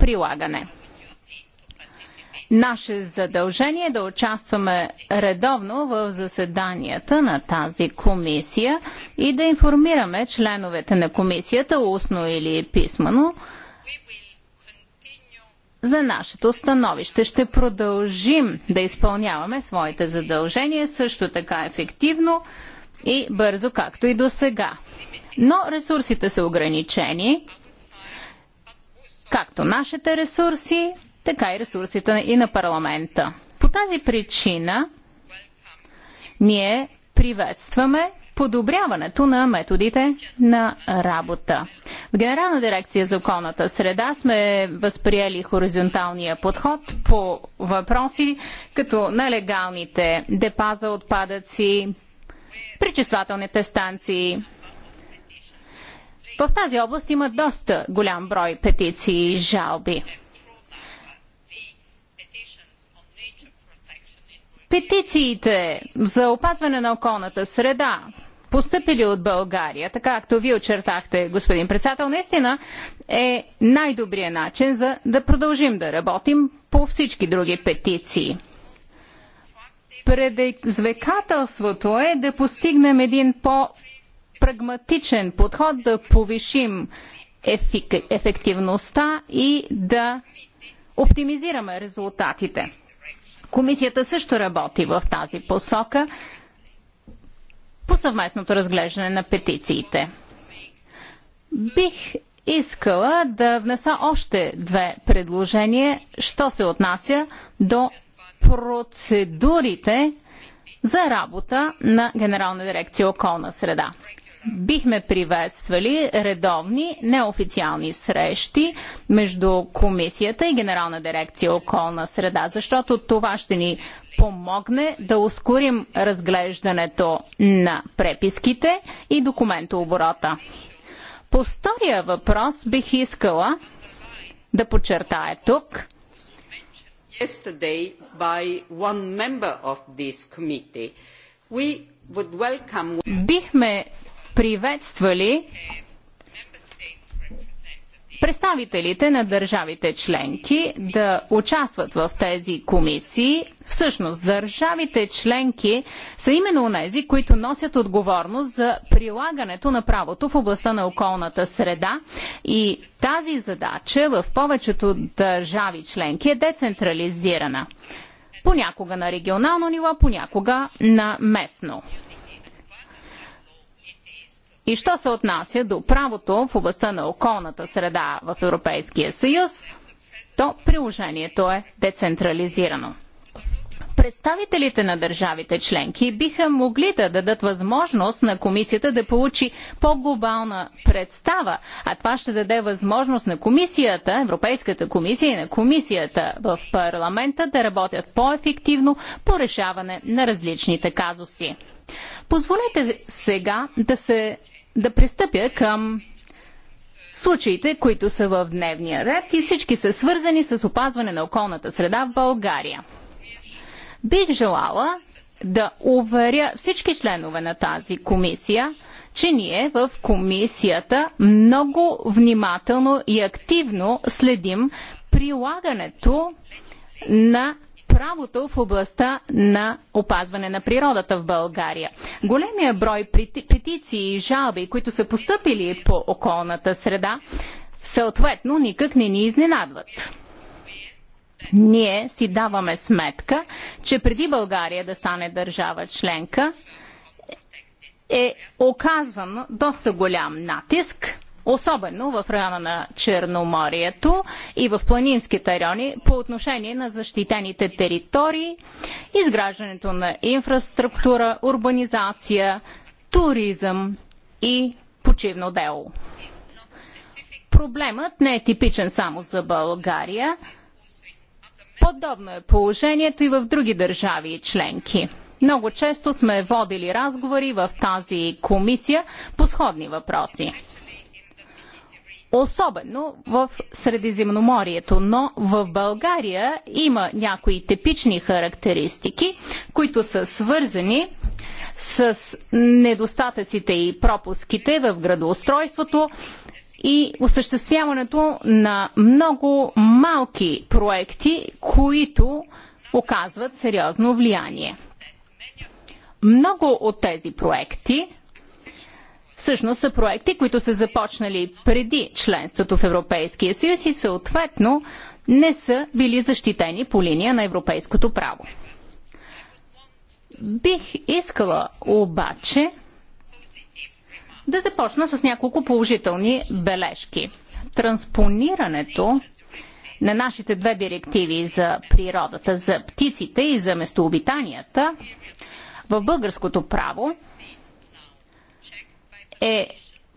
прилагане. Наше задължение е да участваме редовно в заседанията на тази комисия и да информираме членовете на комисията устно или писмено за нашето становище. Ще продължим да изпълняваме своите задължения също така ефективно и бързо, както и до сега. Но ресурсите са ограничени както нашите ресурси, така и ресурсите и на парламента. По тази причина ние приветстваме подобряването на методите на работа. В Генерална дирекция за околната среда сме възприели хоризонталния подход по въпроси като нелегалните депа за отпадъци, причествателните станции, в тази област има доста голям брой петиции и жалби. Петициите за опазване на околната среда, постъпили от България, така както вие очертахте, господин председател, наистина е най-добрият начин за да продължим да работим по всички други петиции. Предизвикателството е да постигнем един по- прагматичен подход да повишим ефик... ефективността и да оптимизираме резултатите. Комисията също работи в тази посока по съвместното разглеждане на петициите. Бих искала да внеса още две предложения, що се отнася до процедурите за работа на Генерална дирекция околна среда бихме приветствали редовни неофициални срещи между комисията и Генерална дирекция околна среда, защото това ще ни помогне да ускорим разглеждането на преписките и документооборота. По втория въпрос бих искала да подчертая тук, Бихме приветствали представителите на държавите членки да участват в тези комисии. Всъщност, държавите членки са именно тези, които носят отговорност за прилагането на правото в областта на околната среда и тази задача в повечето държави членки е децентрализирана. Понякога на регионално ниво, понякога на местно. И що се отнася до правото в областта на околната среда в Европейския съюз, то приложението е децентрализирано. Представителите на държавите членки биха могли да дадат възможност на комисията да получи по-глобална представа, а това ще даде възможност на комисията, Европейската комисия и на комисията в парламента да работят по-ефективно по решаване на различните казуси. Позволете сега да се да пристъпя към случаите, които са в дневния ред и всички са свързани с опазване на околната среда в България. Бих желала да уверя всички членове на тази комисия, че ние в комисията много внимателно и активно следим прилагането на правото в областта на опазване на природата в България. Големия брой петиции и жалби, които са поступили по околната среда, съответно никак не ни изненадват. Ние си даваме сметка, че преди България да стане държава членка, е оказван доста голям натиск особено в района на Черноморието и в планинските райони по отношение на защитените територии, изграждането на инфраструктура, урбанизация, туризъм и почивно дело. Проблемът не е типичен само за България. Подобно е положението и в други държави и членки. Много често сме водили разговори в тази комисия по сходни въпроси особено в Средиземноморието, но в България има някои типични характеристики, които са свързани с недостатъците и пропуските в градоустройството и осъществяването на много малки проекти, които оказват сериозно влияние. Много от тези проекти всъщност са проекти, които са започнали преди членството в Европейския съюз и съответно не са били защитени по линия на европейското право. Бих искала обаче да започна с няколко положителни бележки. Транспонирането на нашите две директиви за природата, за птиците и за местообитанията в българското право е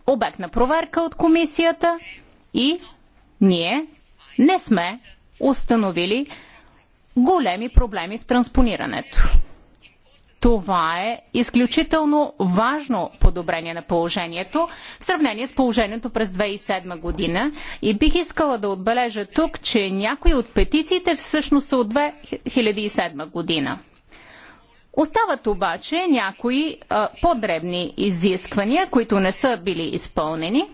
обект на проверка от комисията и ние не сме установили големи проблеми в транспонирането. Това е изключително важно подобрение на положението в сравнение с положението през 2007 година. И бих искала да отбележа тук, че някои от петициите всъщност са от 2007 година. Остават обаче някои а, подребни изисквания, които не са били изпълнени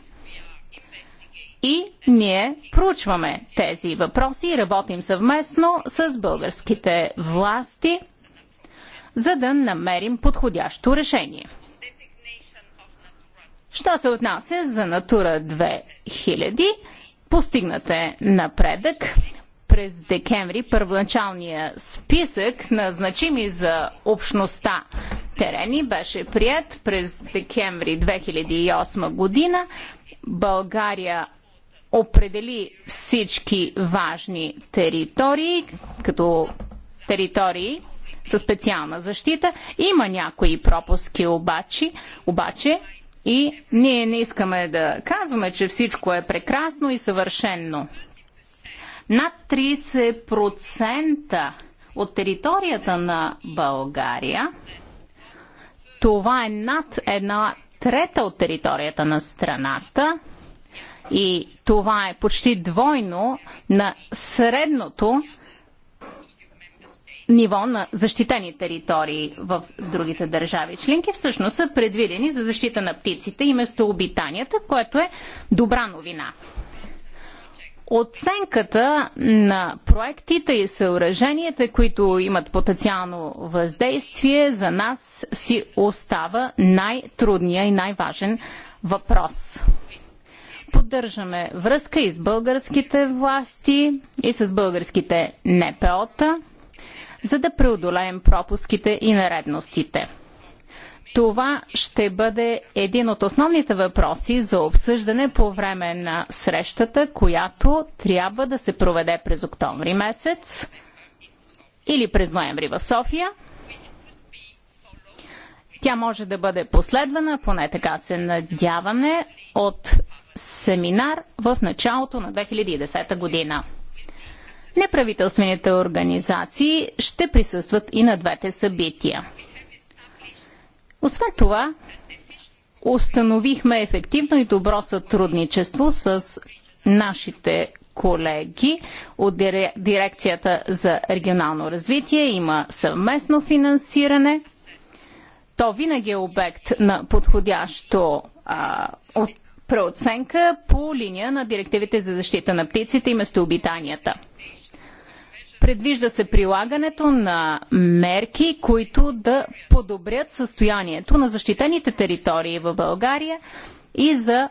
и ние проучваме тези въпроси и работим съвместно с българските власти, за да намерим подходящо решение. Що се отнася за Натура 2000, постигнате напредък през декември първоначалния списък на значими за общността терени беше прият през декември 2008 година. България определи всички важни територии като територии със специална защита. Има някои пропуски обаче, обаче и ние не искаме да казваме, че всичко е прекрасно и съвършенно. Над 30% от територията на България, това е над една трета от територията на страната и това е почти двойно на средното ниво на защитени територии в другите държави членки всъщност са предвидени за защита на птиците и местообитанията, което е добра новина оценката на проектите и съоръженията, които имат потенциално въздействие, за нас си остава най-трудния и най-важен въпрос. Поддържаме връзка и с българските власти, и с българските НПО-та, за да преодолеем пропуските и наредностите. Това ще бъде един от основните въпроси за обсъждане по време на срещата, която трябва да се проведе през октомври месец или през ноември в София. Тя може да бъде последвана, поне така се надяваме, от семинар в началото на 2010 година. Неправителствените организации ще присъстват и на двете събития. Освен това, установихме ефективно и добро сътрудничество с нашите колеги от Дирекцията за регионално развитие. Има съвместно финансиране. То винаги е обект на подходящо а, от преоценка по линия на директивите за защита на птиците и местообитанията. Предвижда се прилагането на мерки, които да подобрят състоянието на защитените територии в България и за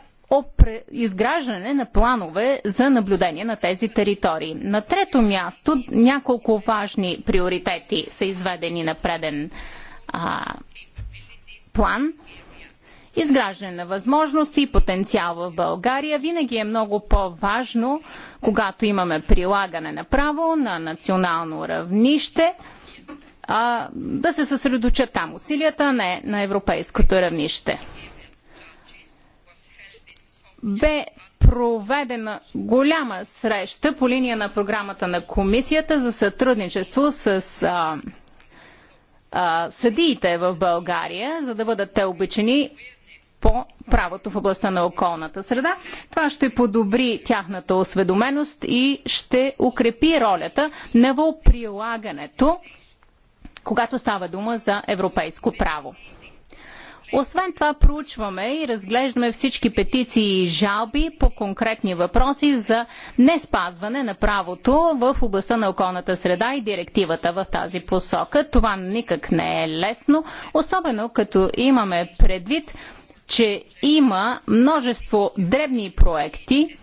изграждане на планове за наблюдение на тези територии. На трето място няколко важни приоритети са изведени на преден а, план изграждане на възможности и потенциал в България. Винаги е много по-важно, когато имаме прилагане на право на национално равнище, а, да се съсредочат там усилията, а не на европейското равнище. Бе проведена голяма среща по линия на програмата на Комисията за сътрудничество с а, а, съдиите в България, за да бъдат те обичани по правото в областта на околната среда. Това ще подобри тяхната осведоменост и ще укрепи ролята на прилагането, когато става дума за европейско право. Освен това, проучваме и разглеждаме всички петиции и жалби по конкретни въпроси за не спазване на правото в областта на околната среда и директивата в тази посока. Това никак не е лесно, особено като имаме предвид че има множество дребни проекти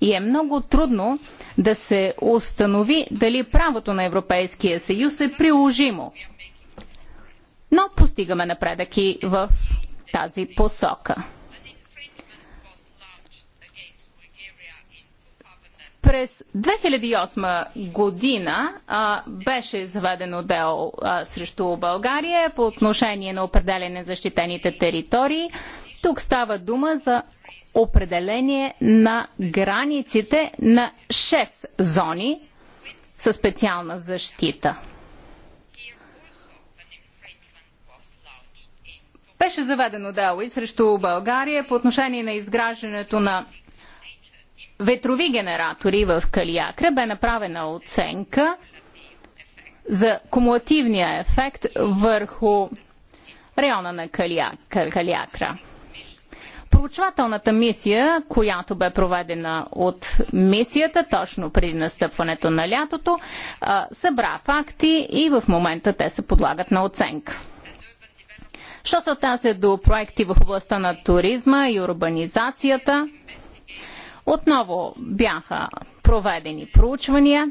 и е много трудно да се установи дали правото на Европейския съюз е приложимо. Но постигаме напредък и в тази посока. През 2008 година а, беше заведено дело а, срещу България по отношение на определене на защитените територии. Тук става дума за определение на границите на 6 зони със специална защита. Беше заведено дело и срещу България по отношение на изграждането на ветрови генератори в Калиакра бе направена оценка за кумулативния ефект върху района на Калиакра. Проучвателната мисия, която бе проведена от мисията точно преди настъпването на лятото, събра факти и в момента те се подлагат на оценка. Що се отнася до проекти в областта на туризма и урбанизацията – отново бяха проведени проучвания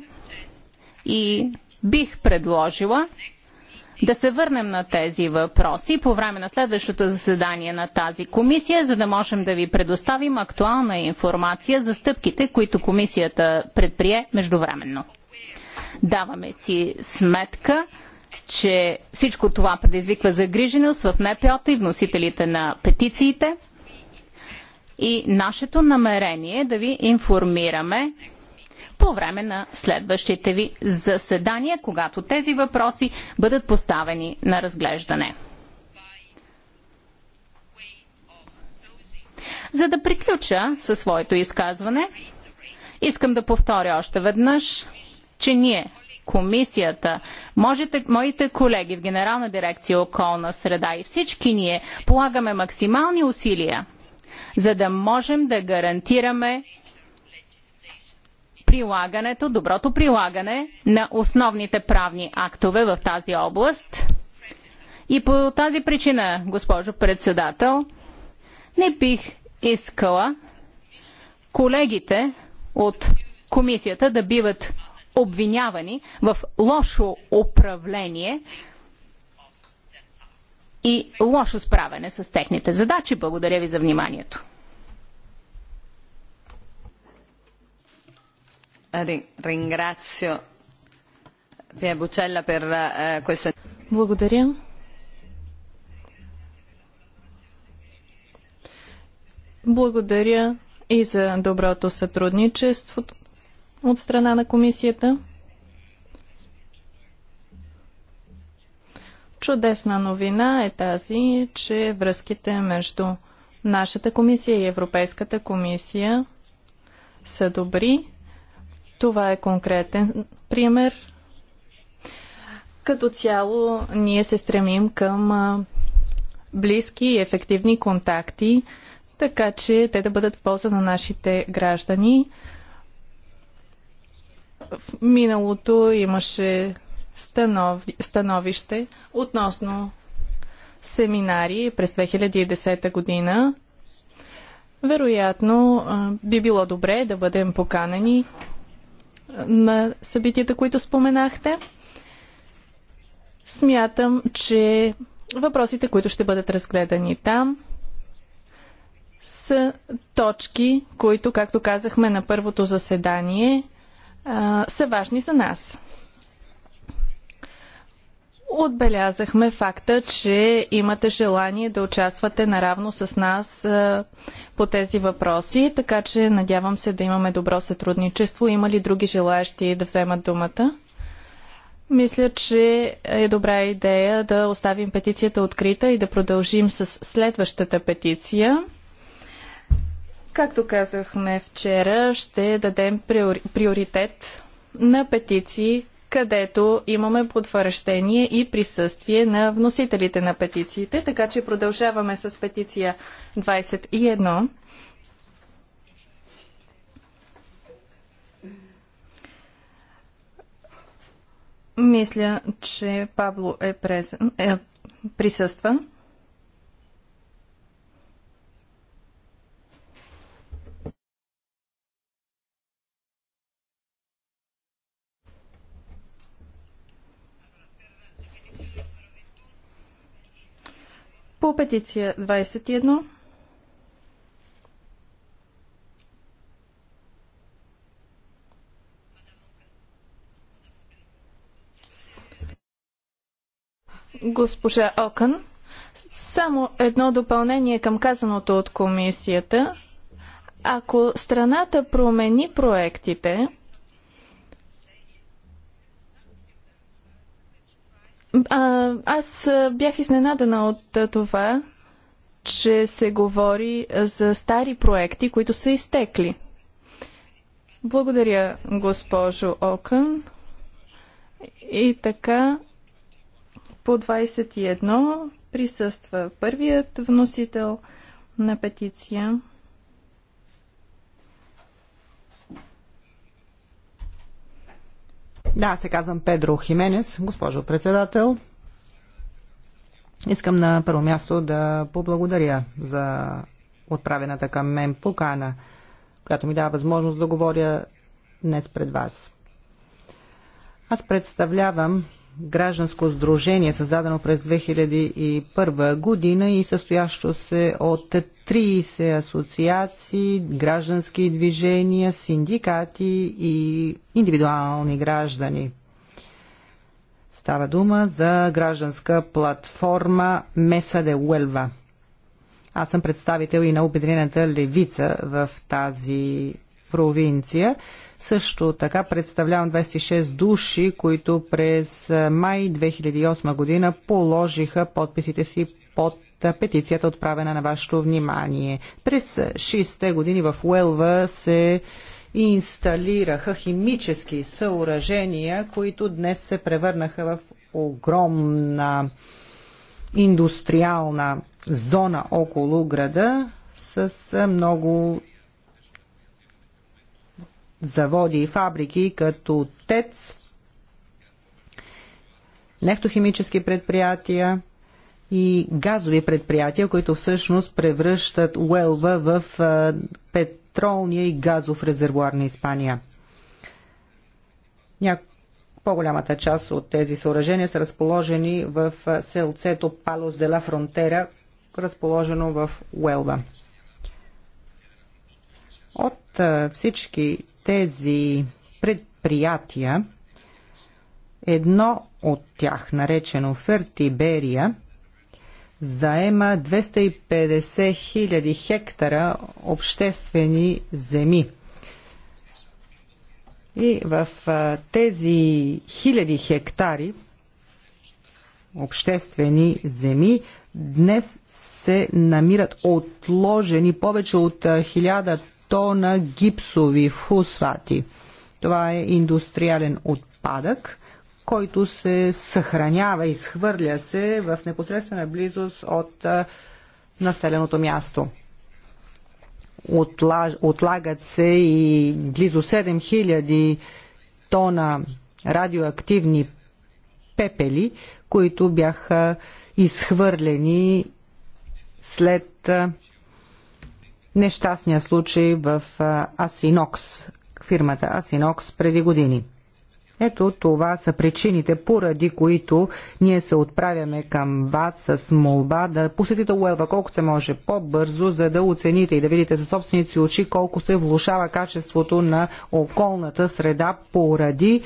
и бих предложила да се върнем на тези въпроси по време на следващото заседание на тази комисия, за да можем да ви предоставим актуална информация за стъпките, които комисията предприе междувременно. Даваме си сметка, че всичко това предизвиква загриженост в нпо и вносителите на петициите – и нашето намерение е да ви информираме по време на следващите ви заседания, когато тези въпроси бъдат поставени на разглеждане. За да приключа със своето изказване, искам да повторя още веднъж, че ние, комисията, можете, моите колеги в Генерална дирекция околна среда и всички ние полагаме максимални усилия – за да можем да гарантираме прилагането, доброто прилагане на основните правни актове в тази област. И по тази причина, госпожо председател, не бих искала колегите от комисията да биват обвинявани в лошо управление и лошо справяне с техните задачи. Благодаря ви за вниманието. Eh, Благодаря. Благодаря и за доброто сътрудничество от страна на комисията. Чудесна новина е тази, че връзките между нашата комисия и Европейската комисия са добри. Това е конкретен пример. Като цяло ние се стремим към близки и ефективни контакти, така че те да бъдат в полза на нашите граждани. В миналото имаше становище относно семинари през 2010 година. Вероятно би било добре да бъдем поканени на събитията, които споменахте. Смятам, че въпросите, които ще бъдат разгледани там, са точки, които, както казахме на първото заседание, са важни за нас. Отбелязахме факта, че имате желание да участвате наравно с нас е, по тези въпроси, така че надявам се да имаме добро сътрудничество. Има ли други желаящи да вземат думата? Мисля, че е добра идея да оставим петицията открита и да продължим с следващата петиция. Както казахме вчера, ще дадем приоритет на петиции където имаме потвърждение и присъствие на вносителите на петициите, така че продължаваме с петиция 21. Мисля, че Пабло е, презен, е присъства. По петиция 21 госпожа Окън. Само едно допълнение към казаното от комисията. Ако страната промени проектите, А, аз бях изненадана от това, че се говори за стари проекти, които са изтекли. Благодаря, госпожо Окън. И така, по 21 присъства първият вносител на петиция. Да, се казвам Педро Хименес, госпожо председател. Искам на първо място да поблагодаря за отправената към мен покана, която ми дава възможност да говоря днес пред вас. Аз представлявам гражданско сдружение, създадено през 2001 година и състоящо се от 30 асоциации, граждански движения, синдикати и индивидуални граждани. Става дума за гражданска платформа Меса де Уелва. Аз съм представител и на Обединената левица в тази провинция. Също така представлявам 26 души, които през май 2008 година положиха подписите си под петицията, отправена на вашето внимание. През 6-те години в Уелва се инсталираха химически съоръжения, които днес се превърнаха в огромна индустриална зона около града с много заводи и фабрики като ТЕЦ, нефтохимически предприятия и газови предприятия, които всъщност превръщат Уелва в петролния и газов резервуар на Испания. Няко... По-голямата част от тези съоръжения са разположени в селцето Палос де ла Фронтера, разположено в Уелва. От всички тези предприятия, едно от тях, наречено Фертиберия, заема 250 000 хектара обществени земи. И в тези хиляди хектари обществени земи днес се намират отложени повече от 1000 тона гипсови фосфати. Това е индустриален отпадък, който се съхранява, изхвърля се в непосредствена близост от населеното място. Отлагат се и близо 7000 тона радиоактивни пепели, които бяха изхвърлени след нещастния случай в Асинокс, фирмата Асинокс преди години. Ето това са причините, поради които ние се отправяме към вас с молба да посетите Уелва колкото се може по-бързо, за да оцените и да видите със собственици очи колко се влушава качеството на околната среда поради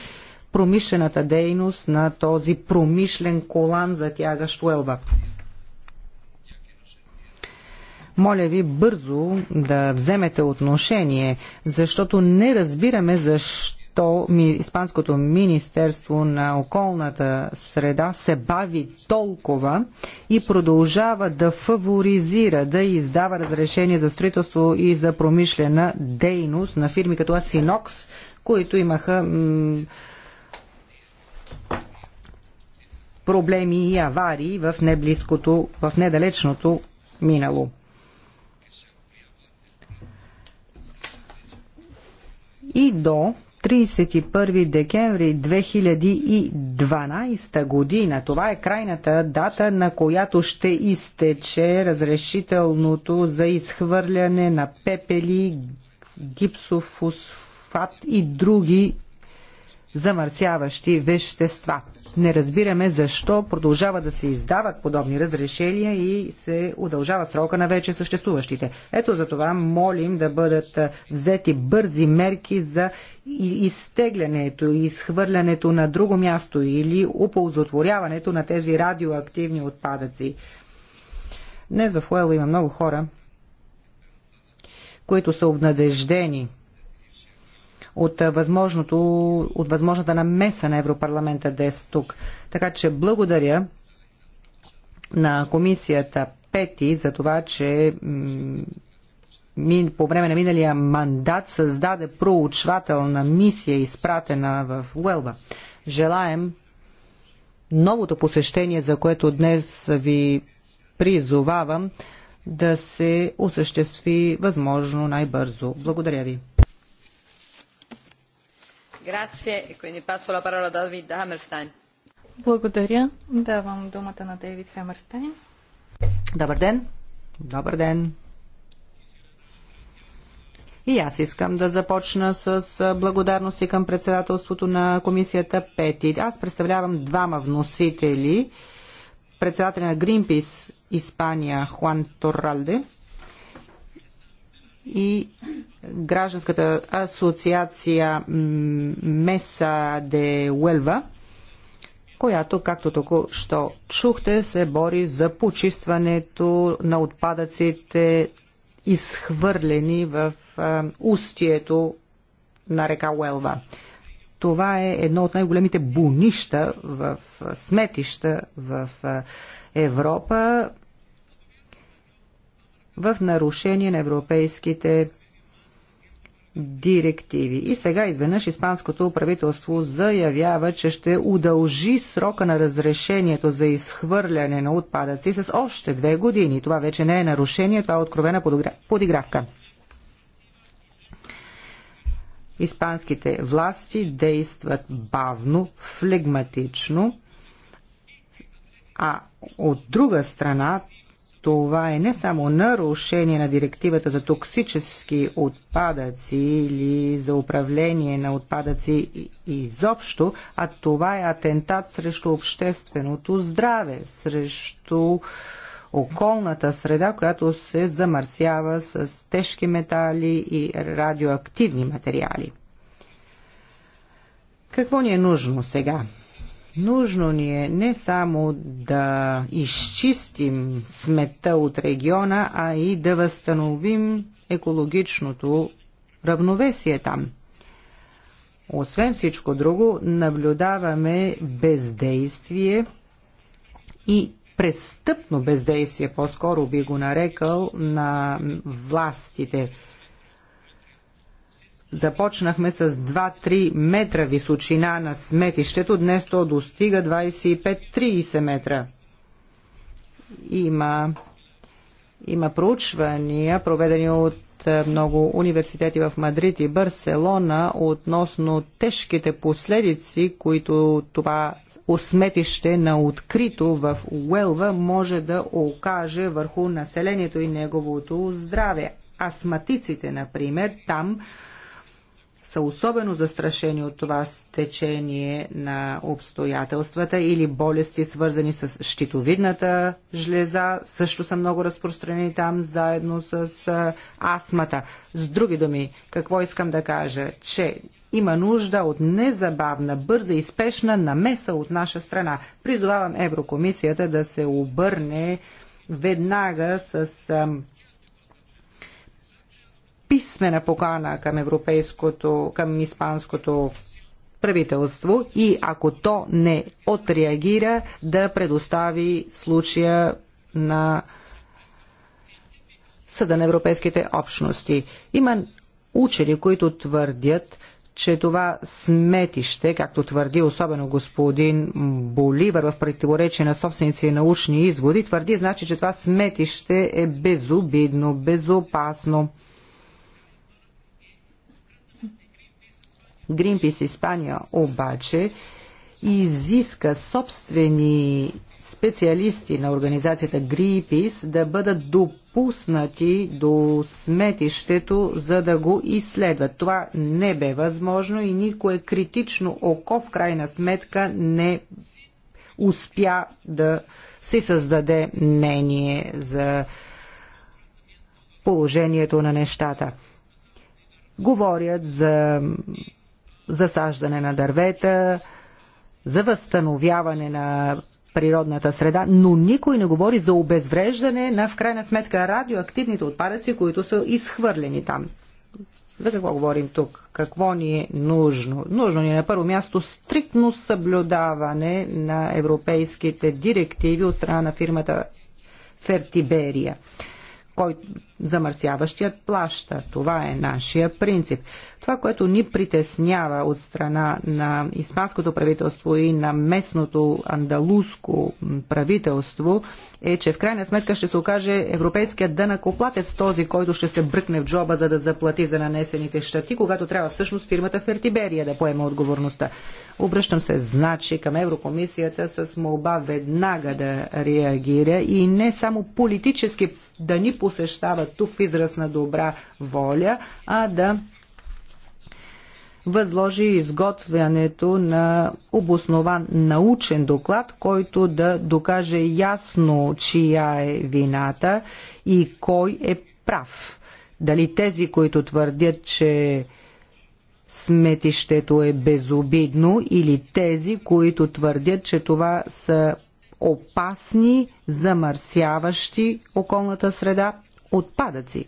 промишлената дейност на този промишлен колан за тягащ Уелва. Моля ви бързо да вземете отношение, защото не разбираме защо Испанското министерство на околната среда се бави толкова и продължава да фаворизира, да издава разрешение за строителство и за промишлена дейност на фирми като Асинокс, които имаха проблеми и аварии в неблизкото, в недалечното минало. и до 31 декември 2012 година. Това е крайната дата, на която ще изтече разрешителното за изхвърляне на пепели, гипсофосфат и други замърсяващи вещества. Не разбираме защо продължава да се издават подобни разрешения и се удължава срока на вече съществуващите. Ето за това молим да бъдат взети бързи мерки за изтеглянето и изхвърлянето на друго място или оползотворяването на тези радиоактивни отпадъци. Днес в Уел има много хора, които са обнадеждени – от, възможното, от възможната намеса на Европарламента днес тук. Така че благодаря на комисията Пети за това, че по време на миналия мандат създаде проучвателна мисия, изпратена в Уелва. Желаем новото посещение, за което днес ви призовавам, да се осъществи възможно най-бързо. Благодаря ви. E Благодаря. Давам думата на Дейвид Хамерстайн. Добър ден. Добър ден. И аз искам да започна с благодарности към председателството на комисията Пети. Аз представлявам двама вносители. Председателя на Greenpeace Испания Хуан Торралде – и гражданската асоциация Меса де Уелва, която, както току-що чухте, се бори за почистването на отпадъците, изхвърлени в устието на река Уелва. Това е едно от най-големите бунища в сметища в Европа в нарушение на европейските директиви. И сега изведнъж испанското правителство заявява, че ще удължи срока на разрешението за изхвърляне на отпадъци с още две години. Това вече не е нарушение, това е откровена подигравка. Испанските власти действат бавно, флегматично, а от друга страна това е не само нарушение на директивата за токсически отпадъци или за управление на отпадъци изобщо, а това е атентат срещу общественото здраве, срещу околната среда, която се замърсява с тежки метали и радиоактивни материали. Какво ни е нужно сега? Нужно ни е не само да изчистим смета от региона, а и да възстановим екологичното равновесие там. Освен всичко друго, наблюдаваме бездействие и престъпно бездействие, по-скоро би го нарекал, на властите – Започнахме с 2-3 метра височина на сметището, днес то достига 25-30 метра. Има, има проучвания, проведени от е, много университети в Мадрид и Барселона относно тежките последици, които това осметище на открито в Уелва може да окаже върху населението и неговото здраве. Астматиците, например, там са особено застрашени от това стечение на обстоятелствата или болести, свързани с щитовидната жлеза, също са много разпространени там, заедно с астмата. С други думи, какво искам да кажа? Че има нужда от незабавна, бърза и спешна намеса от наша страна. Призовавам Еврокомисията да се обърне веднага с писмена покана към европейското, към испанското правителство и ако то не отреагира да предостави случая на Съда на Европейските общности. Има учени, които твърдят, че това сметище, както твърди особено господин Боливър в противоречие на собственици и научни изводи, твърди значи, че това сметище е безобидно, безопасно. Greenpeace Испания обаче изиска собствени специалисти на организацията Greenpeace да бъдат допуснати до сметището, за да го изследват. Това не бе възможно и никое критично око в крайна сметка не успя да се създаде мнение за положението на нещата. Говорят за засаждане на дървета, за възстановяване на природната среда, но никой не говори за обезвреждане на, в крайна сметка, радиоактивните отпадъци, които са изхвърлени там. За какво говорим тук? Какво ни е нужно? Нужно ни е на първо място стриктно съблюдаване на европейските директиви от страна на фирмата Фертиберия. който замърсяващият плаща. Това е нашия принцип. Това, което ни притеснява от страна на испанското правителство и на местното андалуско правителство е, че в крайна сметка ще се окаже европейският дънакоплатец този, който ще се бръкне в джоба, за да заплати за нанесените щати, когато трябва всъщност фирмата Фертиберия да поема отговорността. Обръщам се, значи, към Еврокомисията с молба веднага да реагира и не само политически да ни посещава тук в израз на добра воля, а да възложи изготвянето на обоснован научен доклад, който да докаже ясно чия е вината и кой е прав. Дали тези, които твърдят, че сметището е безобидно или тези, които твърдят, че това са опасни, замърсяващи околната среда отпадъци.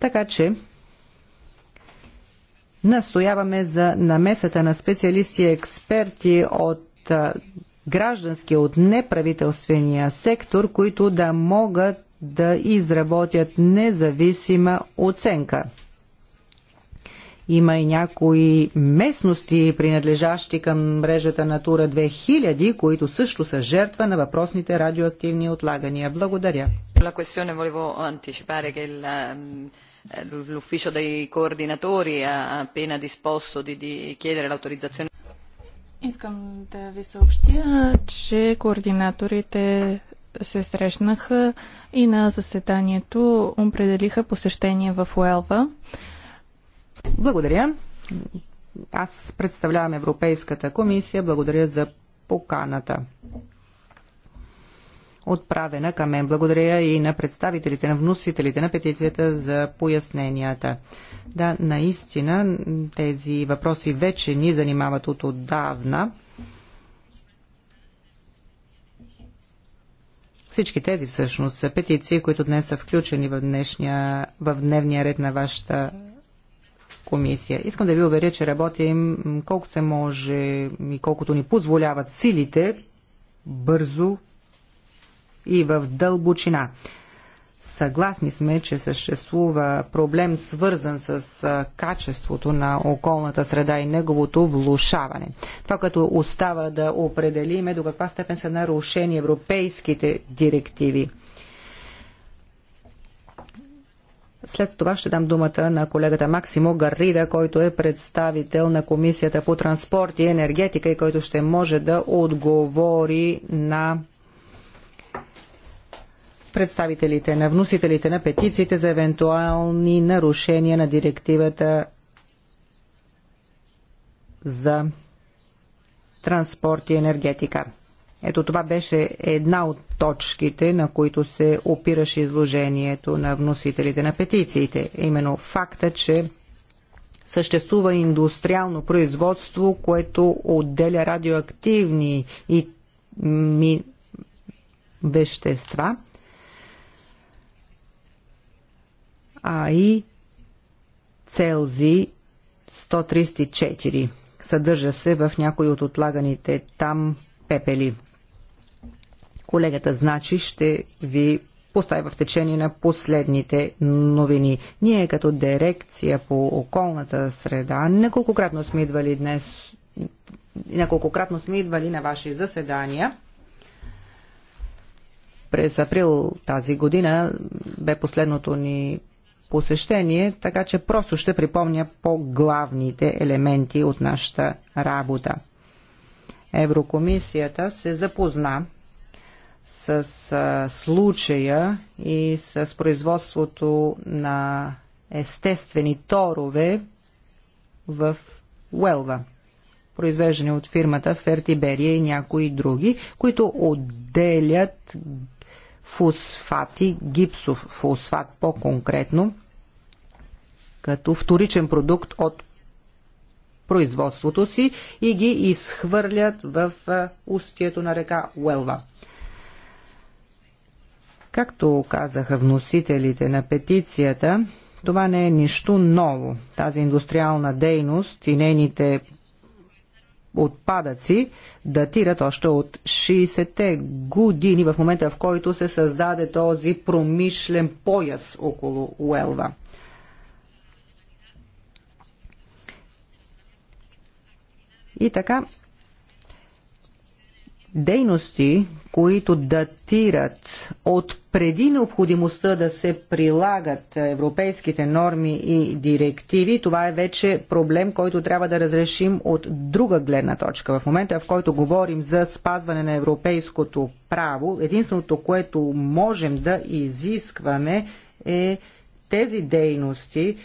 Така че настояваме за намесата на специалисти и експерти от гражданския, от неправителствения сектор, които да могат да изработят независима оценка. Има и някои местности, принадлежащи към мрежата Натура 2000, които също са жертва на въпросните радиоактивни отлагания. Благодаря. Sulla questione volevo anticipare che il, ehm, eh, l'ufficio dei coordinatori ha appena disposto di, di chiedere l'autorizzazione. Искам да ви съобщя, че координаторите се срещнаха и на заседанието определиха посещение в Уелва. Благодаря. Аз представлявам Европейската комисия. Благодаря за поканата отправена към мен. Благодаря и на представителите, на вносителите на петицията за поясненията. Да, наистина тези въпроси вече ни занимават от отдавна. Всички тези всъщност са петиции, които днес са включени в, днешния, в дневния ред на вашата комисия. Искам да ви уверя, че работим колкото се може и колкото ни позволяват силите, бързо, и в дълбочина. Съгласни сме, че съществува проблем свързан с качеството на околната среда и неговото влушаване. Това, като остава да определим е до каква степен са нарушени европейските директиви. След това ще дам думата на колегата Максимо Гаррида, който е представител на Комисията по транспорт и енергетика и който ще може да отговори на представителите на вносителите на петициите за евентуални нарушения на директивата за транспорт и енергетика. Ето това беше една от точките, на които се опираше изложението на вносителите на петициите. Именно факта, че съществува индустриално производство, което отделя радиоактивни и ми, вещества а и Целзи 134. Съдържа се в някои от отлаганите там пепели. Колегата значи ще ви поставя в течение на последните новини. Ние като дирекция по околната среда неколкократно сме идвали днес неколкократно сме идвали на ваши заседания. През април тази година бе последното ни посещение, така че просто ще припомня по-главните елементи от нашата работа. Еврокомисията се запозна с а, случая и с производството на естествени торове в Уелва, произвеждани от фирмата Фертиберия и някои други, които отделят фосфати, гипсов фосфат по-конкретно, като вторичен продукт от производството си и ги изхвърлят в устието на река Уелва. Както казаха вносителите на петицията, това не е нищо ново. Тази индустриална дейност и нейните отпадъци датират още от 60-те години, в момента в който се създаде този промишлен пояс около Уелва. И така, дейности, които датират от преди необходимостта да се прилагат европейските норми и директиви, това е вече проблем, който трябва да разрешим от друга гледна точка. В момента, в който говорим за спазване на европейското право, единственото, което можем да изискваме е тези дейности,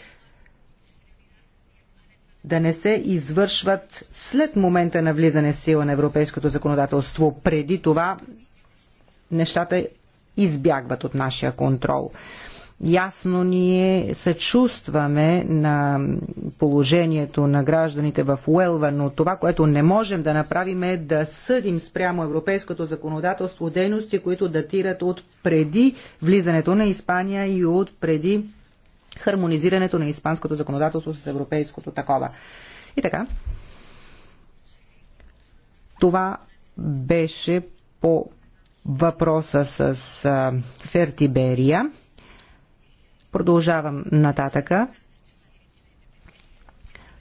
да не се извършват след момента на влизане в сила на европейското законодателство. Преди това нещата избягват от нашия контрол. Ясно ние съчувстваме на положението на гражданите в Уелва, но това, което не можем да направим е да съдим спрямо европейското законодателство дейности, които датират от преди влизането на Испания и от преди хармонизирането на испанското законодателство с европейското такова. И така, това беше по въпроса с Фертиберия. Продължавам нататъка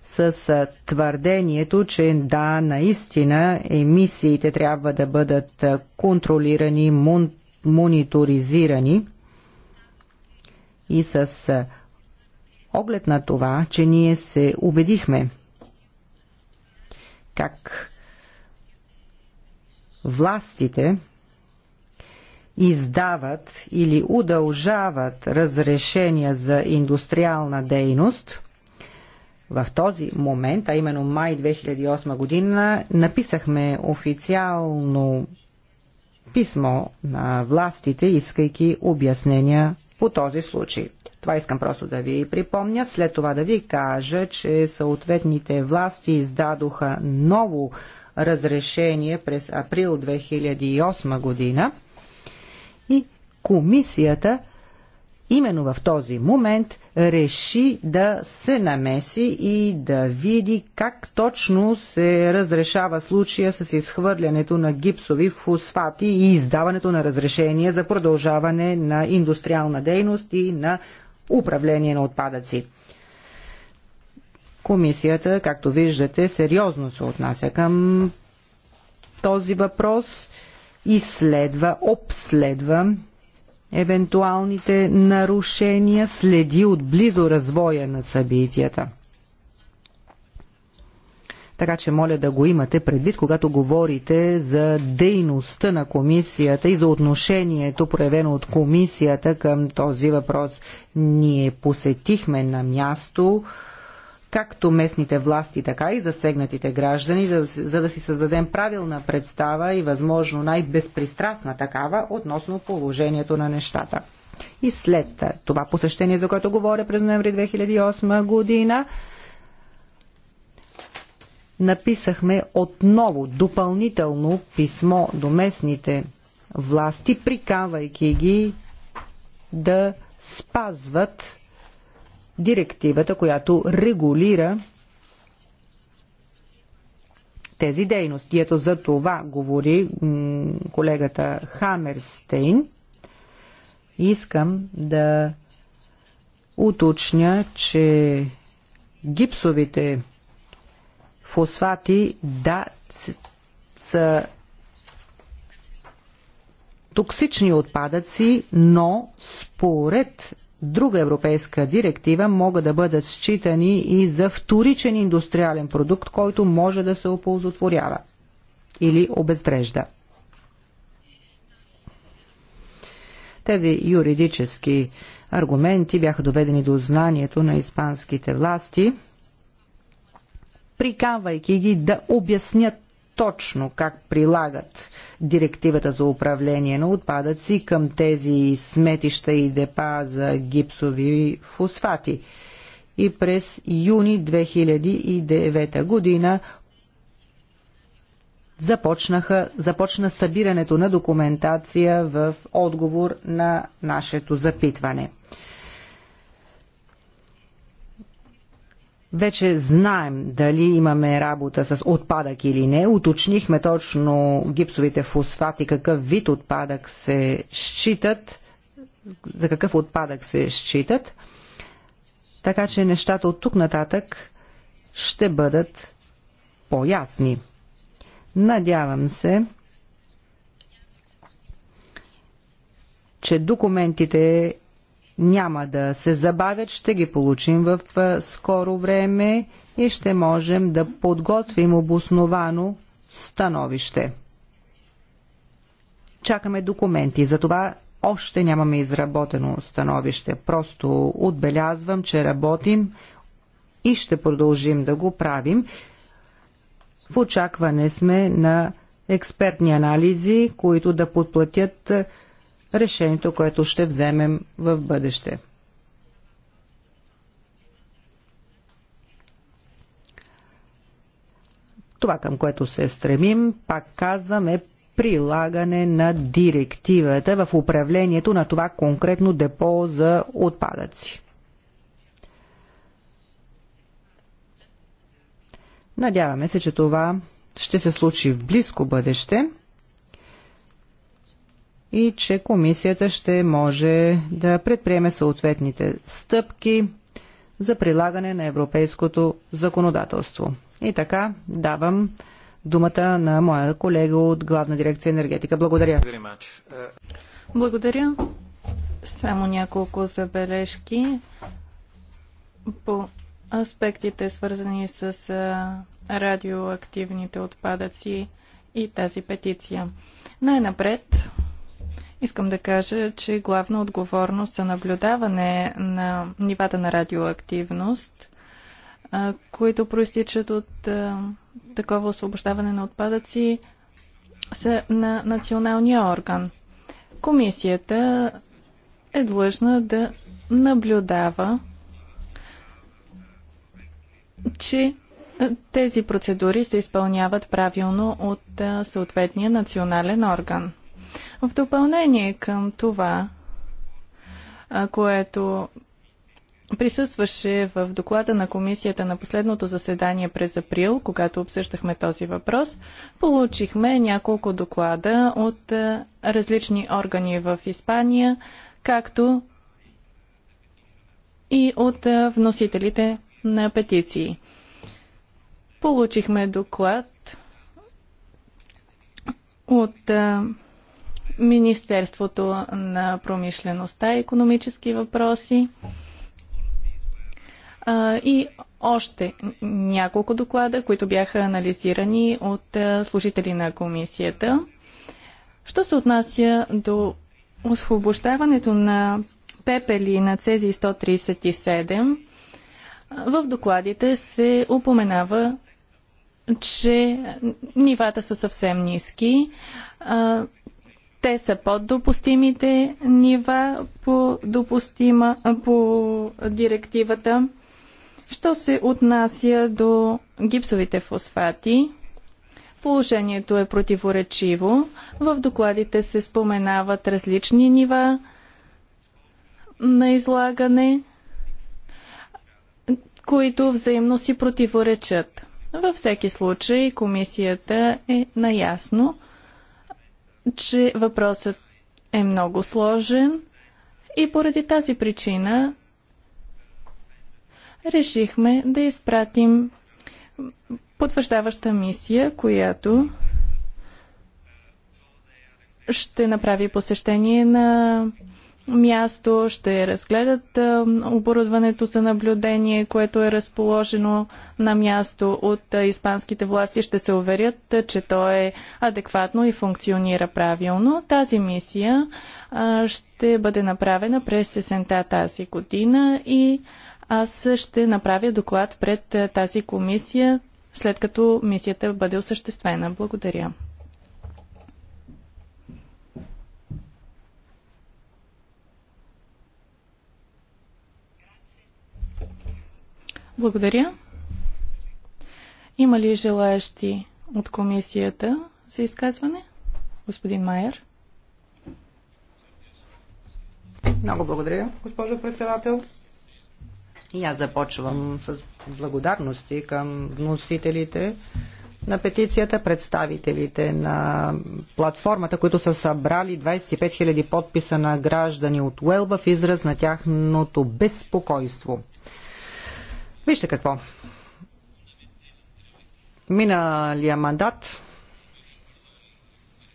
с твърдението, че да, наистина емисиите трябва да бъдат контролирани, мон, мониторизирани и с оглед на това, че ние се убедихме как властите издават или удължават разрешения за индустриална дейност, в този момент, а именно май 2008 година, написахме официално писмо на властите, искайки обяснения по този случай. Това искам просто да ви припомня. След това да ви кажа, че съответните власти издадоха ново разрешение през април 2008 година и комисията именно в този момент реши да се намеси и да види как точно се разрешава случая с изхвърлянето на гипсови фосфати и издаването на разрешение за продължаване на индустриална дейност и на управление на отпадъци. Комисията, както виждате, сериозно се отнася към този въпрос, изследва, обследва евентуалните нарушения, следи отблизо развоя на събитията. Така че моля да го имате предвид, когато говорите за дейността на комисията и за отношението, проявено от комисията към този въпрос. Ние посетихме на място както местните власти, така и засегнатите граждани, за, за да си създадем правилна представа и възможно най-безпристрастна такава относно положението на нещата. И след това посещение, за което говоря през ноември 2008 година, написахме отново допълнително писмо до местните власти, приканвайки ги да спазват директивата, която регулира тези дейности. Ето за това говори колегата Хамерстейн. Искам да уточня, че гипсовите фосфати да са токсични отпадъци, но според друга европейска директива могат да бъдат считани и за вторичен индустриален продукт, който може да се оползотворява или обезврежда. Тези юридически аргументи бяха доведени до знанието на испанските власти, приканвайки ги да обяснят точно как прилагат директивата за управление на отпадъци към тези сметища и депа за гипсови фосфати. И през юни 2009 година започнаха, започна събирането на документация в отговор на нашето запитване. Вече знаем дали имаме работа с отпадък или не. Уточнихме точно гипсовите фосфати, какъв вид отпадък се считат, за какъв отпадък се считат. Така че нещата от тук нататък ще бъдат по-ясни. Надявам се, че документите няма да се забавят, ще ги получим в скоро време и ще можем да подготвим обосновано становище. Чакаме документи, затова още нямаме изработено становище. Просто отбелязвам, че работим и ще продължим да го правим. В очакване сме на експертни анализи, които да подплатят решението, което ще вземем в бъдеще. Това, към което се стремим, пак казваме, прилагане на директивата в управлението на това конкретно депо за отпадъци. Надяваме се, че това ще се случи в близко бъдеще – и че комисията ще може да предприеме съответните стъпки за прилагане на европейското законодателство. И така давам думата на моя колега от Главна дирекция енергетика. Благодаря. Благодаря. Само няколко забележки по аспектите, свързани с радиоактивните отпадъци и тази петиция. Най-напред Искам да кажа, че главна отговорност за наблюдаване на нивата на радиоактивност, които проистичат от такова освобождаване на отпадъци, са на националния орган. Комисията е длъжна да наблюдава, че тези процедури се изпълняват правилно от съответния национален орган. В допълнение към това, което присъстваше в доклада на комисията на последното заседание през април, когато обсъждахме този въпрос, получихме няколко доклада от различни органи в Испания, както и от вносителите на петиции. Получихме доклад от Министерството на промишлеността и економически въпроси и още няколко доклада, които бяха анализирани от служители на комисията. Що се отнася до освобождаването на пепели на Цези 137, в докладите се упоменава, че нивата са съвсем ниски. Те са под допустимите нива по, допустима, по директивата. Що се отнася до гипсовите фосфати, положението е противоречиво. В докладите се споменават различни нива на излагане, които взаимно си противоречат. Във всеки случай комисията е наясно, че въпросът е много сложен и поради тази причина решихме да изпратим потвърждаваща мисия, която ще направи посещение на място, ще разгледат оборудването за наблюдение, което е разположено на място от испанските власти, ще се уверят, че то е адекватно и функционира правилно. Тази мисия ще бъде направена през есента тази година и аз ще направя доклад пред тази комисия, след като мисията бъде осъществена. Благодаря. Благодаря. Има ли желаящи от комисията за изказване? Господин Майер. Много благодаря, госпожо председател. И аз започвам с благодарности към вносителите на петицията, представителите на платформата, които са събрали 25 000 подписа на граждани от Уелба в израз на тяхното безпокойство. Вижте какво. Миналия мандат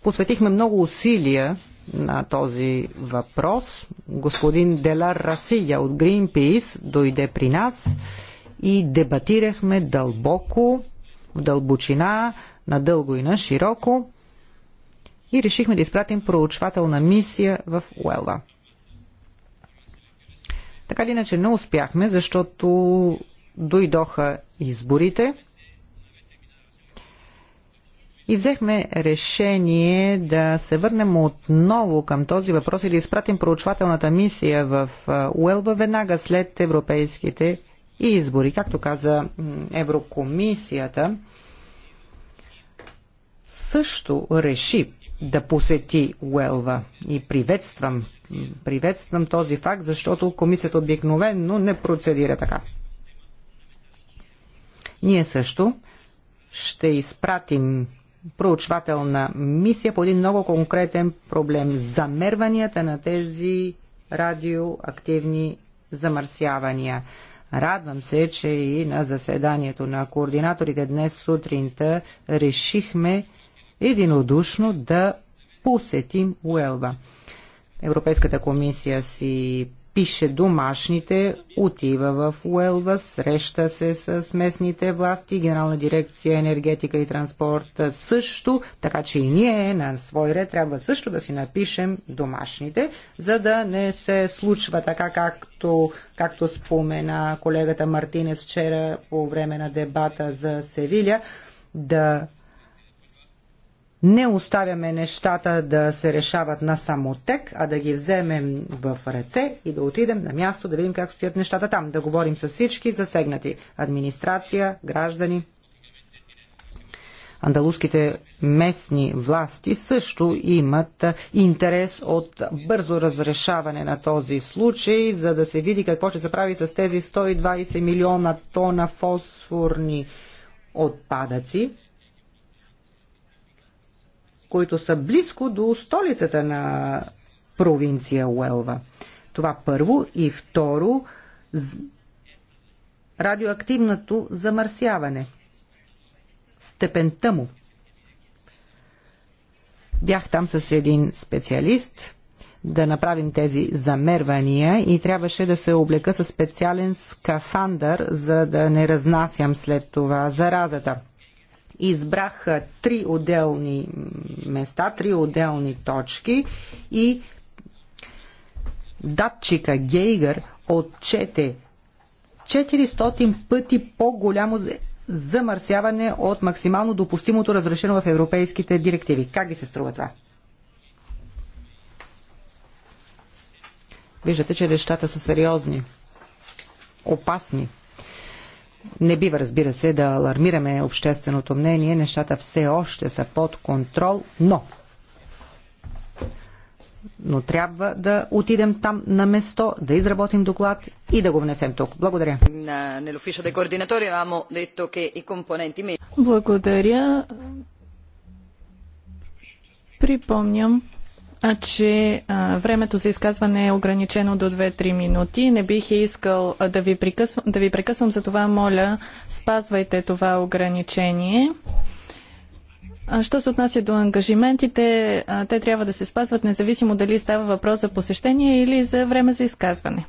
посветихме много усилия на този въпрос. Господин Делар Расия от Greenpeace дойде при нас и дебатирахме дълбоко, в дълбочина, надълго и на широко и решихме да изпратим проучвателна мисия в Уелва. Така или иначе не успяхме, защото дойдоха изборите и взехме решение да се върнем отново към този въпрос и да изпратим проучвателната мисия в Уелба веднага след европейските избори. Както каза Еврокомисията, също реши да посети Уелва. И приветствам, приветствам този факт, защото комисията обикновенно не процедира така. Ние също ще изпратим проучвателна мисия по един много конкретен проблем – замерванията на тези радиоактивни замърсявания. Радвам се, че и на заседанието на координаторите днес сутринта решихме единодушно да посетим Уелба. Европейската комисия си пише домашните, отива в Уелва, среща се с местните власти, Генерална дирекция енергетика и транспорт също, така че и ние на свой ред трябва също да си напишем домашните, за да не се случва така, както, както спомена колегата Мартинес вчера по време на дебата за Севиля, да не оставяме нещата да се решават на самотек, а да ги вземем в ръце и да отидем на място, да видим как стоят нещата там, да говорим с всички засегнати администрация, граждани. Андалуските местни власти също имат интерес от бързо разрешаване на този случай, за да се види какво ще се прави с тези 120 милиона тона фосфорни отпадъци които са близко до столицата на провинция Уелва. Това първо и второ радиоактивното замърсяване. Степента му. Бях там с един специалист да направим тези замервания и трябваше да се облека със специален скафандър, за да не разнасям след това заразата. Избрах три отделни места, три отделни точки и датчика Гейгър отчете 400 пъти по-голямо замърсяване от максимално допустимото разрешено в европейските директиви. Как ви се струва това? Виждате, че нещата са сериозни, опасни. Не бива, разбира се, да алармираме общественото мнение. Нещата все още са под контрол, но но трябва да отидем там на место, да изработим доклад и да го внесем тук. Благодаря. Благодаря. Припомням, че а, времето за изказване е ограничено до 2-3 минути. Не бих искал да ви, прекъсвам, да ви прекъсвам, затова моля, спазвайте това ограничение. А, що се отнася до ангажиментите, а, те трябва да се спазват, независимо дали става въпрос за посещение или за време за изказване.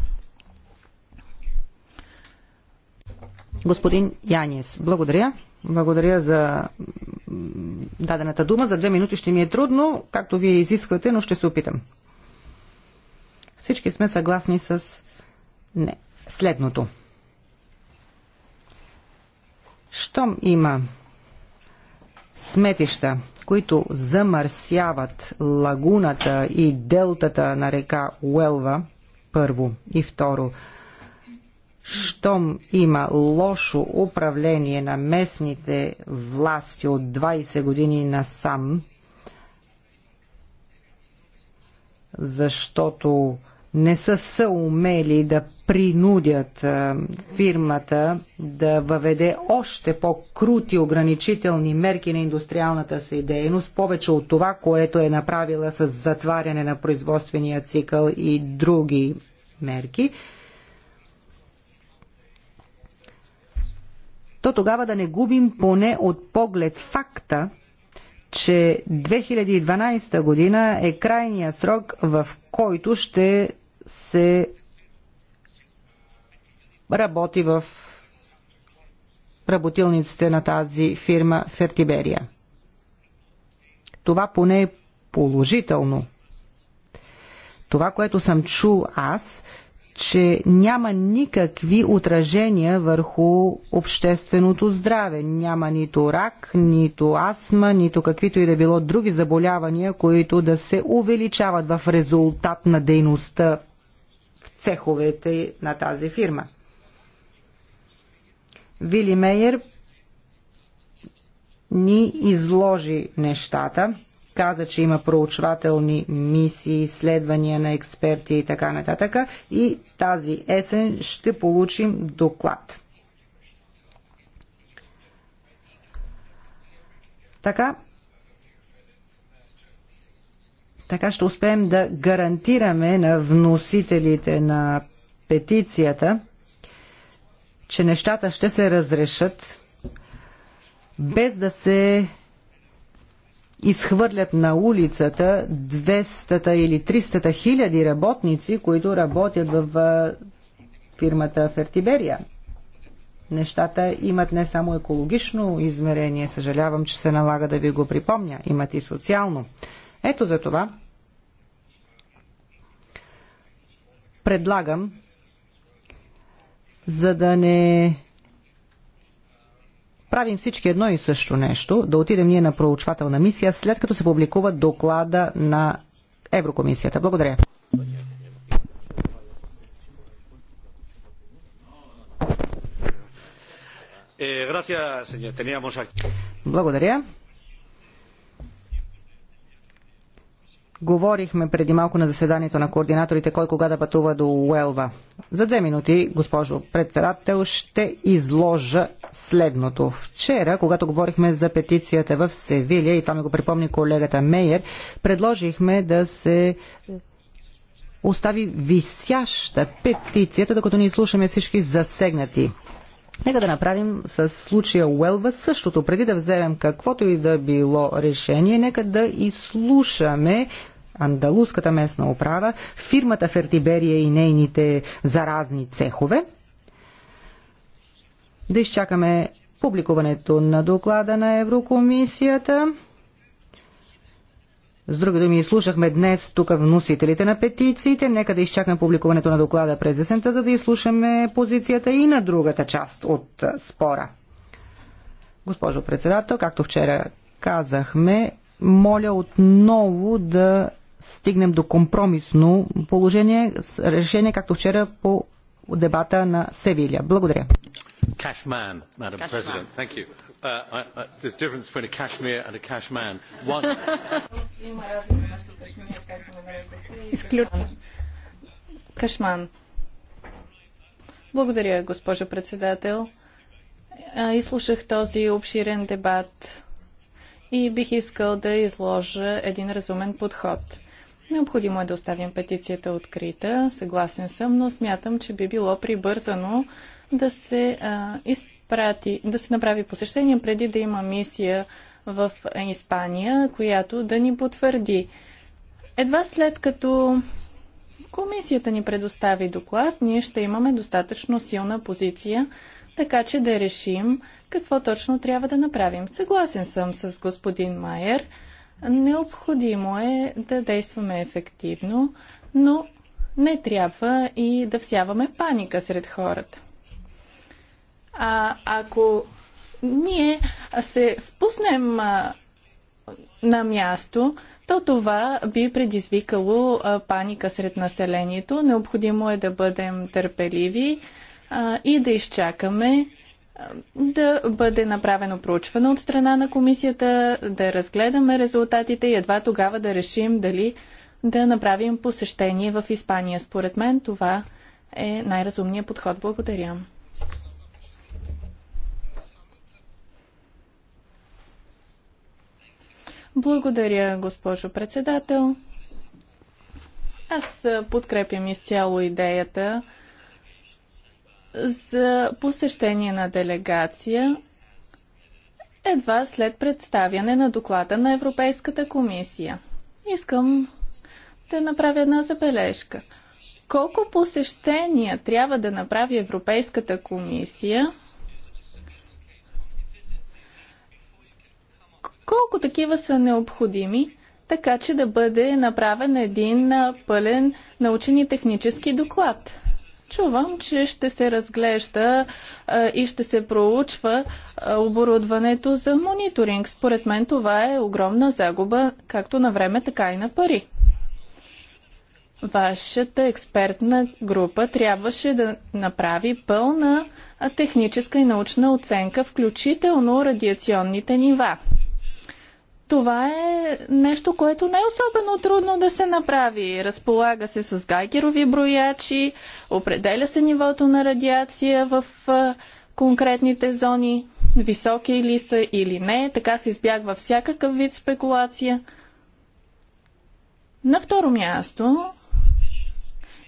Господин Янис, благодаря. Благодаря за дадената дума. За две минути ще ми е трудно, както вие изисквате, но ще се опитам. Всички сме съгласни с не. Следното. Щом има сметища, които замърсяват лагуната и делтата на река Уелва, първо и второ – щом има лошо управление на местните власти от 20 години насам, защото не са се умели да принудят фирмата да въведе още по-крути ограничителни мерки на индустриалната си дейност, повече от това, което е направила с затваряне на производствения цикъл и други мерки. то тогава да не губим поне от поглед факта, че 2012 година е крайния срок, в който ще се работи в работилниците на тази фирма Фертиберия. Това поне е положително. Това, което съм чул аз, че няма никакви отражения върху общественото здраве. Няма нито рак, нито астма, нито каквито и да било други заболявания, които да се увеличават в резултат на дейността в цеховете на тази фирма. Вили Мейер ни изложи нещата – каза, че има проучвателни мисии, изследвания на експерти и така нататък. И тази есен ще получим доклад. Така, така ще успеем да гарантираме на вносителите на петицията, че нещата ще се разрешат без да се изхвърлят на улицата 200 или 300 хиляди работници, които работят в фирмата Фертиберия. Нещата имат не само екологично измерение, съжалявам, че се налага да ви го припомня, имат и социално. Ето за това предлагам, за да не правим всички едно и също нещо, да отидем ние на проучвателна мисия, след като се публикува доклада на Еврокомисията. Благодаря. Е, Благодаря. Говорихме преди малко на заседанието на координаторите кой кога да пътува до Уелва. За две минути, госпожо председател, ще изложа следното. Вчера, когато говорихме за петицията в Севилия, и това ми го припомни колегата Мейер, предложихме да се остави висяща петицията, докато ни слушаме всички засегнати. Нека да направим с случая Уелва същото. Преди да вземем каквото и да било решение, нека да изслушаме Андалуската местна управа, фирмата Фертиберия и нейните заразни цехове. Да изчакаме публикуването на доклада на Еврокомисията. С други думи, изслушахме днес тук вносителите на петициите. Нека да изчакаме публикуването на доклада през есента, за да изслушаме позицията и на другата част от спора. Госпожо председател, както вчера казахме, моля отново да стигнем до компромисно положение, решение, както вчера по дебата на Севилия. Благодаря. Cashman, Madam President. Thank you. Uh, uh, there's difference between a cashmere and a One, Има разлика между Кашмир, както ме нарекохте. Изключвам. Кашман. Благодаря, госпожо председател. Изслушах този обширен дебат и бих искал да изложа един разумен подход. Необходимо е да оставим петицията открита, съгласен съм, но смятам, че би било прибързано да се а, изпрати, да се направи посещение преди да има мисия в Испания, която да ни потвърди. Едва след като комисията ни предостави доклад, ние ще имаме достатъчно силна позиция, така че да решим какво точно трябва да направим. Съгласен съм с господин Майер. Необходимо е да действаме ефективно, но не трябва и да всяваме паника сред хората. А ако ние се впуснем на място, то това би предизвикало паника сред населението. Необходимо е да бъдем търпеливи и да изчакаме да бъде направено проучване от страна на комисията, да разгледаме резултатите и едва тогава да решим дали да направим посещение в Испания. Според мен това е най-разумният подход. Благодаря. Благодаря, госпожо председател. Аз подкрепям изцяло идеята за посещение на делегация едва след представяне на доклада на Европейската комисия. Искам да направя една забележка. Колко посещения трябва да направи Европейската комисия – Колко такива са необходими, така че да бъде направен един пълен научен и технически доклад? Чувам, че ще се разглежда а, и ще се проучва а, оборудването за мониторинг. Според мен това е огромна загуба, както на време, така и на пари. Вашата експертна група трябваше да направи пълна техническа и научна оценка, включително радиационните нива. Това е нещо, което не е особено трудно да се направи. Разполага се с гайкерови броячи, определя се нивото на радиация в конкретните зони, високи ли са или не. Така се избягва всякакъв вид спекулация. На второ място,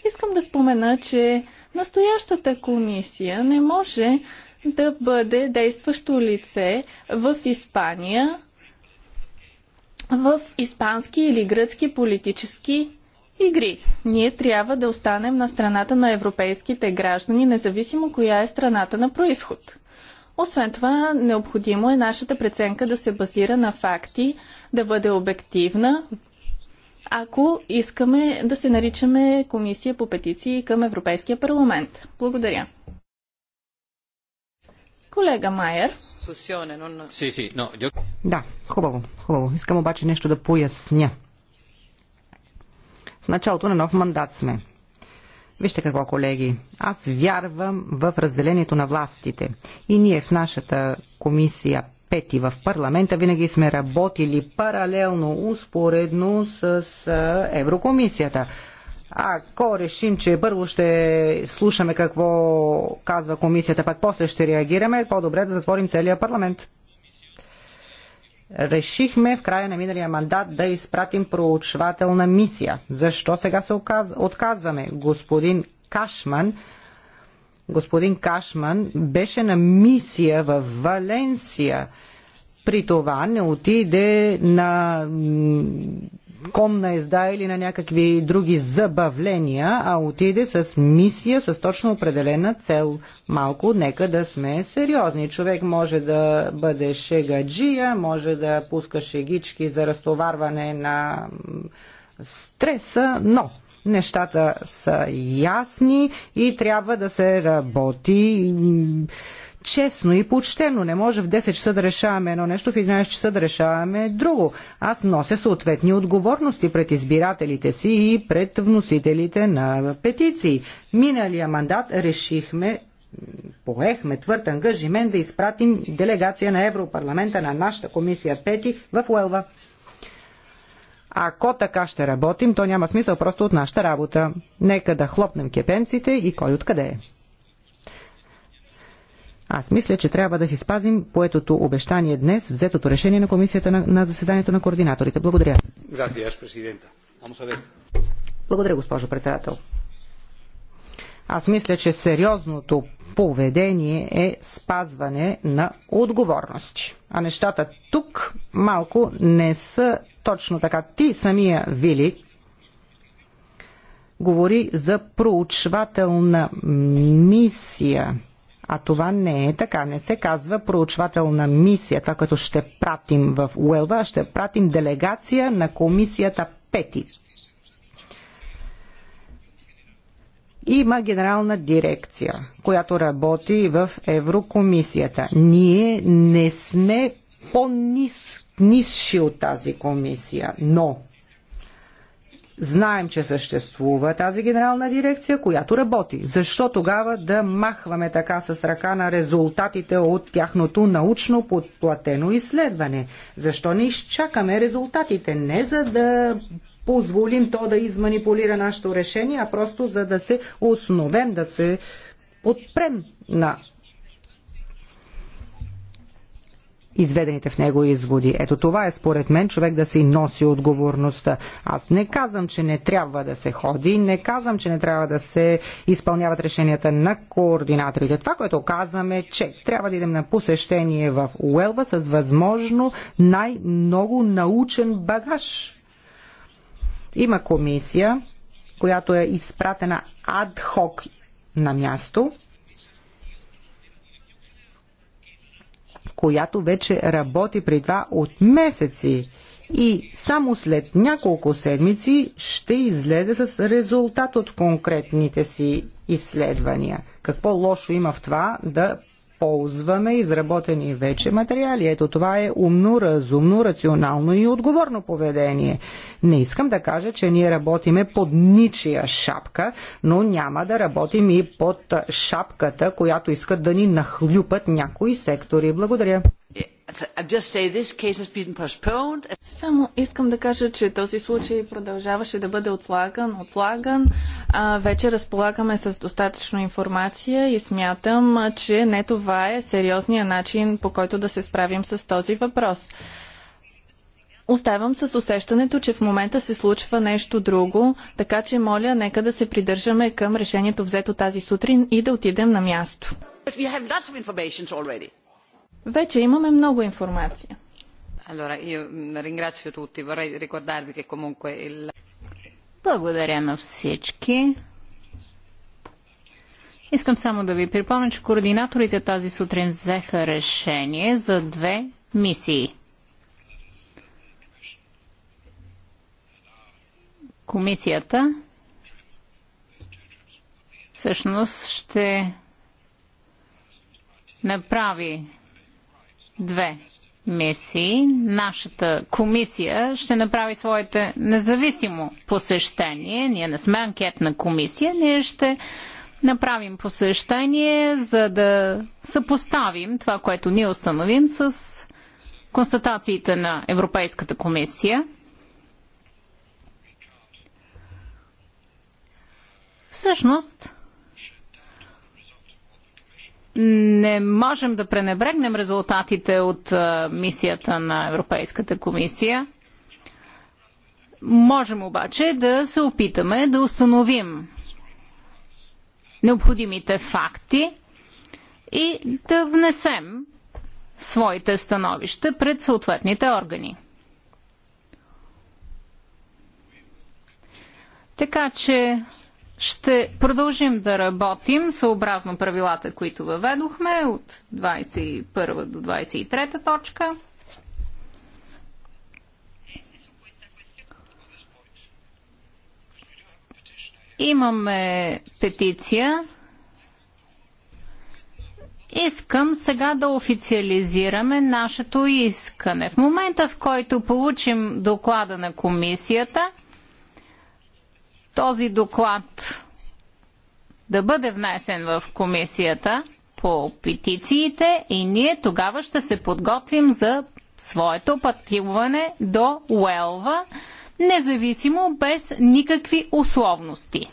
искам да спомена, че настоящата комисия не може да бъде действащо лице в Испания – в испански или гръцки политически игри. Ние трябва да останем на страната на европейските граждани, независимо коя е страната на происход. Освен това, необходимо е нашата преценка да се базира на факти, да бъде обективна, ако искаме да се наричаме Комисия по петиции към Европейския парламент. Благодаря. Колега Майер. Да, хубаво, хубаво. Искам обаче нещо да поясня. В началото на нов мандат сме. Вижте какво, колеги. Аз вярвам в разделението на властите. И ние в нашата комисия пети в парламента винаги сме работили паралелно, успоредно с Еврокомисията. Ако решим, че първо ще слушаме какво казва комисията, пък после ще реагираме, по-добре е да затворим целият парламент. Решихме в края на миналия мандат да изпратим проучвателна мисия. Защо сега се отказваме? Господин Кашман господин Кашман беше на мисия в Валенсия. При това не отиде на конна езда или на някакви други забавления, а отиде с мисия, с точно определена цел. Малко, нека да сме сериозни. Човек може да бъде шегаджия, може да пуска шегички за разтоварване на стреса, но нещата са ясни и трябва да се работи честно и почтено. Не може в 10 часа да решаваме едно нещо, в 11 часа да решаваме друго. Аз нося съответни отговорности пред избирателите си и пред вносителите на петиции. Миналия мандат решихме поехме твърд ангажимент да изпратим делегация на Европарламента на нашата комисия Пети в Уелва. Ако така ще работим, то няма смисъл просто от нашата работа. Нека да хлопнем кепенците и кой откъде е. Аз мисля, че трябва да си спазим поетото обещание днес, взетото решение на комисията на, на заседанието на координаторите. Благодаря. Благодаря, госпожо председател. Аз мисля, че сериозното поведение е спазване на отговорности. А нещата тук малко не са точно така. Ти самия, Вили, говори за проучвателна мисия – а това не е така. Не се казва проучвателна мисия, това като ще пратим в Уелва, ще пратим делегация на комисията Пети. Има генерална дирекция, която работи в Еврокомисията. Ние не сме по-низши от тази комисия, но Знаем, че съществува тази генерална дирекция, която работи. Защо тогава да махваме така с ръка на резултатите от тяхното научно подплатено изследване? Защо не изчакаме резултатите? Не за да позволим то да изманипулира нашето решение, а просто за да се основем, да се подпрем на изведените в него изводи. Ето това е според мен човек да си носи отговорността. Аз не казвам, че не трябва да се ходи, не казвам, че не трябва да се изпълняват решенията на координаторите. Това, което казваме е, че трябва да идем на посещение в Уелба с възможно най-много научен багаж. Има комисия, която е изпратена адхок на място която вече работи при това от месеци и само след няколко седмици ще излезе с резултат от конкретните си изследвания. Какво лошо има в това да ползваме изработени вече материали. Ето това е умно, разумно, рационално и отговорно поведение. Не искам да кажа, че ние работиме под ничия шапка, но няма да работим и под шапката, която искат да ни нахлюпат някои сектори. Благодаря. Е, само искам да кажа, че този случай продължаваше да бъде отлаган, отлаган. А, вече разполагаме с достатъчно информация и смятам, че не това е сериозният начин по който да се справим с този въпрос. Оставам с усещането, че в момента се случва нещо друго, така че моля, нека да се придържаме към решението взето тази сутрин и да отидем на място. But we have lots of вече имаме много информация. Allora, io ringrazio tutti. Vorrei ricordarvi che comunque il... Благодаря на всички. Искам само да ви припомня, че координаторите тази сутрин взеха решение за две мисии. Комисията всъщност ще направи две мисии. Нашата комисия ще направи своите независимо посещение. Ние не сме анкетна комисия. Ние ще направим посещение, за да съпоставим това, което ние установим с констатациите на Европейската комисия. Всъщност, не можем да пренебрегнем резултатите от мисията на Европейската комисия. Можем обаче да се опитаме да установим необходимите факти и да внесем своите становища пред съответните органи. Така че ще продължим да работим съобразно правилата, които въведохме от 21 до 23 точка. Имаме петиция. Искам сега да официализираме нашето искане. В момента, в който получим доклада на комисията, този доклад да бъде внесен в комисията по петициите и ние тогава ще се подготвим за своето пътуване до Уелва, независимо без никакви условности.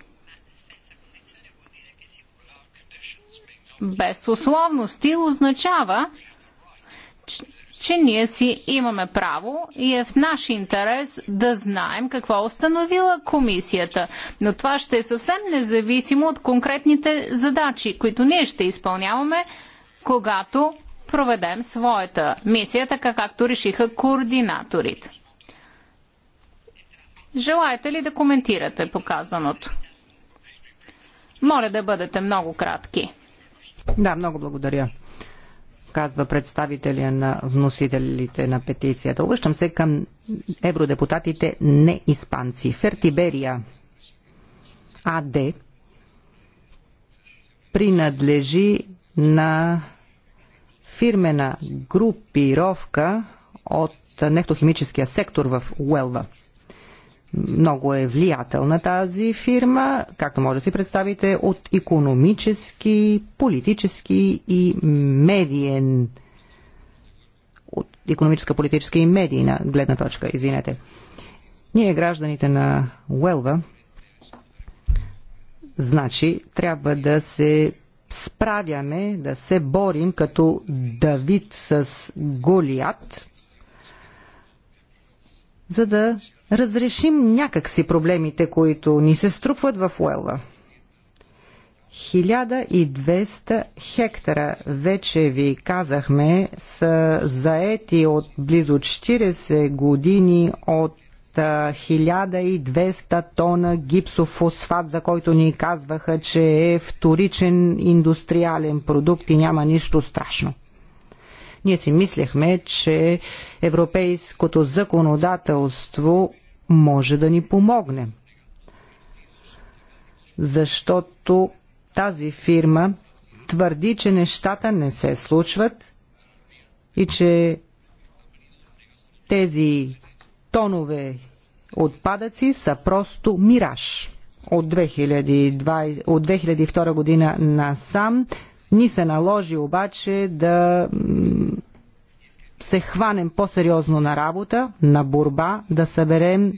Без условности означава, че ние си имаме право и е в наш интерес да знаем какво е установила комисията. Но това ще е съвсем независимо от конкретните задачи, които ние ще изпълняваме, когато проведем своята мисия, така както решиха координаторите. Желаете ли да коментирате показаното? Моля да бъдете много кратки. Да, много благодаря казва представителя на вносителите на петицията. Обръщам се към евродепутатите не испанци. Фертиберия АД принадлежи на фирмена групировка от нефтохимическия сектор в Уелва – много е влиятелна тази фирма, както може да си представите, от економически, политически и медиен от економическа, политическа и медийна гледна точка, извинете. Ние, гражданите на Уелва, значи трябва да се справяме, да се борим като Давид с Голият, за да разрешим някакси проблемите, които ни се струпват в Уелва. 1200 хектара, вече ви казахме, са заети от близо 40 години от 1200 тона гипсофосфат, за който ни казваха, че е вторичен индустриален продукт и няма нищо страшно. Ние си мислехме, че европейското законодателство може да ни помогне. Защото тази фирма твърди, че нещата не се случват и че тези тонове отпадъци са просто мираж. От 2002, от 2002 година насам ни се наложи обаче да се хванем по-сериозно на работа, на борба, да съберем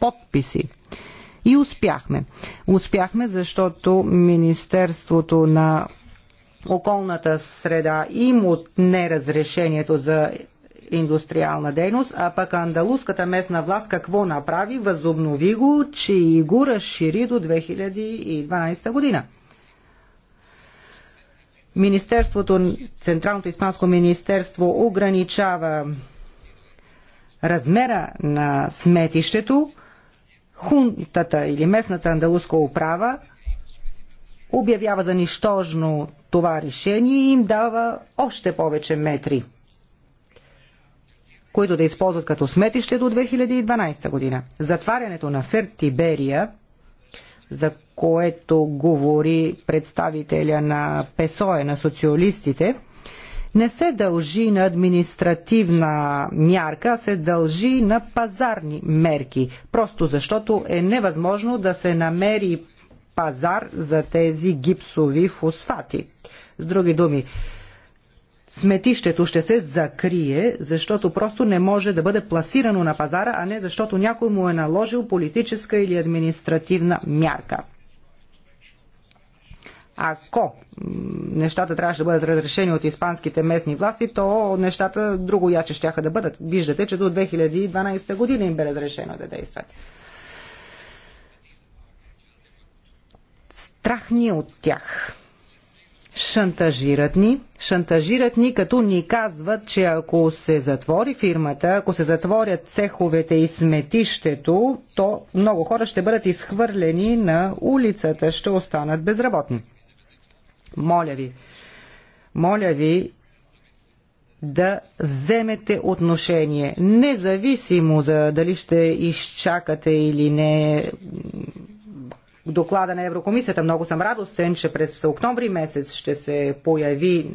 подписи. И успяхме. Успяхме, защото Министерството на околната среда им от неразрешението за индустриална дейност, а пък андалуската местна власт какво направи? Възобнови го, че и го разшири до 2012 година. Министерството, Централното испанско министерство ограничава размера на сметището, хунтата или местната андалуска управа обявява за нищожно това решение и им дава още повече метри, които да използват като сметище до 2012 година. Затварянето на Фертиберия, за което говори представителя на ПСОЕ, на социалистите, не се дължи на административна мярка, а се дължи на пазарни мерки. Просто защото е невъзможно да се намери пазар за тези гипсови фосфати. С други думи, сметището ще се закрие, защото просто не може да бъде пласирано на пазара, а не защото някой му е наложил политическа или административна мярка. Ако нещата трябваше да бъдат разрешени от испанските местни власти, то нещата друго яче ще да бъдат. Виждате, че до 2012 година им бе разрешено да действат. Страх ни е от тях. Шантажират ни. Шантажират ни, като ни казват, че ако се затвори фирмата, ако се затворят цеховете и сметището, то много хора ще бъдат изхвърлени на улицата, ще останат безработни. Моля ви, моля ви да вземете отношение, независимо за дали ще изчакате или не доклада на Еврокомисията. Много съм радостен, че през октомври месец ще се появи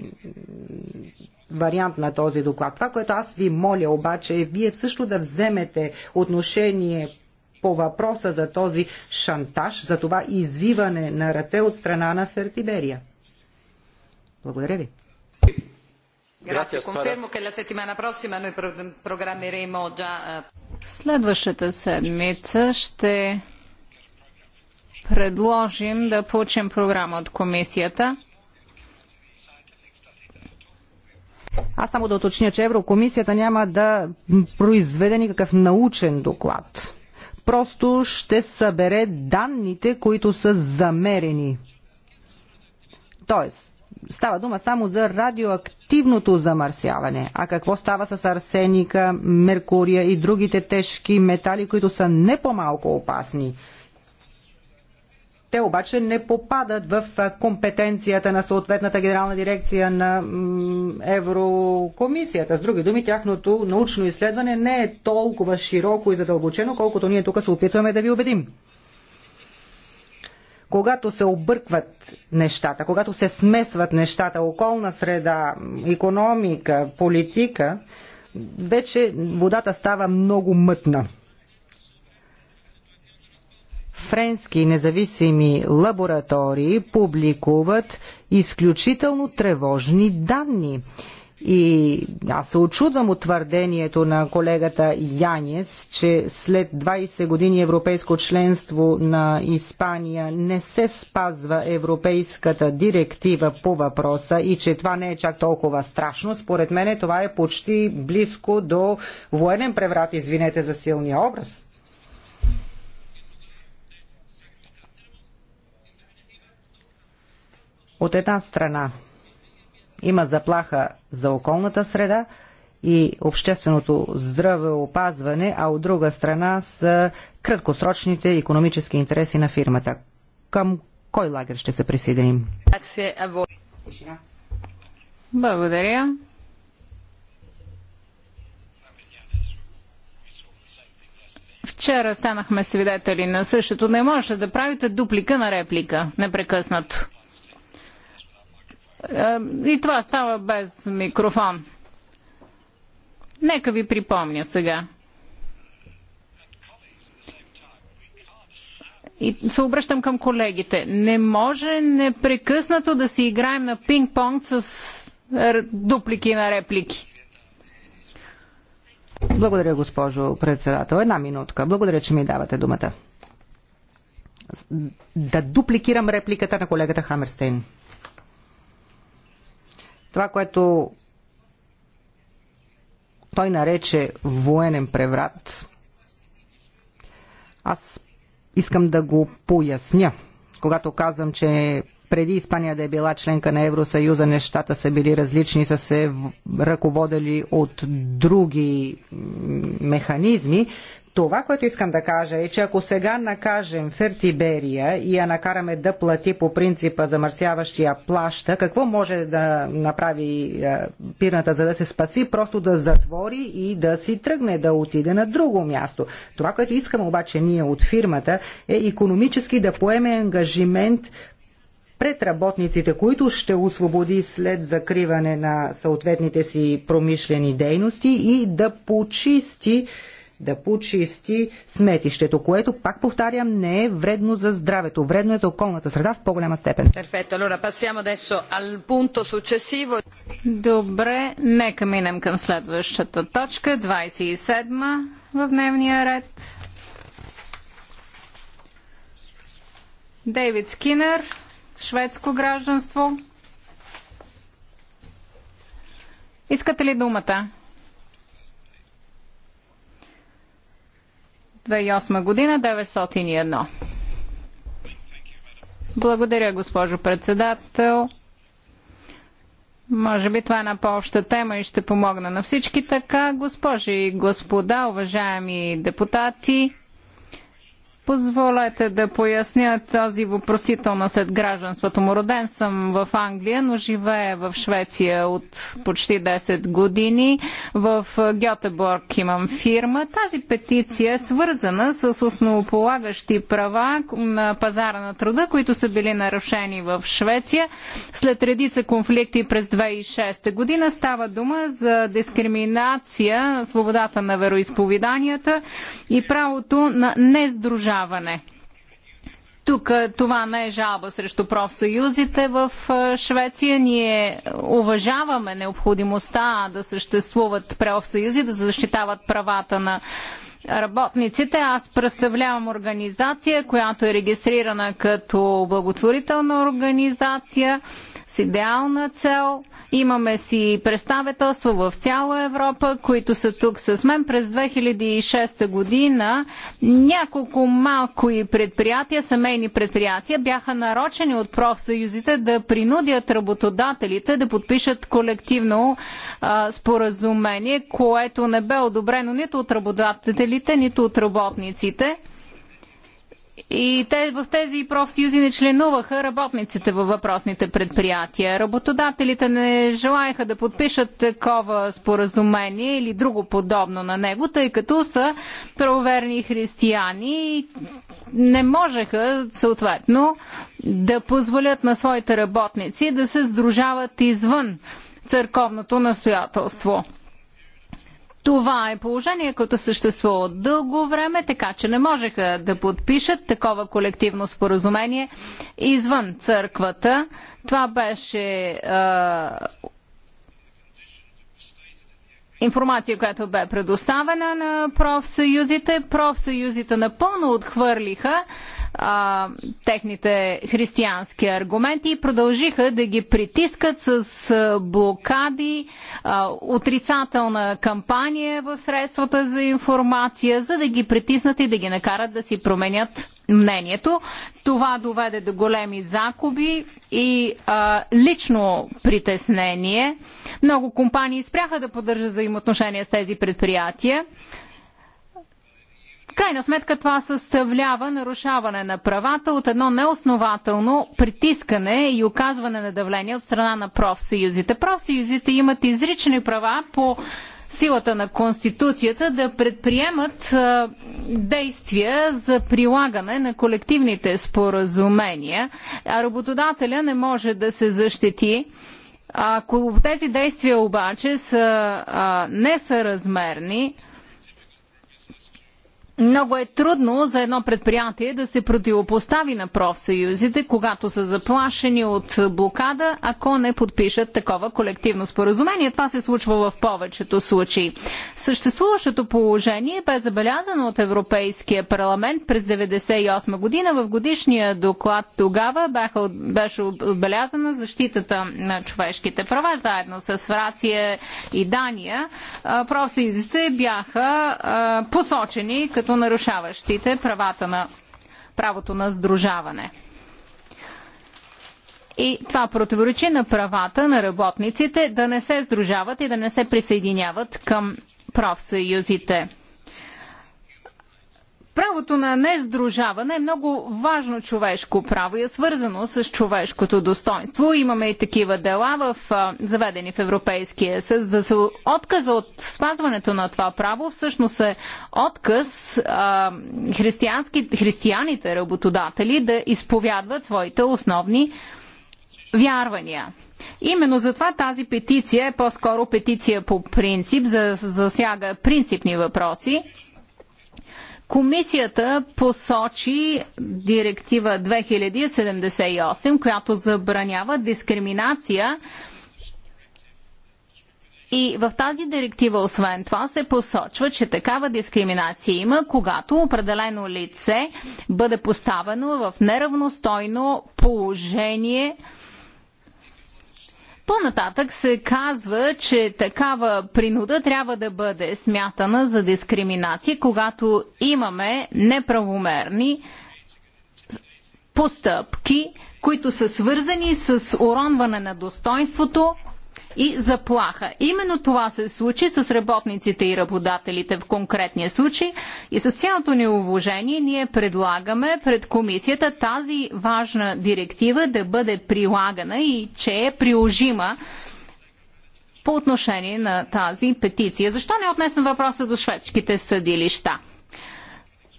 вариант на този доклад. Това, което аз ви моля обаче е вие също да вземете отношение по въпроса за този шантаж, за това извиване на ръце от страна на Фертиберия. Благодаря ви. Следващата седмица ще предложим да получим програма от комисията. Аз само да уточня, че Еврокомисията няма да произведе никакъв научен доклад. Просто ще събере данните, които са замерени. Тоест, става дума само за радиоактивното замърсяване. А какво става с арсеника, меркурия и другите тежки метали, които са не по-малко опасни? Те обаче не попадат в компетенцията на съответната генерална дирекция на Еврокомисията. С други думи, тяхното научно изследване не е толкова широко и задълбочено, колкото ние тук се опитваме да ви убедим. Когато се объркват нещата, когато се смесват нещата, околна среда, економика, политика, вече водата става много мътна. Френски независими лаборатории публикуват изключително тревожни данни. И аз се очудвам от твърдението на колегата Янес, че след 20 години европейско членство на Испания не се спазва европейската директива по въпроса и че това не е чак толкова страшно. Според мен това е почти близко до военен преврат, извинете за силния образ. От една страна има заплаха за околната среда и общественото здравеопазване, а от друга страна са краткосрочните економически интереси на фирмата. Към кой лагер ще се присъединим? Благодаря. Вчера станахме свидетели на същото. Не може да правите дуплика на реплика непрекъснато. Е, и това става без микрофон. Нека ви припомня сега. И се обръщам към колегите. Не може непрекъснато да си играем на пинг-понг с е, дуплики на реплики. Благодаря, госпожо председател. Една минутка. Благодаря, че ми давате думата. Да дупликирам репликата на колегата Хамерстейн. Това, което той нарече военен преврат, аз искам да го поясня. Когато казвам, че преди Испания да е била членка на Евросъюза, нещата са били различни, са се ръководили от други механизми. Това, което искам да кажа е, че ако сега накажем Фертиберия и я накараме да плати по принципа замърсяващия плаща, какво може да направи е, пирната за да се спаси? Просто да затвори и да си тръгне, да отиде на друго място. Това, което искаме обаче ние от фирмата е економически да поеме ангажимент пред работниците, които ще освободи след закриване на съответните си промишлени дейности и да почисти да почисти сметището, което, пак повтарям, не е вредно за здравето. Вредно е за околната среда в по-голяма степен. Добре, нека минем към следващата точка, 27 в дневния ред. Дейвид Скинер, шведско гражданство. Искате ли думата? 2008 година 901. Благодаря, госпожо председател. Може би това е на по-обща тема и ще помогна на всички така. Госпожи и господа, уважаеми депутати, Позволете да поясня този въпросител на след гражданството му. Роден съм в Англия, но живея в Швеция от почти 10 години. В Гьотеборг имам фирма. Тази петиция е свързана с основополагащи права на пазара на труда, които са били нарушени в Швеция. След редица конфликти през 2006 година става дума за дискриминация, свободата на вероисповеданията и правото на нездружаване нарушаване. Тук е, това не е жалба срещу профсъюзите в е, Швеция. Ние уважаваме необходимостта да съществуват профсъюзи, да защитават правата на работниците. Аз представлявам организация, която е регистрирана като благотворителна организация с идеална цел. Имаме си представителства в цяла Европа, които са тук с мен. През 2006 година няколко и предприятия, семейни предприятия, бяха нарочени от профсъюзите да принудят работодателите да подпишат колективно а, споразумение, което не бе одобрено нито от работодателите, нито от работниците. И те, в тези профсъюзи не членуваха работниците във въпросните предприятия. Работодателите не желаяха да подпишат такова споразумение или друго подобно на него, тъй като са правоверни християни и не можеха съответно да позволят на своите работници да се сдружават извън църковното настоятелство. Това е положение, което съществува от дълго време, така че не можеха да подпишат такова колективно споразумение извън църквата. Това беше е, информация, която бе предоставена на профсъюзите. Профсъюзите напълно отхвърлиха а, техните християнски аргументи и продължиха да ги притискат с блокади, а, отрицателна кампания в средствата за информация, за да ги притиснат и да ги накарат да си променят мнението. Това доведе до големи закуби и а, лично притеснение. Много компании спряха да поддържат взаимоотношения с тези предприятия крайна сметка това съставлява нарушаване на правата от едно неоснователно притискане и оказване на давление от страна на профсъюзите. Профсъюзите имат изрични права по силата на Конституцията да предприемат а, действия за прилагане на колективните споразумения, а работодателя не може да се защити. Ако тези действия обаче са а, несъразмерни, много е трудно за едно предприятие да се противопостави на профсъюзите, когато са заплашени от блокада, ако не подпишат такова колективно споразумение. Това се случва в повечето случаи. Съществуващото положение бе забелязано от Европейския парламент през 1998 година. В годишния доклад тогава беше отбелязана защитата на човешките права, заедно с Франция и Дания. Профсъюзите бяха посочени като като нарушаващите правата на правото на сдружаване. И това противоречи на правата на работниците да не се сдружават и да не се присъединяват към профсъюзите. Правото на нездружаване е много важно човешко право и е свързано с човешкото достоинство. Имаме и такива дела в, заведени в Европейския съюз. Да се отказа от спазването на това право всъщност е отказ а, християните работодатели да изповядват своите основни вярвания. Именно затова тази петиция е по-скоро петиция по принцип, за, засяга принципни въпроси Комисията посочи директива 2078, която забранява дискриминация и в тази директива, освен това, се посочва, че такава дискриминация има, когато определено лице бъде поставено в неравностойно положение – по-нататък се казва, че такава принуда трябва да бъде смятана за дискриминация, когато имаме неправомерни постъпки, които са свързани с уронване на достоинството и заплаха. Именно това се случи с работниците и работодателите в конкретния случай и с цялото ни уважение ние предлагаме пред комисията тази важна директива да бъде прилагана и че е приложима по отношение на тази петиция. Защо не е отнесна въпроса до шведските съдилища?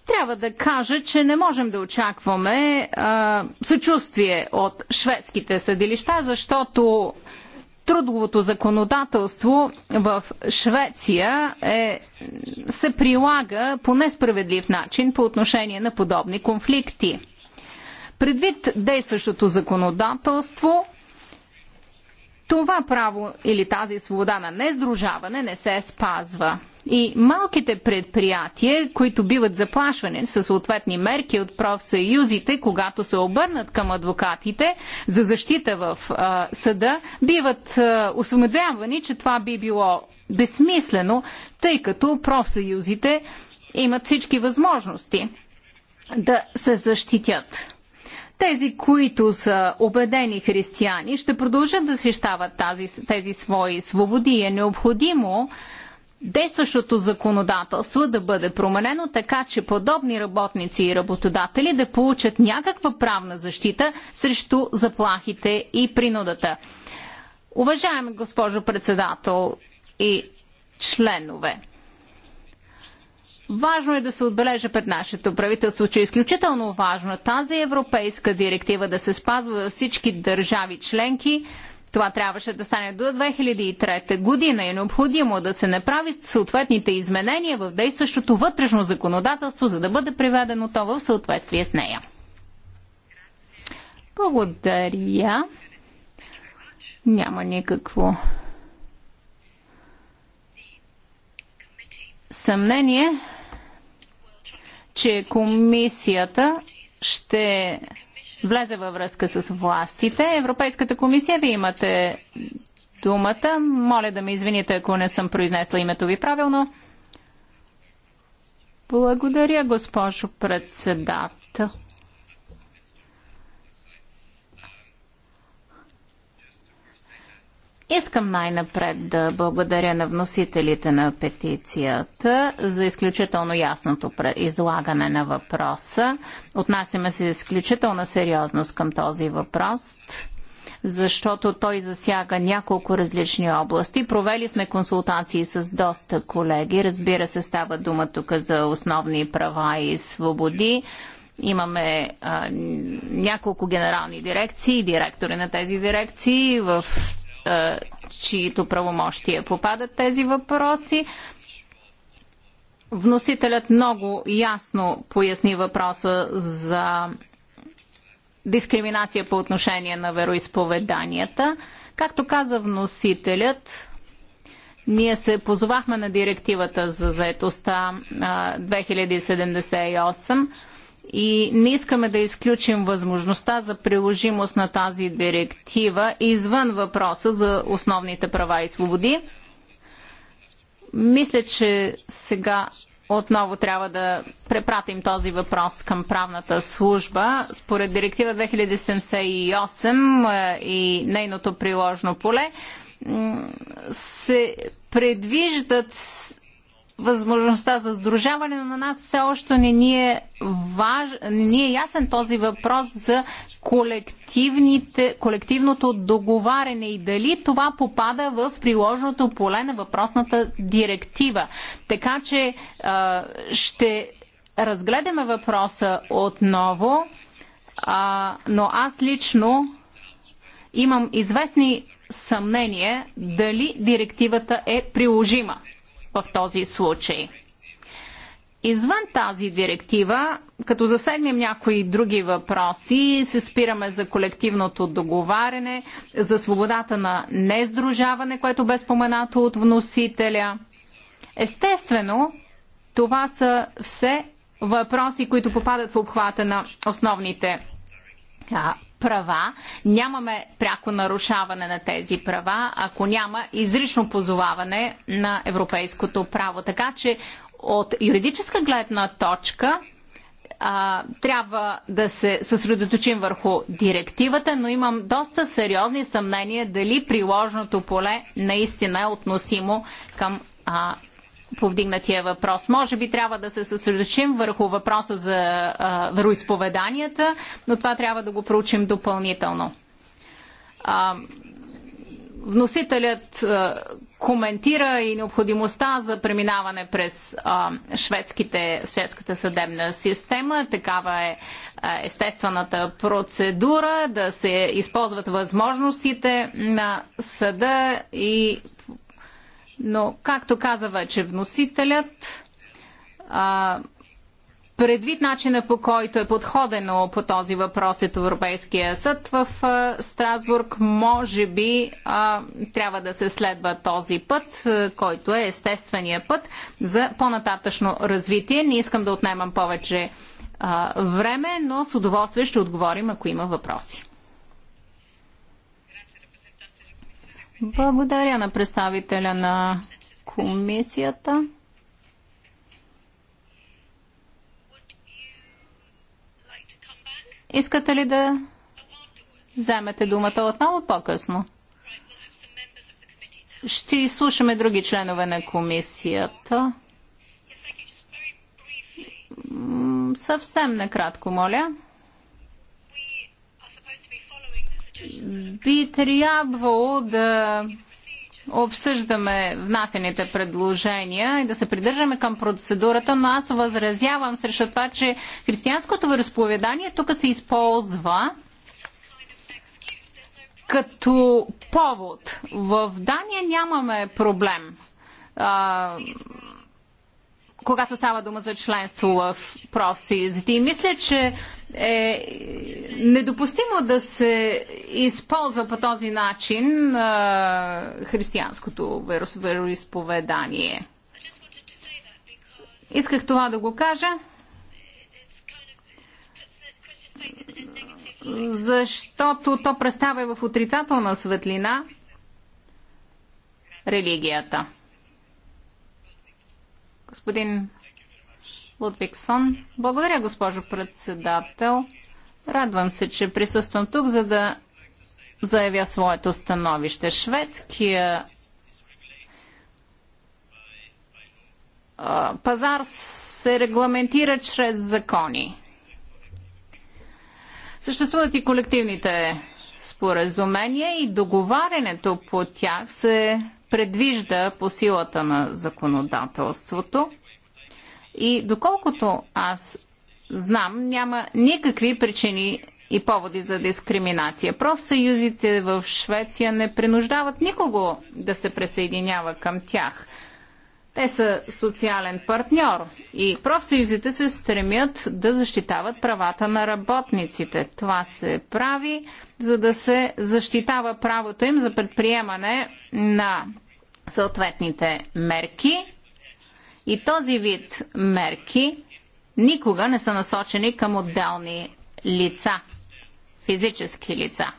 Трябва да кажа, че не можем да очакваме а, съчувствие от шведските съдилища, защото трудовото законодателство в Швеция е, се прилага по несправедлив начин по отношение на подобни конфликти. Предвид действащото законодателство, това право или тази свобода на нездружаване не се спазва и малките предприятия, които биват заплашвани с съответни мерки от профсъюзите, когато се обърнат към адвокатите за защита в а, съда, биват а, осведомявани, че това би било безсмислено, тъй като профсъюзите имат всички възможности да се защитят. Тези, които са убедени християни, ще продължат да свещават тези свои свободи. Е необходимо действащото законодателство да бъде променено така, че подобни работници и работодатели да получат някаква правна защита срещу заплахите и принудата. Уважаеми госпожо председател и членове, Важно е да се отбележа пред нашето правителство, че е изключително важно тази европейска директива да се спазва във всички държави членки, това трябваше да стане до 2003 година. Е необходимо да се направи съответните изменения в действащото вътрешно законодателство, за да бъде приведено то в съответствие с нея. Благодаря. Няма никакво съмнение, че комисията ще влезе във връзка с властите. Европейската комисия, вие имате думата. Моля да ме извините, ако не съм произнесла името ви правилно. Благодаря, госпожо председател. Искам най-напред да благодаря на вносителите на петицията за изключително ясното излагане на въпроса. Отнасяме се изключителна сериозност към този въпрос защото той засяга няколко различни области. Провели сме консултации с доста колеги. Разбира се, става дума тук за основни права и свободи. Имаме а, няколко генерални дирекции, директори на тези дирекции. В чието правомощие попадат тези въпроси. Вносителят много ясно поясни въпроса за дискриминация по отношение на вероисповеданията. Както каза вносителят, ние се позовахме на директивата за заетостта 2078 и не искаме да изключим възможността за приложимост на тази директива извън въпроса за основните права и свободи. Мисля, че сега отново трябва да препратим този въпрос към правната служба. Според директива 2078 е, и нейното приложно поле се предвиждат възможността за сдружаване, но на нас все още не ни е, важ... не ни е ясен този въпрос за колективните... колективното договаряне и дали това попада в приложното поле на въпросната директива. Така че а, ще разгледаме въпроса отново, а, но аз лично имам известни съмнение дали директивата е приложима в този случай. Извън тази директива, като засегнем някои други въпроси, се спираме за колективното договаряне, за свободата на нездружаване, което бе споменато от вносителя. Естествено, това са все въпроси, които попадат в обхвата на основните права, нямаме пряко нарушаване на тези права, ако няма изрично позоваване на европейското право. Така че от юридическа гледна точка а, трябва да се съсредоточим върху директивата, но имам доста сериозни съмнения дали приложното поле наистина е относимо към а, повдигнатия въпрос. Може би трябва да се съсредоточим върху въпроса за а, вероисповеданията, но това трябва да го проучим допълнително. А, вносителят а, коментира и необходимостта за преминаване през а, шведските, шведската съдебна система. Такава е а, естествената процедура да се използват възможностите на съда и но, както каза вече вносителят, а, предвид начина по който е подходено по този въпрос от Европейския съд в Страсбург, може би а, трябва да се следва този път, който е естествения път за по-нататъчно развитие. Не искам да отнемам повече а, време, но с удоволствие ще отговорим, ако има въпроси. Благодаря на представителя на комисията. Искате ли да вземете думата отново по-късно? Ще изслушаме други членове на комисията. Съвсем накратко, моля. би трябвало да обсъждаме внасените предложения и да се придържаме към процедурата, но аз възразявам срещу това, че християнското вероисповедание тук се използва като повод. В Дания нямаме проблем. А, когато става дума за членство в профсъюзите. И мисля, че е недопустимо да се използва по този начин а, християнското вероисповедание. Исках това да го кажа, защото то представя в отрицателна светлина религията. Господин Лудвиксон. Благодаря, госпожо председател. Радвам се, че присъствам тук, за да заявя своето становище. Шведския пазар се регламентира чрез закони. Съществуват и колективните споразумения и договарянето по тях се предвижда по силата на законодателството. И доколкото аз знам, няма никакви причини и поводи за дискриминация. Профсъюзите в Швеция не принуждават никого да се присъединява към тях. Те са социален партньор и профсъюзите се стремят да защитават правата на работниците. Това се прави, за да се защитава правото им за предприемане на съответните мерки и този вид мерки никога не са насочени към отделни лица, физически лица.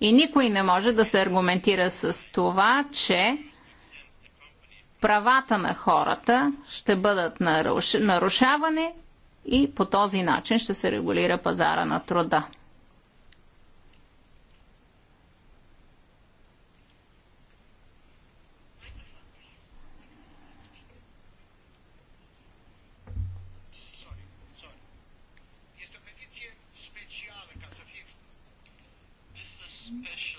И никой не може да се аргументира с това, че правата на хората ще бъдат нарушавани и по този начин ще се регулира пазара на труда.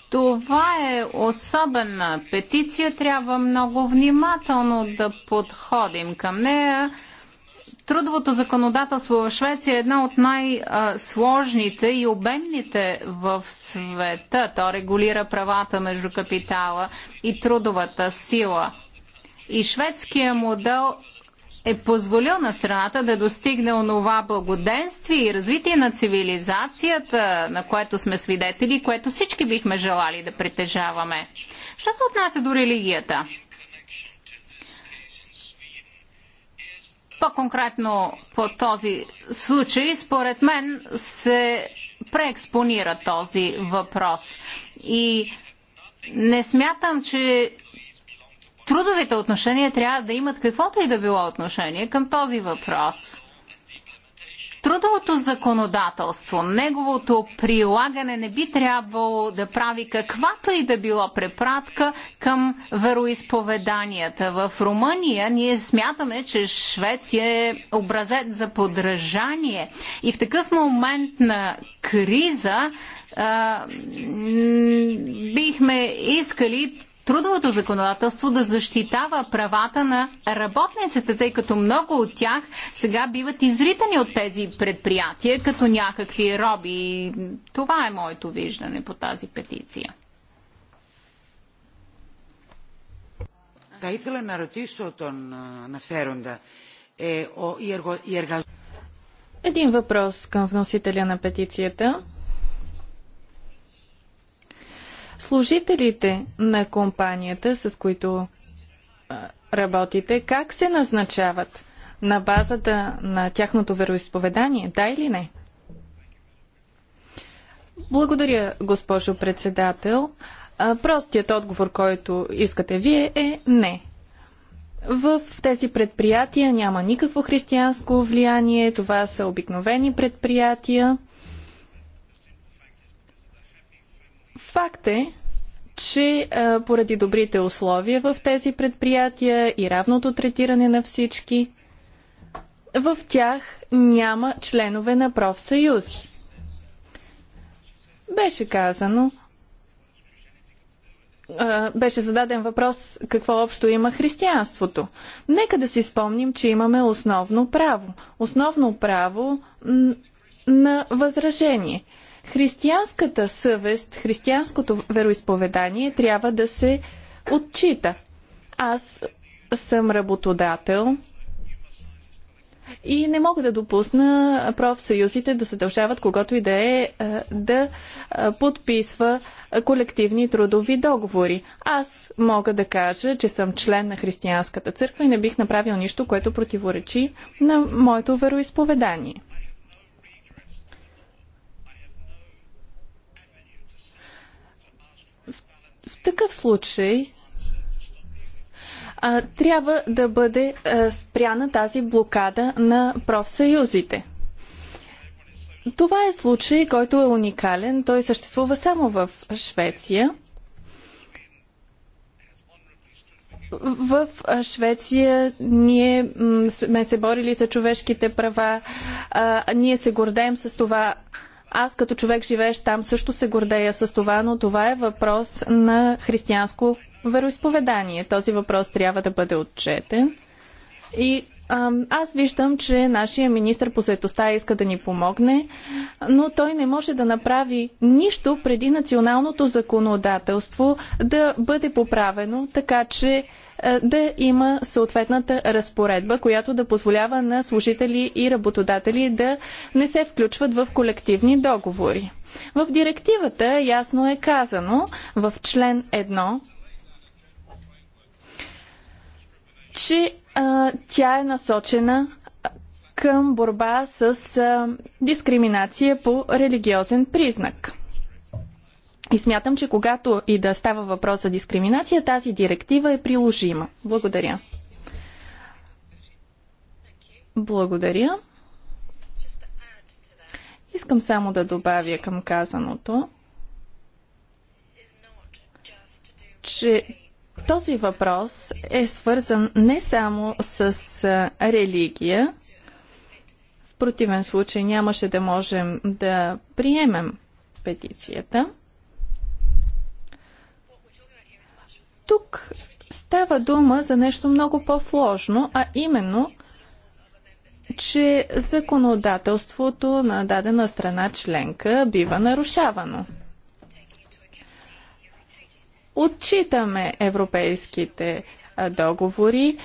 Това е особена петиция. Трябва много внимателно да подходим към нея. Трудовото законодателство в Швеция е една от най-сложните и обемните в света. То регулира правата между капитала и трудовата сила. И шведския модел е позволил на страната да достигне онова благоденствие и развитие на цивилизацията, на което сме свидетели, което всички бихме желали да притежаваме. Що се отнася до религията? По-конкретно по този случай, според мен се преекспонира този въпрос. И не смятам, че трудовите отношения трябва да имат каквото и да било отношение към този въпрос. Трудовото законодателство, неговото прилагане не би трябвало да прави каквато и да било препратка към вероисповеданията. В Румъния ние смятаме, че Швеция е образец за подражание и в такъв момент на криза а, бихме искали трудовото законодателство да защитава правата на работниците, тъй като много от тях сега биват изритани от тези предприятия като някакви роби. Това е моето виждане по тази петиция. Θα ήθελα να ρωτήσω τον αναφέροντα. Ε, ο, η Един въпрос към вносителя на петицията. Служителите на компанията, с които работите, как се назначават? На базата на тяхното вероисповедание, да или не? Благодаря, госпожо председател. Простият отговор, който искате вие е не. В тези предприятия няма никакво християнско влияние. Това са обикновени предприятия. Факт е, че поради добрите условия в тези предприятия и равното третиране на всички, в тях няма членове на профсъюзи. Беше казано, беше зададен въпрос какво общо има християнството. Нека да си спомним, че имаме основно право. Основно право на възражение – Християнската съвест, християнското вероисповедание трябва да се отчита. Аз съм работодател и не мога да допусна профсъюзите да дължават, когато и да е, е да е, подписва колективни трудови договори. Аз мога да кажа, че съм член на християнската църква и не бих направил нищо, което противоречи на моето вероисповедание. такъв случай а, трябва да бъде а, спряна тази блокада на профсъюзите. Това е случай, който е уникален. Той съществува само в Швеция. В Швеция ние сме се борили за човешките права. А, ние се гордеем с това аз като човек живеещ там също се гордея с това, но това е въпрос на християнско вероисповедание. Този въпрос трябва да бъде отчетен. И аз виждам, че нашия министр по светоста иска да ни помогне, но той не може да направи нищо преди националното законодателство да бъде поправено, така че е, да има съответната разпоредба, която да позволява на служители и работодатели да не се включват в колективни договори. В директивата ясно е казано в член 1, че а, тя е насочена към борба с а, дискриминация по религиозен признак. И смятам, че когато и да става въпрос за дискриминация, тази директива е приложима. Благодаря. Благодаря. Искам само да добавя към казаното, че този въпрос е свързан не само с религия. В противен случай нямаше да можем да приемем петицията. Тук става дума за нещо много по-сложно, а именно, че законодателството на дадена страна членка бива нарушавано. Отчитаме европейските договори,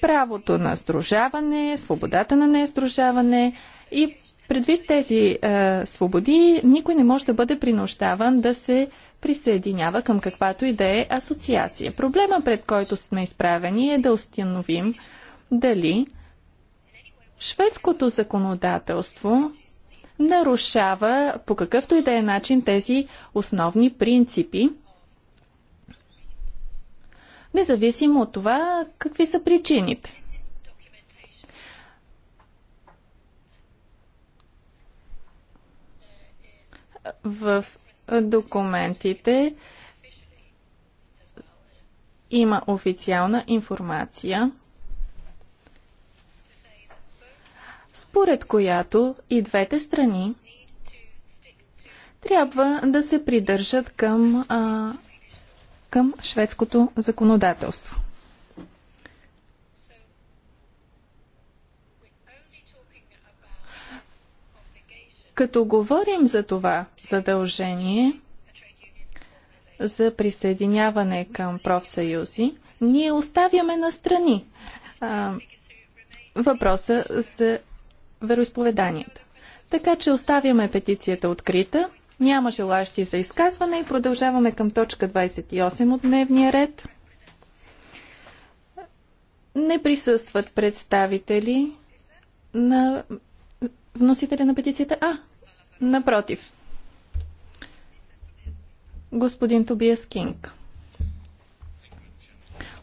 правото на сдружаване, свободата на нездружаване, и предвид тези свободи никой не може да бъде принуждаван да се присъединява към каквато и да е асоциация. Проблема, пред който сме изправени, е да установим дали шведското законодателство нарушава по какъвто и да е начин тези основни принципи, независимо от това какви са причините. В документите има официална информация, според която и двете страни трябва да се придържат към, а, към шведското законодателство. Като говорим за това задължение за присъединяване към профсъюзи, ние оставяме на страни въпроса за вероисповеданията. Така че оставяме петицията открита, няма желащи за изказване и продължаваме към точка 28 от дневния ред. Не присъстват представители на вносителя на петицията. А, Напротив. Господин Тобиас Кинг.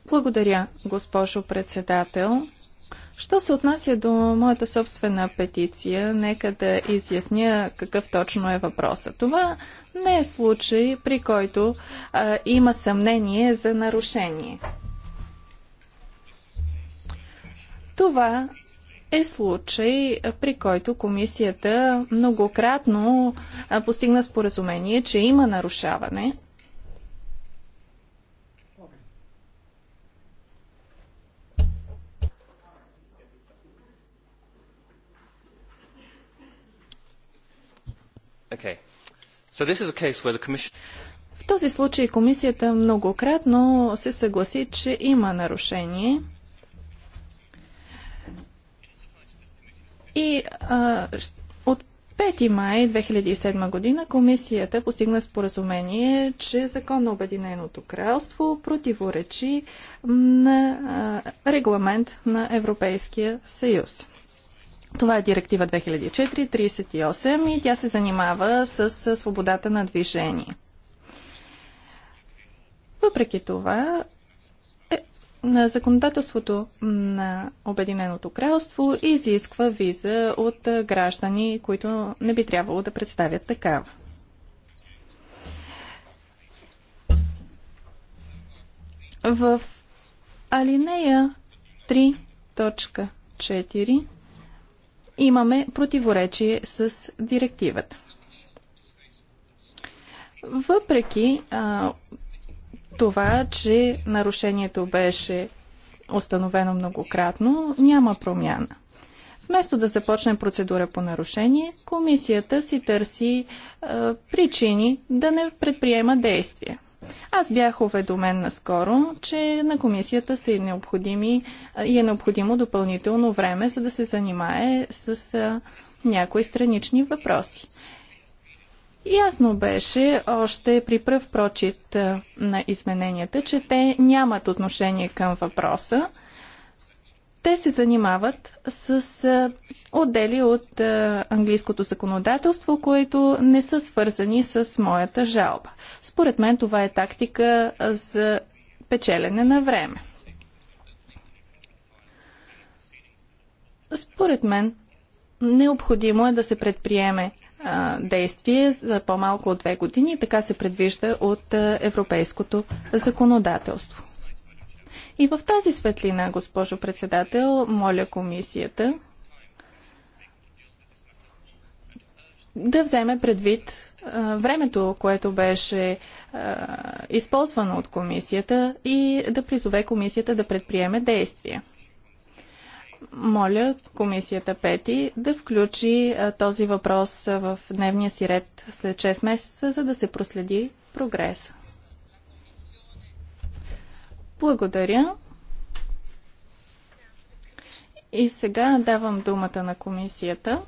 Благодаря, госпожо председател. Що се отнася до моята собствена петиция, нека да изясня какъв точно е въпросът. Това не е случай, при който а, има съмнение за нарушение. Това е случай, при който комисията многократно постигна споразумение, че има нарушаване. Okay. So this is a case where the commission... В този случай комисията многократно се съгласи, че има нарушение – И а, от 5 май 2007 година комисията постигна споразумение, че закон на Обединеното кралство противоречи на а, регламент на Европейския съюз. Това е директива 2004-38 и тя се занимава с свободата на движение. Въпреки това, на законодателството на Обединеното кралство изисква виза от граждани, които не би трябвало да представят такава. В алинея 3.4 имаме противоречие с директивата. Въпреки а, това, че нарушението беше установено многократно, няма промяна. Вместо да започне процедура по нарушение, комисията си търси е, причини да не предприема действия. Аз бях уведомен наскоро, че на комисията са и необходими е, и е необходимо допълнително време, за да се занимае с е, някои странични въпроси. Ясно беше още при пръв прочит е, на измененията, че те нямат отношение към въпроса. Те се занимават с е, отдели от е, английското законодателство, които не са свързани с моята жалба. Според мен това е тактика за печелене на време. Според мен необходимо е да се предприеме действие за по-малко от две години. Така се предвижда от европейското законодателство. И в тази светлина, госпожо председател, моля комисията да вземе предвид времето, което беше използвано от комисията и да призове комисията да предприеме действия. Моля комисията Пети да включи този въпрос в дневния си ред след 6 месеца, за да се проследи прогрес. Благодаря. И сега давам думата на комисията.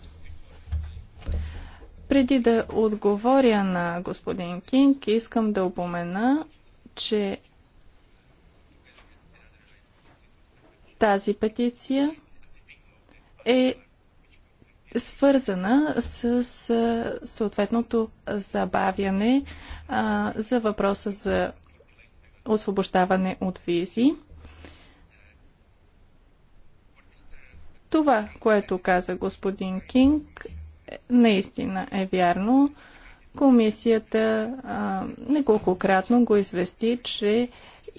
Преди да отговоря на господин Кинг, искам да упомена, че Тази петиция е свързана с съответното забавяне а, за въпроса за освобождаване от визи. Това, което каза господин Кинг, наистина е вярно. Комисията а, неколкократно го извести, че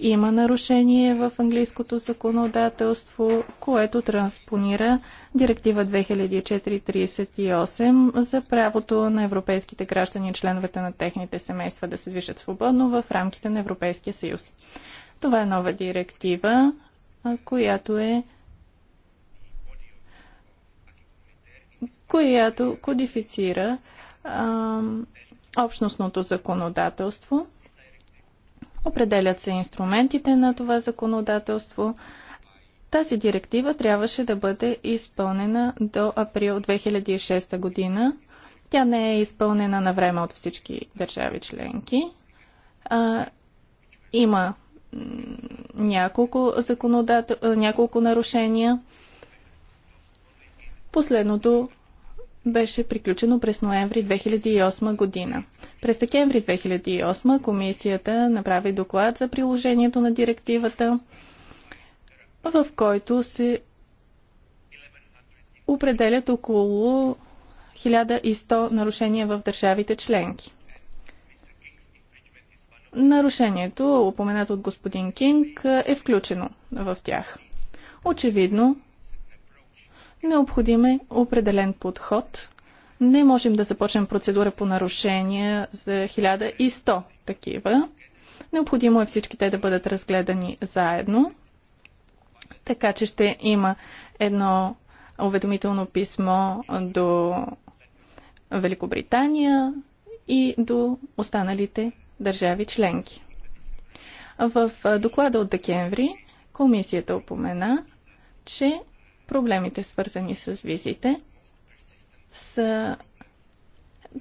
има нарушение в английското законодателство, което транспонира Директива 2438 за правото на европейските граждани и членовете на техните семейства да се движат свободно в рамките на Европейския съюз. Това е нова директива, която е която кодифицира а, общностното законодателство – определят се инструментите на това законодателство. Тази директива трябваше да бъде изпълнена до април 2006 година. Тя не е изпълнена на време от всички държави членки. А, има няколко, законодател... няколко нарушения. Последното беше приключено през ноември 2008 година. През декември 2008 комисията направи доклад за приложението на директивата, в който се определят около 1100 нарушения в държавите членки. Нарушението, упоменато от господин Кинг, е включено в тях. Очевидно, Необходим е определен подход. Не можем да започнем процедура по нарушения за 1100 такива. Необходимо е всички те да бъдат разгледани заедно. Така че ще има едно уведомително писмо до Великобритания и до останалите държави членки. В доклада от декември комисията опомена, че Проблемите, свързани с визите, са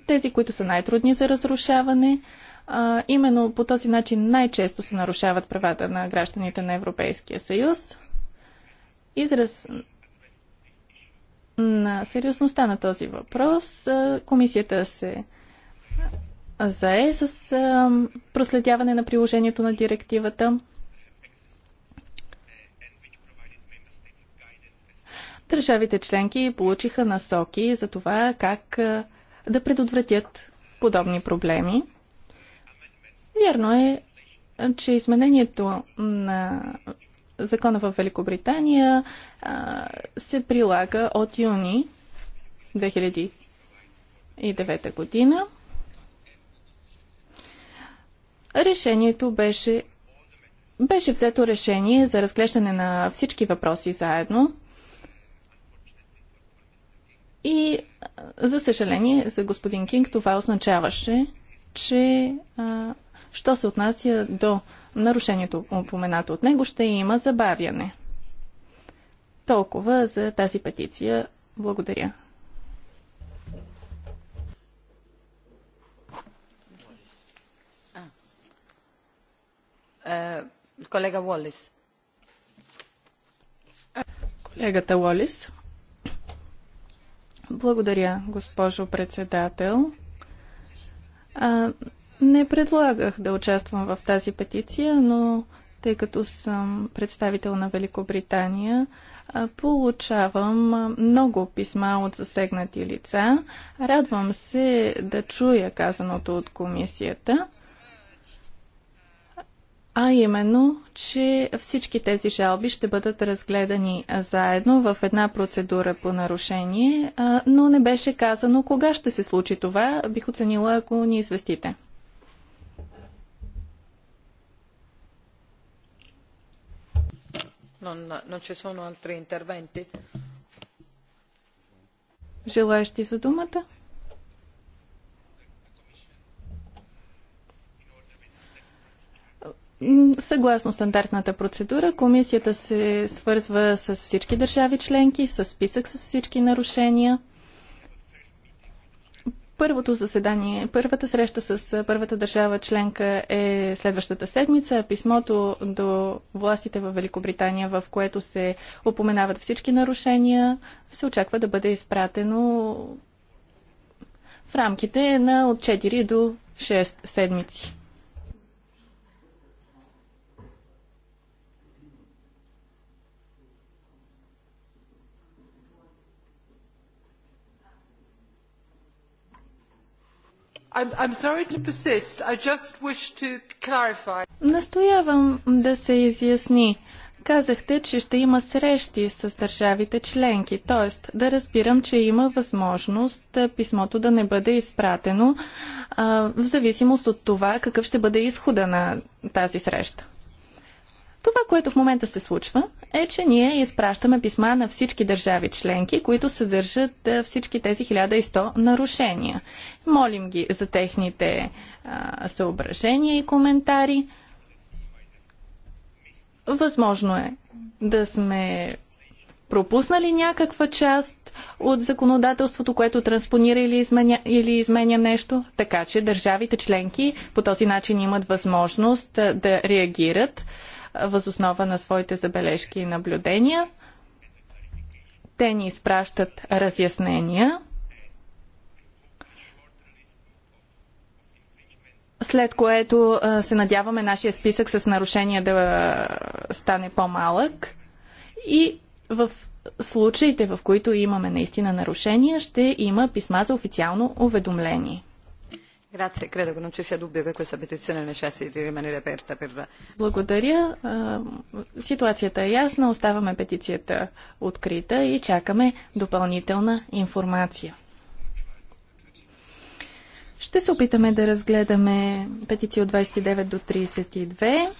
тези, които са най-трудни за разрушаване. А, именно по този начин най-често се нарушават правата на гражданите на Европейския съюз. Израз на сериозността на този въпрос комисията се зае с проследяване на приложението на директивата. Държавите членки получиха насоки за това как да предотвратят подобни проблеми. Вярно е, че изменението на закона в Великобритания се прилага от юни 2009 година. Решението беше беше взето решение за разглеждане на всички въпроси заедно. И за съжаление за господин Кинг това означаваше, че а, що се отнася до нарушението упоменато от него, ще има забавяне. Толкова за тази петиция. Благодаря. Колега Уолис. Колегата Уолис. Благодаря, госпожо председател. А, не предлагах да участвам в тази петиция, но тъй като съм представител на Великобритания, получавам много писма от засегнати лица. Радвам се да чуя казаното от комисията а именно, че всички тези жалби ще бъдат разгледани заедно в една процедура по нарушение, но не беше казано кога ще се случи това. Бих оценила, ако ни известите. Желаещи за думата? Съгласно стандартната процедура, комисията се свързва с всички държави членки, с списък с всички нарушения. Първото заседание, първата среща с първата държава членка е следващата седмица. Писмото до властите в Великобритания, в което се упоменават всички нарушения, се очаква да бъде изпратено в рамките на от 4 до 6 седмици. Настоявам да се изясни. Казахте, че ще има срещи с държавите членки, т.е. да разбирам, че има възможност е, писмото да не бъде изпратено а, в зависимост от това какъв ще бъде изхода на тази среща. Това, което в момента се случва, е, че ние изпращаме писма на всички държави членки, които съдържат е, всички тези 1100 нарушения. Молим ги за техните а, съображения и коментари. Възможно е да сме пропуснали някаква част от законодателството, което транспонира или изменя, или изменя нещо, така че държавите членки по този начин имат възможност е, да реагират възоснова на своите забележки и наблюдения. Те ни изпращат разяснения. След което се надяваме нашия списък с нарушения да стане по-малък. И в случаите, в които имаме наистина нарушения, ще има писма за официално уведомление. Credo che non ci sia dubbio che questa petizione necessiti di rimanere aperta per... Благодаря. Ситуацията е ясна. Оставаме петицията открита и чакаме допълнителна информация. Ще се опитаме да разгледаме петиции от 29 до 32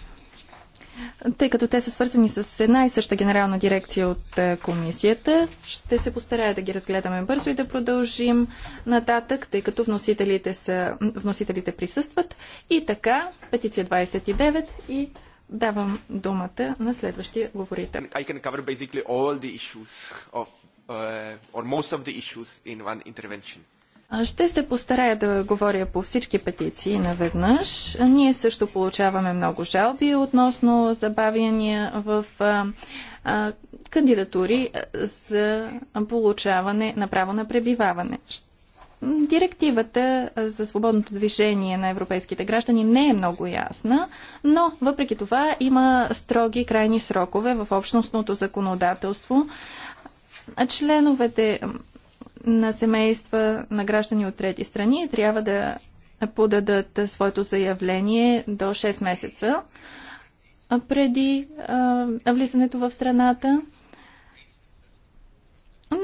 тъй като те са свързани с една и съща генерална дирекция от е, комисията. Ще се постарая да ги разгледаме бързо и да продължим нататък, тъй като вносителите, са, вносителите присъстват. И така, петиция 29 и давам думата на следващия говорител. I can cover basically all the issues of, uh, or most of the issues in one intervention. Ще се постарая да говоря по всички петиции наведнъж. Ние също получаваме много жалби относно забавяния в а, а, кандидатури за получаване на право на пребиваване. Директивата за свободното движение на европейските граждани не е много ясна, но въпреки това има строги крайни срокове в общностното законодателство. Членовете на семейства на граждани от трети страни трябва да подадат своето заявление до 6 месеца преди а, влизането в страната.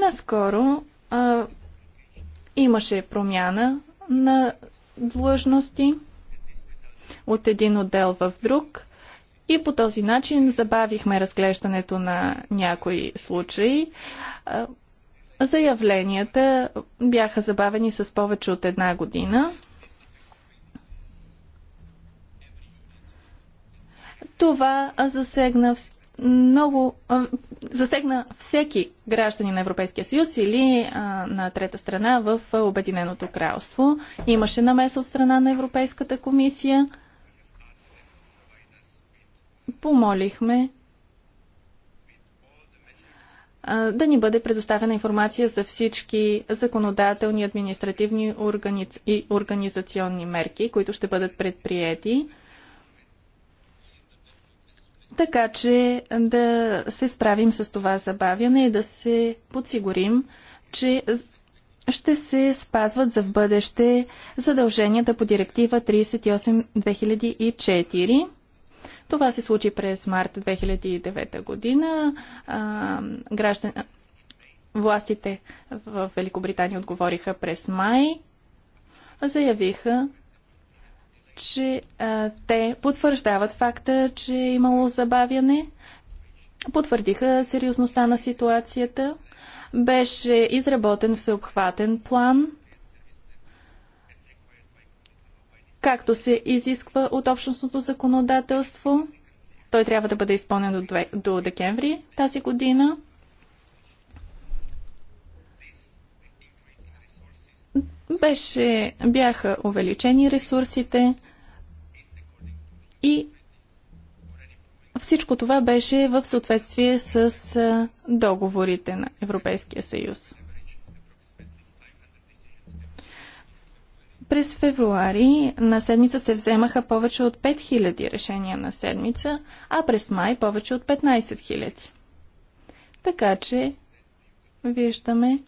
Наскоро а, имаше промяна на длъжности от един отдел в друг и по този начин забавихме разглеждането на някои случаи. А, Заявленията бяха забавени с повече от една година. Това засегна много засегна всеки граждани на Европейския съюз или а, на трета страна в Обединеното кралство. Имаше намеса от страна на Европейската комисия. Помолихме да ни бъде предоставена информация за всички законодателни, административни органи... и организационни мерки, които ще бъдат предприяти, така че да се справим с това забавяне и да се подсигурим, че ще се спазват за в бъдеще задълженията по директива 38-2004 това се случи през март 2009 година. А, граждан... Властите в Великобритания отговориха през май. Заявиха, че а, те потвърждават факта, че е имало забавяне. Потвърдиха сериозността на ситуацията. Беше изработен всеобхватен план – както се изисква от общностното законодателство. Той трябва да бъде изпълнен до, до декември тази година. Беше, бяха увеличени ресурсите и всичко това беше в съответствие с договорите на Европейския съюз. През февруари на седмица се вземаха повече от 5000 решения на седмица, а през май повече от 15 000. Така че виждаме,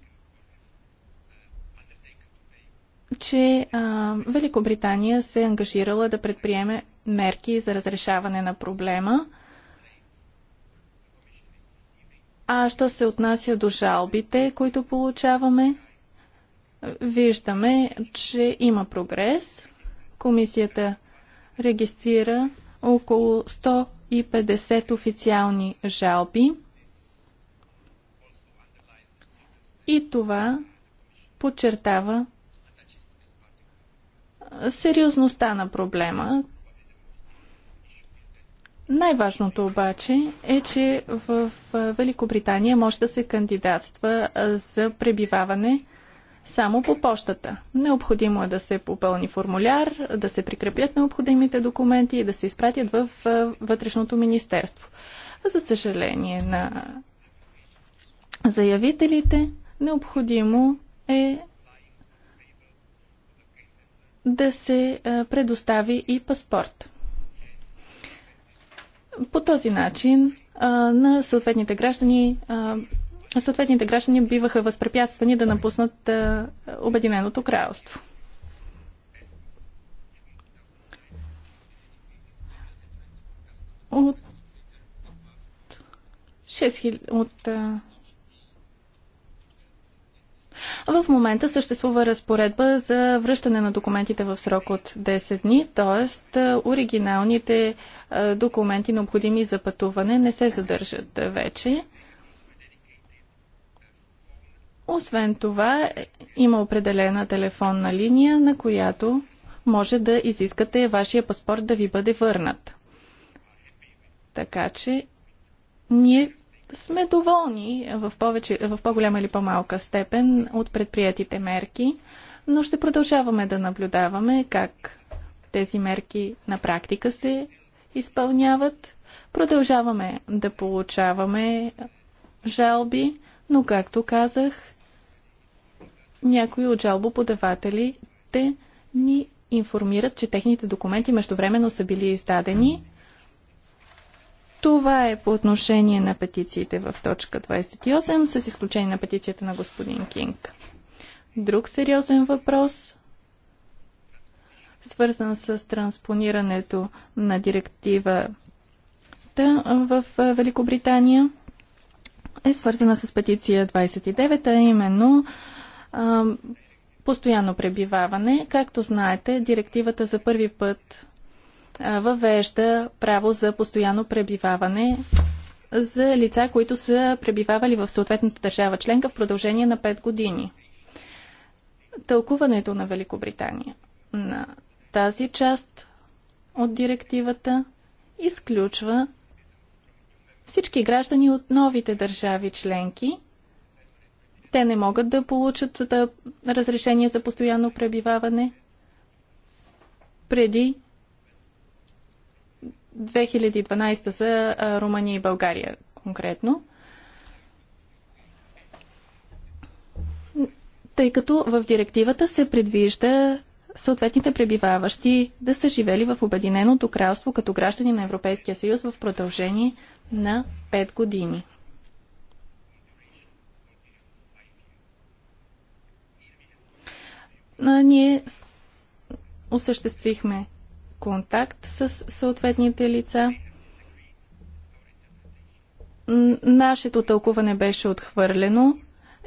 че а, Великобритания се е ангажирала да предприеме мерки за разрешаване на проблема. А що се отнася до жалбите, които получаваме, виждаме, че има прогрес. Комисията регистрира около 150 официални жалби. И това подчертава сериозността на проблема. Най-важното обаче е, че в Великобритания може да се кандидатства за пребиваване само по почтата. Необходимо е да се попълни формуляр, да се прикрепят необходимите документи и да се изпратят в Вътрешното министерство. За съжаление на заявителите, необходимо е да се предостави и паспорт. По този начин на съответните граждани съответните граждани биваха възпрепятствани да напуснат Обединеното кралство. От 6000 от в момента съществува разпоредба за връщане на документите в срок от 10 дни, т.е. оригиналните документи, необходими за пътуване, не се задържат вече. Освен това, има определена телефонна линия, на която може да изискате вашия паспорт да ви бъде върнат. Така че ние сме доволни в, повече, в по-голяма или по-малка степен от предприятите мерки, но ще продължаваме да наблюдаваме как тези мерки на практика се изпълняват. Продължаваме да получаваме жалби, но както казах, някои от жалбоподавателите ни информират, че техните документи междувременно са били издадени. Това е по отношение на петициите в точка 28, с изключение на петицията на господин Кинг. Друг сериозен въпрос, свързан с транспонирането на директива в Великобритания, е свързана с петиция 29, а именно постоянно пребиваване. Както знаете, директивата за първи път въвежда право за постоянно пребиваване за лица, които са пребивавали в съответната държава членка в продължение на 5 години. Тълкуването на Великобритания на тази част от директивата изключва всички граждани от новите държави членки – те не могат да получат да, разрешение за постоянно пребиваване преди 2012 за Румъния и България конкретно. Тъй като в директивата се предвижда съответните пребиваващи да са живели в Обединеното кралство като граждани на Европейския съюз в продължение на 5 години. ние осъществихме контакт с съответните лица. Нашето тълкуване беше отхвърлено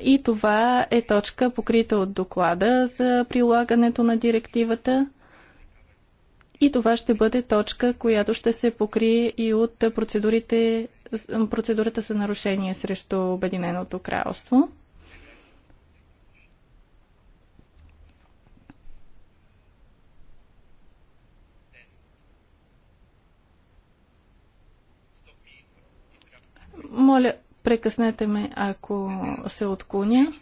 и това е точка покрита от доклада за прилагането на директивата. И това ще бъде точка, която ще се покрие и от процедурите, процедурата за нарушение срещу Обединеното кралство. Моля, прекъснете ме, ако се отклоня.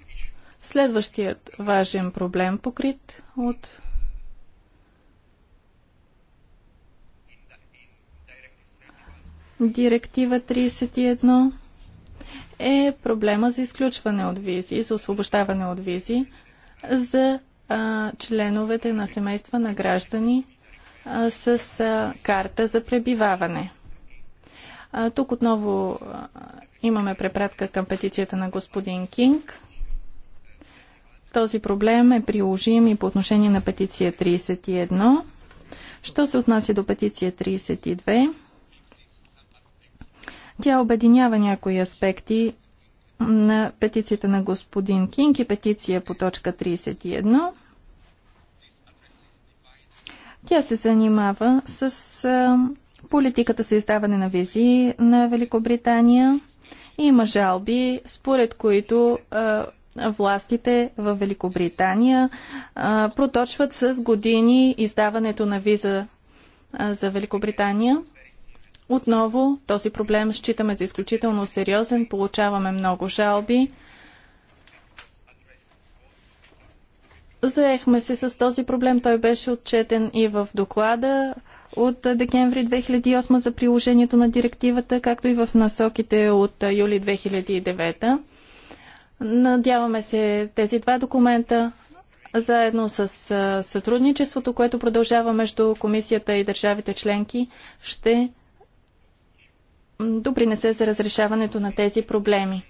Следващият важен проблем, покрит от Директива 31 е проблема за изключване от визи, за освобождаване от визи за а, членовете на семейства на граждани а, с а, карта за пребиваване. Тук отново имаме препратка към петицията на господин Кинг. Този проблем е приложим и по отношение на петиция 31. Що се отнася до петиция 32? Тя обединява някои аспекти на петицията на господин Кинг и петиция по точка 31. Тя се занимава с политиката за издаване на визи на Великобритания. Има жалби, според които а, властите в Великобритания а, проточват с години издаването на виза а, за Великобритания. Отново този проблем считаме за изключително сериозен, получаваме много жалби. Заехме се с този проблем, той беше отчетен и в доклада от декември 2008 за приложението на директивата, както и в насоките от юли 2009. Надяваме се тези два документа заедно с сътрудничеството, което продължава между комисията и държавите членки, ще допринесе за разрешаването на тези проблеми.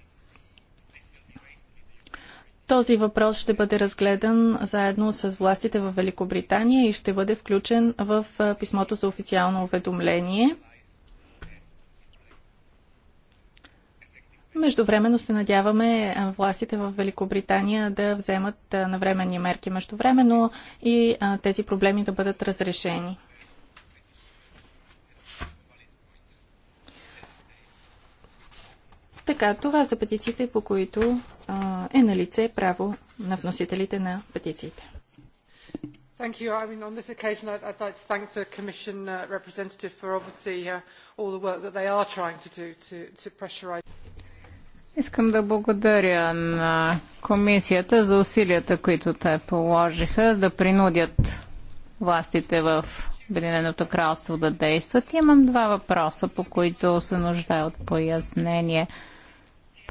Този въпрос ще бъде разгледан заедно с властите в Великобритания и ще бъде включен в писмото за официално уведомление. Междувременно се надяваме властите в Великобритания да вземат навременни мерки междувременно и тези проблеми да бъдат разрешени. Така, това са петициите, по които а, е на лице право на вносителите на петициите. Thank you. I mean, on this occasion, I'd, I'd like to thank the Commission uh, representative for obviously uh, all the work that they are trying to do to, to pressurize. Искам да благодаря на комисията за усилията, които те положиха да принудят властите в Обединеното кралство да действат. имам два въпроса, по които се нуждае от пояснение.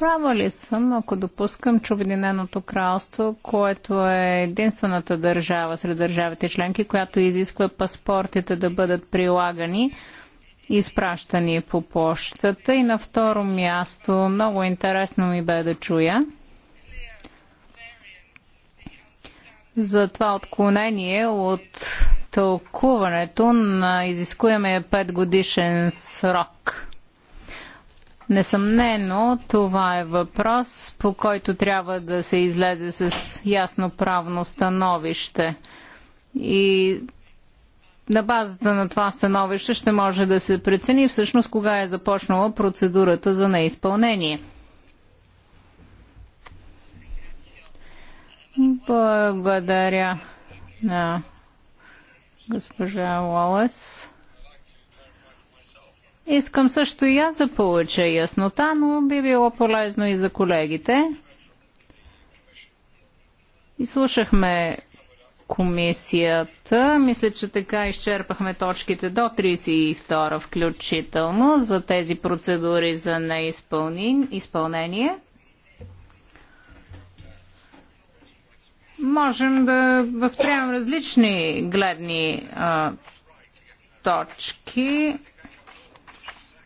Права ли съм, ако допускам, че Обединеното кралство, което е единствената държава сред държавите членки, която изисква паспортите да бъдат прилагани, изпращани по почтата. И на второ място, много интересно ми бе да чуя за това отклонение от тълкуването на изискуемия 5 годишен срок Несъмнено, това е въпрос, по който трябва да се излезе с ясно правно становище. И на базата на това становище ще може да се прецени всъщност кога е започнала процедурата за неизпълнение. Благодаря на госпожа Уолес. Искам също и аз да получа яснота, но би било полезно и за колегите. И слушахме комисията. Мисля, че така изчерпахме точките до 32 включително за тези процедури за неизпълнение. Можем да възприемем различни гледни а, точки.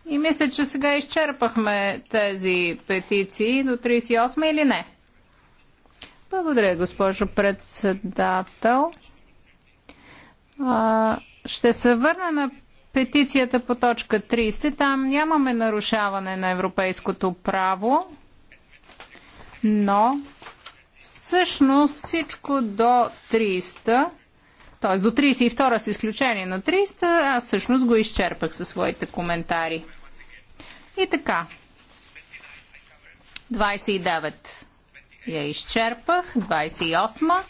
И мисля, че сега изчерпахме тези петиции до 38 или не? Благодаря, госпожо председател. А, ще се върна на петицията по точка 30. Там нямаме нарушаване на европейското право, но всъщност всичко до 300, т.е. до 32 с изключение на 300, аз всъщност го изчерпах със своите коментари. И така. 29 я изчерпах. 28,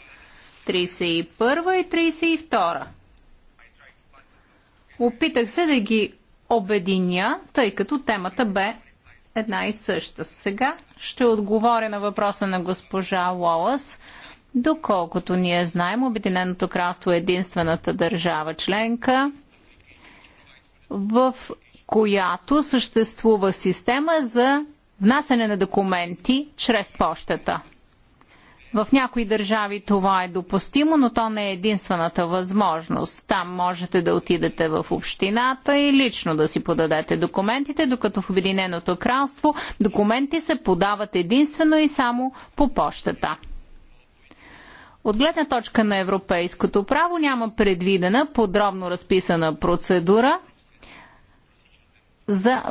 31 и 32. Опитах се да ги обединя, тъй като темата бе една и съща. Сега ще отговоря на въпроса на госпожа Уолас. Доколкото ние знаем, Обединеното кралство е единствената държава членка, в която съществува система за внасяне на документи чрез почтата. В някои държави това е допустимо, но то не е единствената възможност. Там можете да отидете в общината и лично да си подадете документите, докато в Обединеното кралство документи се подават единствено и само по почтата. От гледна точка на европейското право няма предвидена подробно разписана процедура – за е,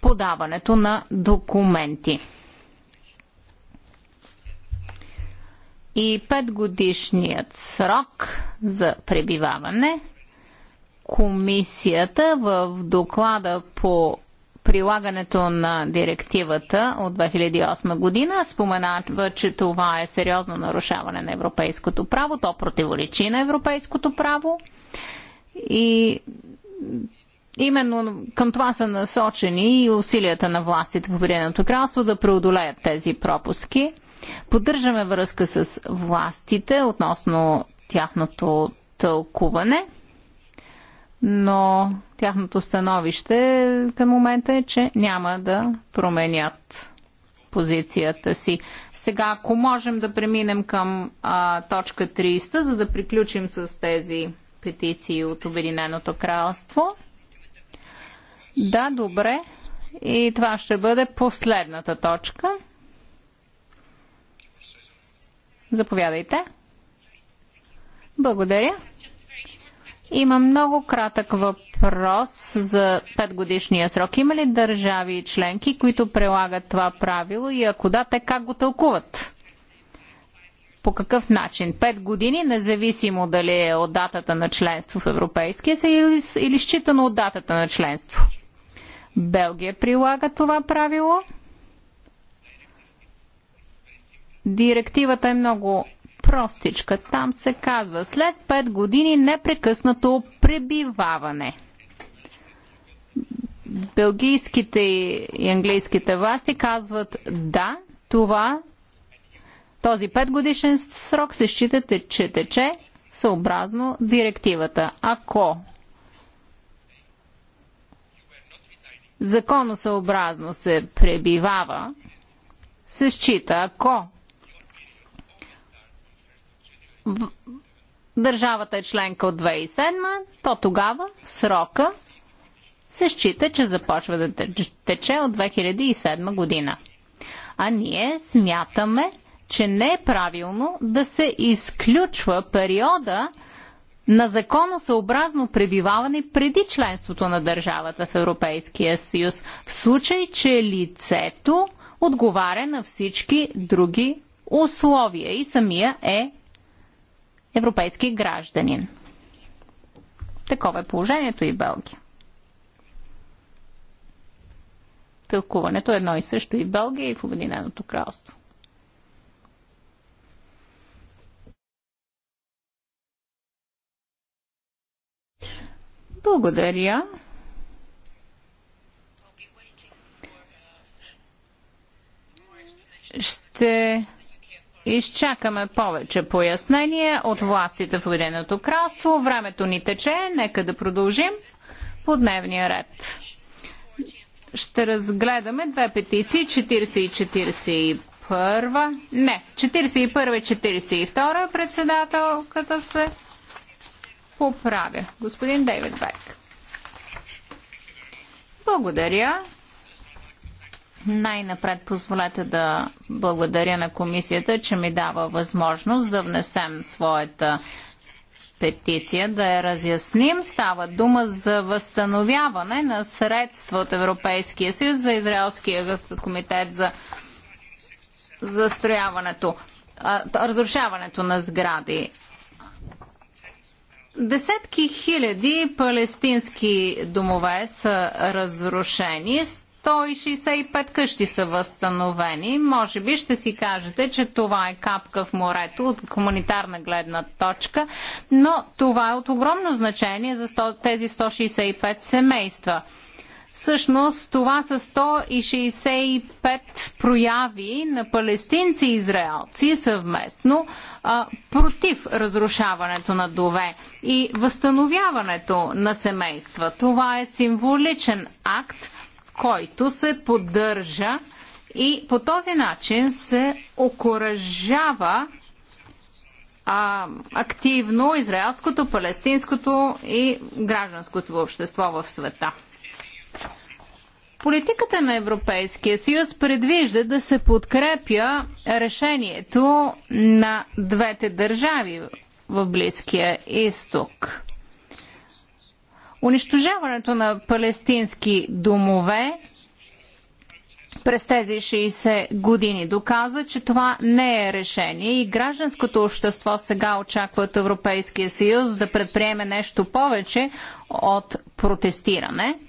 подаването на документи. И петгодишният срок за пребиваване. Комисията в доклада по прилагането на директивата от 2008 година споменава, че това е сериозно нарушаване на европейското право, то противоречи на европейското право и именно към това са насочени и усилията на властите в Обединеното кралство да преодолеят тези пропуски. Поддържаме връзка с властите относно тяхното тълкуване, но тяхното становище към момента е, че няма да променят позицията си. Сега, ако можем да преминем към а, точка 300, за да приключим с тези петиции от Обединеното кралство. Да, добре. И това ще бъде последната точка. Заповядайте. Благодаря. Има много кратък въпрос за 5 годишния срок. Има ли държави и членки, които прилагат това правило и ако да, те как го тълкуват? По какъв начин? 5 години, независимо дали е от датата на членство в Европейския съюз или считано от датата на членство? Белгия прилага това правило. Директивата е много простичка. Там се казва след 5 години непрекъснато пребиваване. Белгийските и английските власти казват да, това този 5 годишен срок се считате, че тече съобразно директивата. Ако законосъобразно се пребивава, се счита, ако държавата е членка от 2007, то тогава срока се счита, че започва да тече от 2007 година. А ние смятаме, че не е правилно да се изключва периода, на законосъобразно пребиваване преди членството на държавата в Европейския съюз, в случай, че лицето отговаря на всички други условия и самия е европейски гражданин. Такова е положението и в Белгия. Тълкуването е едно и също и в Белгия, и в Обединеното кралство. Благодаря. Ще изчакаме повече пояснения от властите в Уединеното кралство. Времето ни тече. Нека да продължим по дневния ред. Ще разгледаме две петиции 40 и 41. Не, 41 и 42 председателката се поправя. Господин Дейвид Бек. Благодаря. Най-напред позволете да благодаря на комисията, че ми дава възможност да внесем своята петиция, да я разясним. Става дума за възстановяване на средства от Европейския съюз за Израелския комитет за застрояването, разрушаването на сгради. Десетки хиляди палестински домове са разрушени, 165 къщи са възстановени. Може би ще си кажете, че това е капка в морето от хуманитарна гледна точка, но това е от огромно значение за тези 165 семейства. Всъщност това са 165 прояви на палестинци и израелци съвместно а, против разрушаването на дове и възстановяването на семейства. Това е символичен акт, който се поддържа и по този начин се окоръжава а, активно израелското, палестинското и гражданското общество в света. Политиката на Европейския съюз предвижда да се подкрепя решението на двете държави в Близкия изток. Унищожаването на палестински домове през тези 60 години доказа, че това не е решение и гражданското общество сега очаква от Европейския съюз да предприеме нещо повече от протестиране –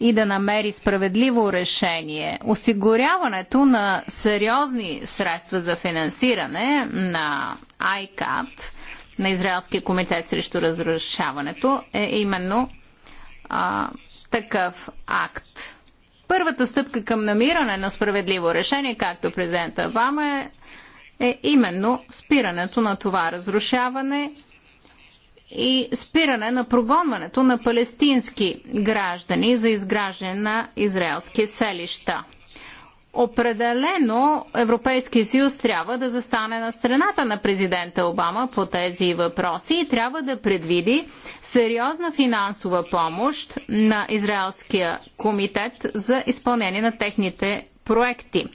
и да намери справедливо решение. Осигуряването на сериозни средства за финансиране на ICAT, на Израелския комитет срещу разрушаването, е именно а, такъв акт. Първата стъпка към намиране на справедливо решение, както президента Обама е, е именно спирането на това разрушаване – и спиране на прогонването на палестински граждани за изграждане на израелски селища. Определено Европейския съюз трябва да застане на страната на президента Обама по тези въпроси и трябва да предвиди сериозна финансова помощ на Израелския комитет за изпълнение на техните проекти.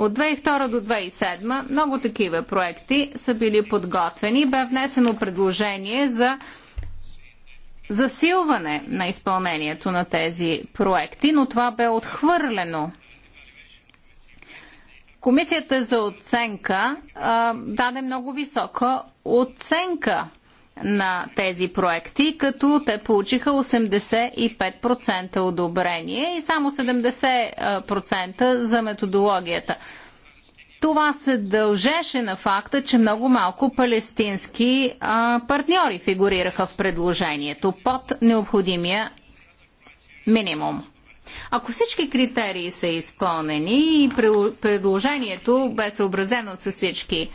От 2002 до 2007 много такива проекти са били подготвени бе внесено предложение за засилване на изпълнението на тези проекти, но това бе отхвърлено. Комисията за оценка а, даде много висока оценка на тези проекти, като те получиха 85% одобрение и само 70% за методологията. Това се дължеше на факта, че много малко палестински а, партньори фигурираха в предложението под необходимия минимум. Ако всички критерии са изпълнени и предложението бе съобразено с всички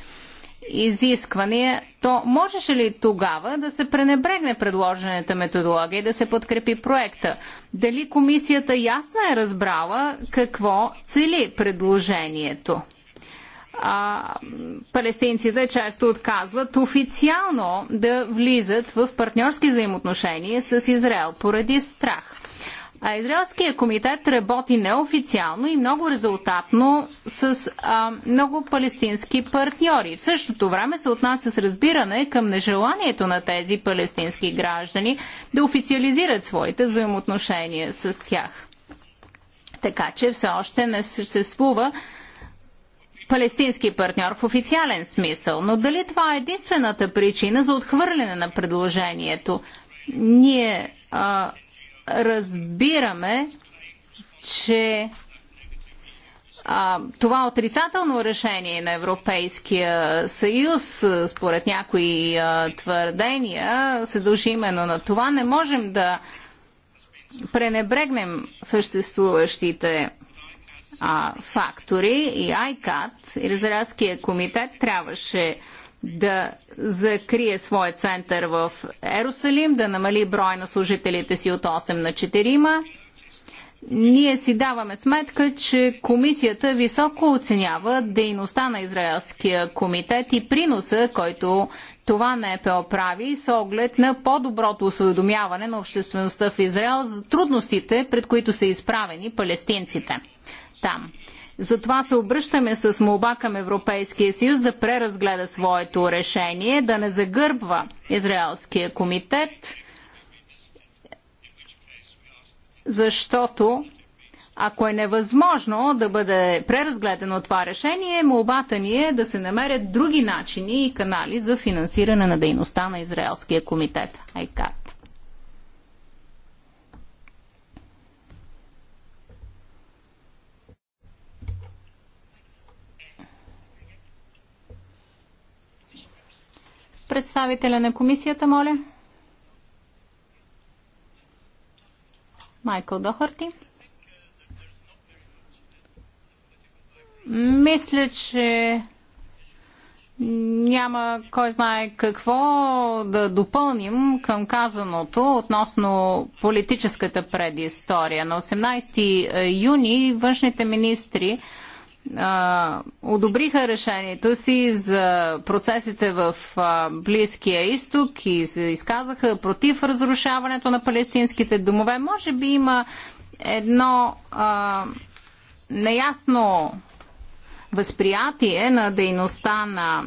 изисквания, то можеше ли тогава да се пренебрегне предложената методология и да се подкрепи проекта? Дали комисията ясно е разбрала какво цели предложението? а, палестинците често отказват официално да влизат в партньорски взаимоотношения с Израел поради страх. А Израелския комитет работи неофициално и много резултатно с а, много палестински партньори. В същото време се отнася с разбиране към нежеланието на тези палестински граждани да официализират своите взаимоотношения с тях. Така че все още не съществува палестински партньор в официален смисъл. Но дали това е единствената причина за отхвърляне на предложението? Ние а, разбираме, че а, това отрицателно решение на Европейския съюз, според някои а, твърдения, се дължи именно на това. Не можем да пренебрегнем съществуващите а, фактори и ICAT, и Израелския комитет трябваше да закрие своя център в Ерусалим, да намали брой на служителите си от 8 на 4. Ние си даваме сметка, че комисията високо оценява дейността на Израелския комитет и приноса, който това НПО прави с оглед на по-доброто осведомяване на обществеността в Израел за трудностите, пред които са изправени палестинците там. Затова се обръщаме с молба към Европейския съюз да преразгледа своето решение, да не загърбва Израелския комитет, защото ако е невъзможно да бъде преразгледано това решение, молбата ни е да се намерят други начини и канали за финансиране на дейността на Израелския комитет. Айкат. Представителя на комисията, моля. Майкъл Дохарти. Мисля, че няма кой знае какво да допълним към казаното относно политическата предистория. На 18 юни външните министри одобриха решението си за процесите в Близкия изток и се изказаха против разрушаването на палестинските домове. Може би има едно а, неясно възприятие на дейността на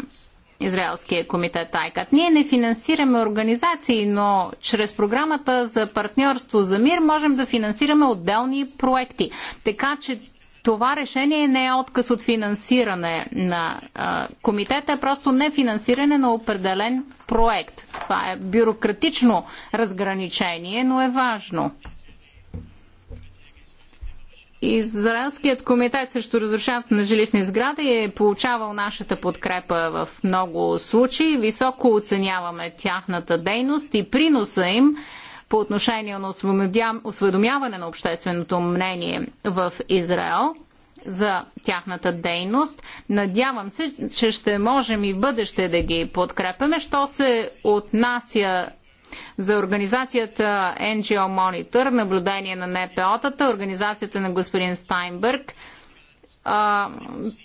Израелския комитет Тайкат. Ние не финансираме организации, но чрез програмата за партньорство за мир можем да финансираме отделни проекти. Така че това решение не е отказ от финансиране на а, комитета, е просто не финансиране на определен проект. Това е бюрократично разграничение, но е важно. Израелският комитет срещу разрушаването на жилищни сгради е получавал нашата подкрепа в много случаи. Високо оценяваме тяхната дейност и приноса им по отношение на осведомяване на общественото мнение в Израел за тяхната дейност. Надявам се, че ще можем и в бъдеще да ги подкрепяме. Що се отнася за организацията NGO Monitor, наблюдение на НПО-тата, организацията на господин Стайнберг, а,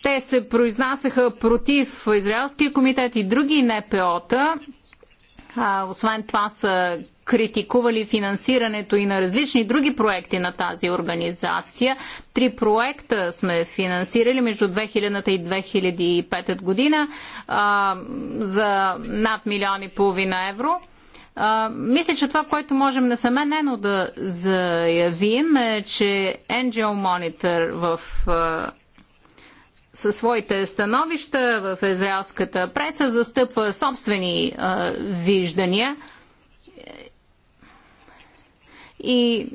те се произнасяха против Израелския комитет и други НПО-та. А, освен това са критикували финансирането и на различни други проекти на тази организация. Три проекта сме финансирали между 2000 и 2005 година а, за над милион и половина евро. А, мисля, че това, което можем несъменено да заявим е, че Angel Monitor в а, със своите становища в израелската преса застъпва собствени а, виждания и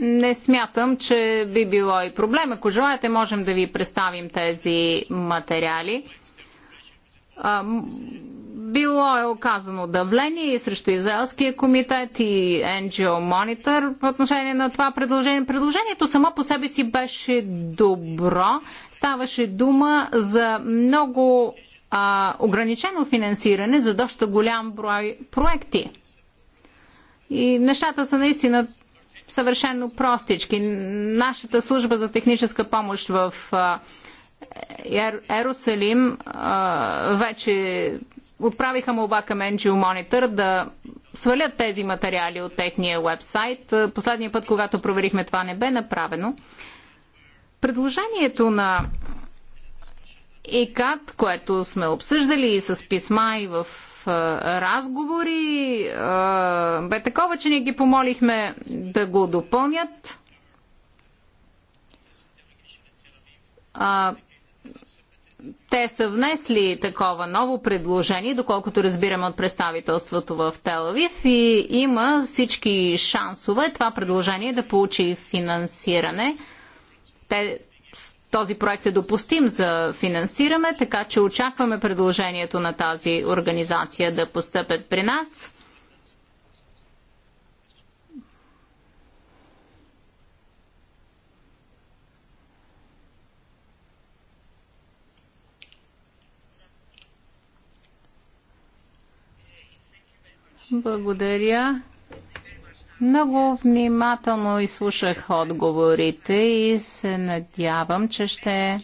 не смятам, че би било и проблем. Ако желаете, можем да ви представим тези материали. А, било е оказано давление и срещу Израелския комитет и NGO Monitor в отношение на това предложение. Предложението само по себе си беше добро. Ставаше дума за много а, ограничено финансиране за доста голям брой проекти. И нещата са наистина съвършено простички. Нашата служба за техническа помощ в Ерусалим вече отправиха му оба към NGO Monitor да свалят тези материали от техния вебсайт. Последния път, когато проверихме това, не бе направено. Предложението на ИКАТ, което сме обсъждали и с писма и в разговори, бе такова, че ние ги помолихме да го допълнят те са внесли такова ново предложение, доколкото разбираме от представителството в Телавив и има всички шансове това предложение да получи финансиране. Те, този проект е допустим за финансиране, така че очакваме предложението на тази организация да постъпят при нас. Благодаря. Много внимателно изслушах отговорите и се надявам, че ще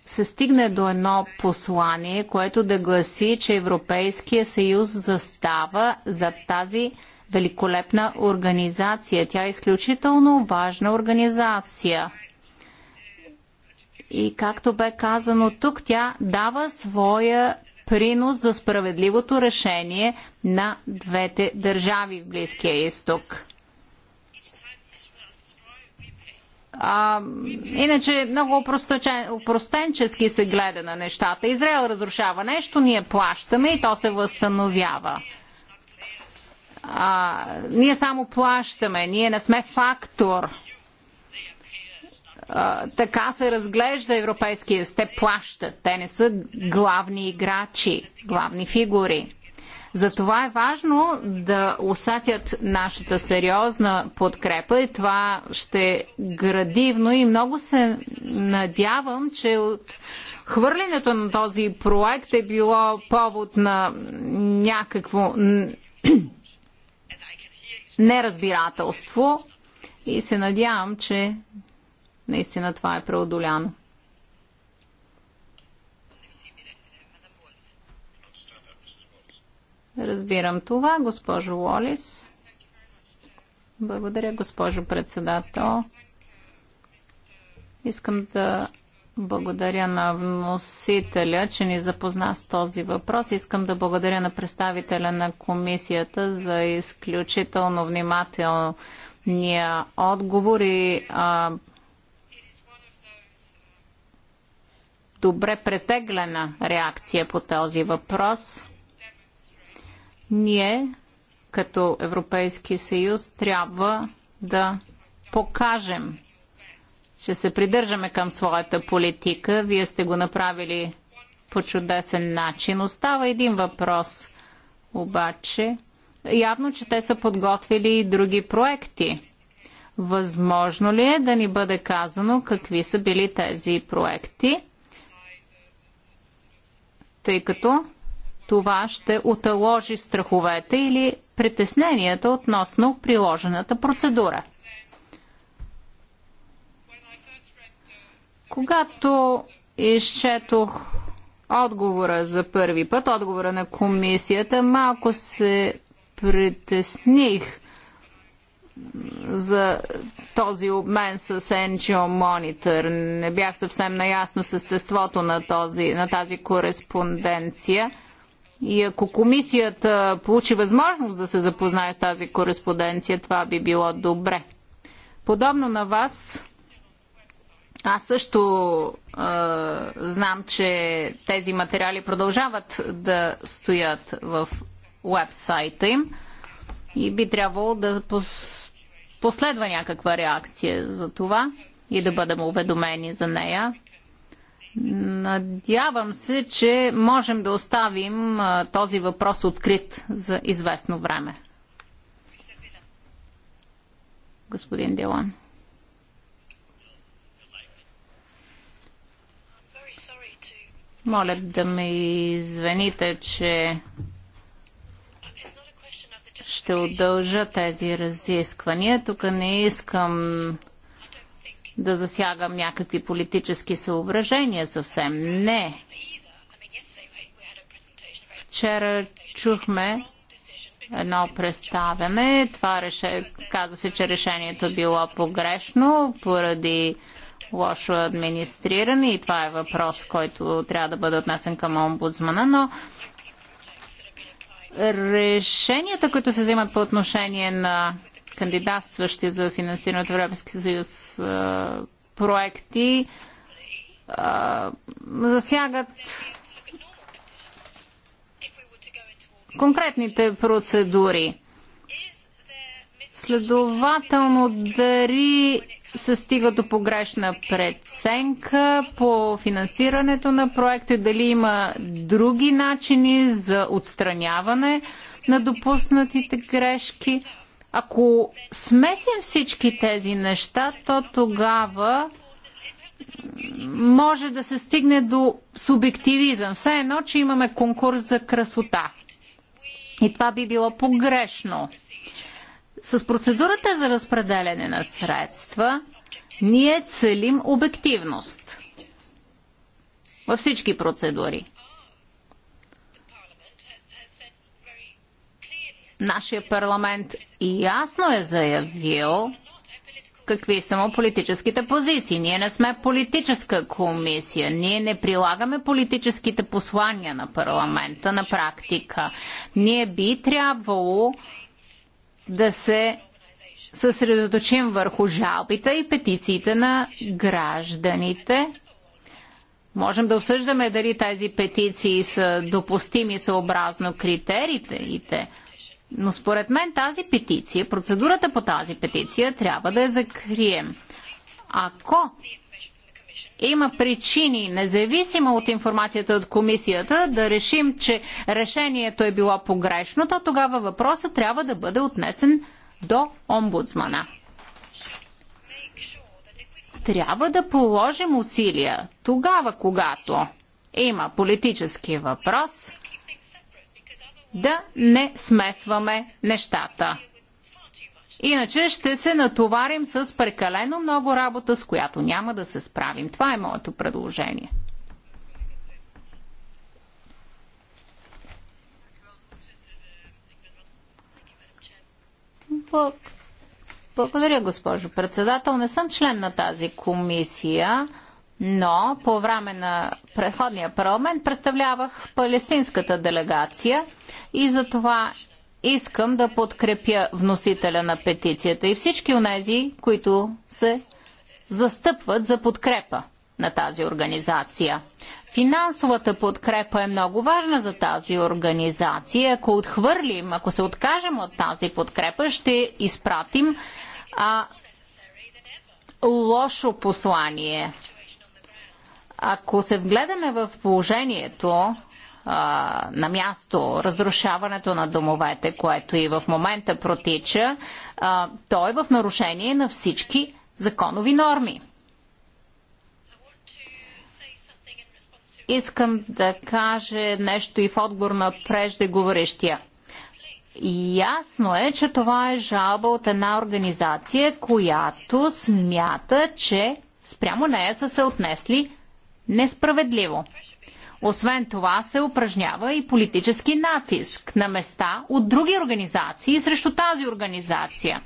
се стигне до едно послание, което да гласи, че Европейския съюз застава за тази великолепна организация. Тя е изключително важна организация. И както бе казано тук, тя дава своя принос за справедливото решение на двете държави в Близкия изток. А, иначе много опростенчески се гледа на нещата. Израел разрушава нещо, ние плащаме и то се възстановява. А, ние само плащаме, ние не сме фактор така се разглежда Европейския. Те плащат. Те не са главни играчи, главни фигури. Затова е важно да усетят нашата сериозна подкрепа и това ще градивно и много се надявам, че от хвърлянето на този проект е било повод на някакво неразбирателство и се надявам, че наистина това е преодоляно. Разбирам това, госпожо Уолис. Благодаря, госпожо председател. Искам да благодаря на вносителя, че ни запозна с този въпрос. Искам да благодаря на представителя на комисията за изключително внимателния отговор и а, добре претеглена реакция по този въпрос. Ние, като Европейски съюз, трябва да покажем, че се придържаме към своята политика. Вие сте го направили по чудесен начин. Остава един въпрос обаче. Явно, че те са подготвили и други проекти. Възможно ли е да ни бъде казано какви са били тези проекти? тъй като това ще оталожи страховете или притесненията относно приложената процедура. Когато изчетох отговора за първи път, отговора на комисията, малко се притесних – за този обмен с NGO Monitor. Не бях съвсем наясно с естеството на, този, на тази кореспонденция. И ако комисията получи възможност да се запознае с тази кореспонденция, това би било добре. Подобно на вас, аз също е, знам, че тези материали продължават да стоят в вебсайта им и би трябвало да последва някаква реакция за това и да бъдем уведомени за нея. Надявам се, че можем да оставим този въпрос открит за известно време. Господин Дилан, Моля да ме извините, че ще удължа тези разисквания. Тук не искам да засягам някакви политически съображения съвсем. Не. Вчера чухме едно представяне. Това реше... каза се, че решението било погрешно поради лошо администриране и това е въпрос, който трябва да бъде отнесен към омбудсмана, но решенията, които се взимат по отношение на кандидатстващи за финансиране от Европейския съюз проекти, засягат конкретните процедури. Следователно, дали се стига до погрешна преценка по финансирането на проекта, дали има други начини за отстраняване на допуснатите грешки. Ако смесим всички тези неща, то тогава може да се стигне до субективизъм. Все едно, че имаме конкурс за красота. И това би било погрешно. С процедурата за разпределяне на средства ние целим обективност във всички процедури. Нашия парламент ясно е заявил какви са му политическите позиции. Ние не сме политическа комисия. Ние не прилагаме политическите послания на парламента на практика. Ние би трябвало да се съсредоточим върху жалбите и петициите на гражданите. Можем да обсъждаме дали тези петиции са допустими съобразно критериите, но според мен тази петиция, процедурата по тази петиция трябва да я закрием. Ако има причини, независимо от информацията от комисията, да решим, че решението е било погрешно, то тогава въпросът трябва да бъде отнесен до омбудсмана. Трябва да положим усилия тогава, когато има политически въпрос, да не смесваме нещата. Иначе ще се натоварим с прекалено много работа, с която няма да се справим. Това е моето предложение. Благодаря, госпожо председател. Не съм член на тази комисия, но по време на предходния парламент представлявах палестинската делегация и затова искам да подкрепя вносителя на петицията и всички онези, които се застъпват за подкрепа на тази организация. Финансовата подкрепа е много важна за тази организация. Ако отхвърлим, ако се откажем от тази подкрепа, ще изпратим а, лошо послание. Ако се вгледаме в положението, а, на място, разрушаването на домовете, което и в момента протича, а, то е в нарушение на всички законови норми. Искам да кажа нещо и в отговор на преждеговорещия. Ясно е, че това е жалба от една организация, която смята, че спрямо нея са се отнесли несправедливо. Освен това се упражнява и политически натиск на места от други организации срещу тази организация.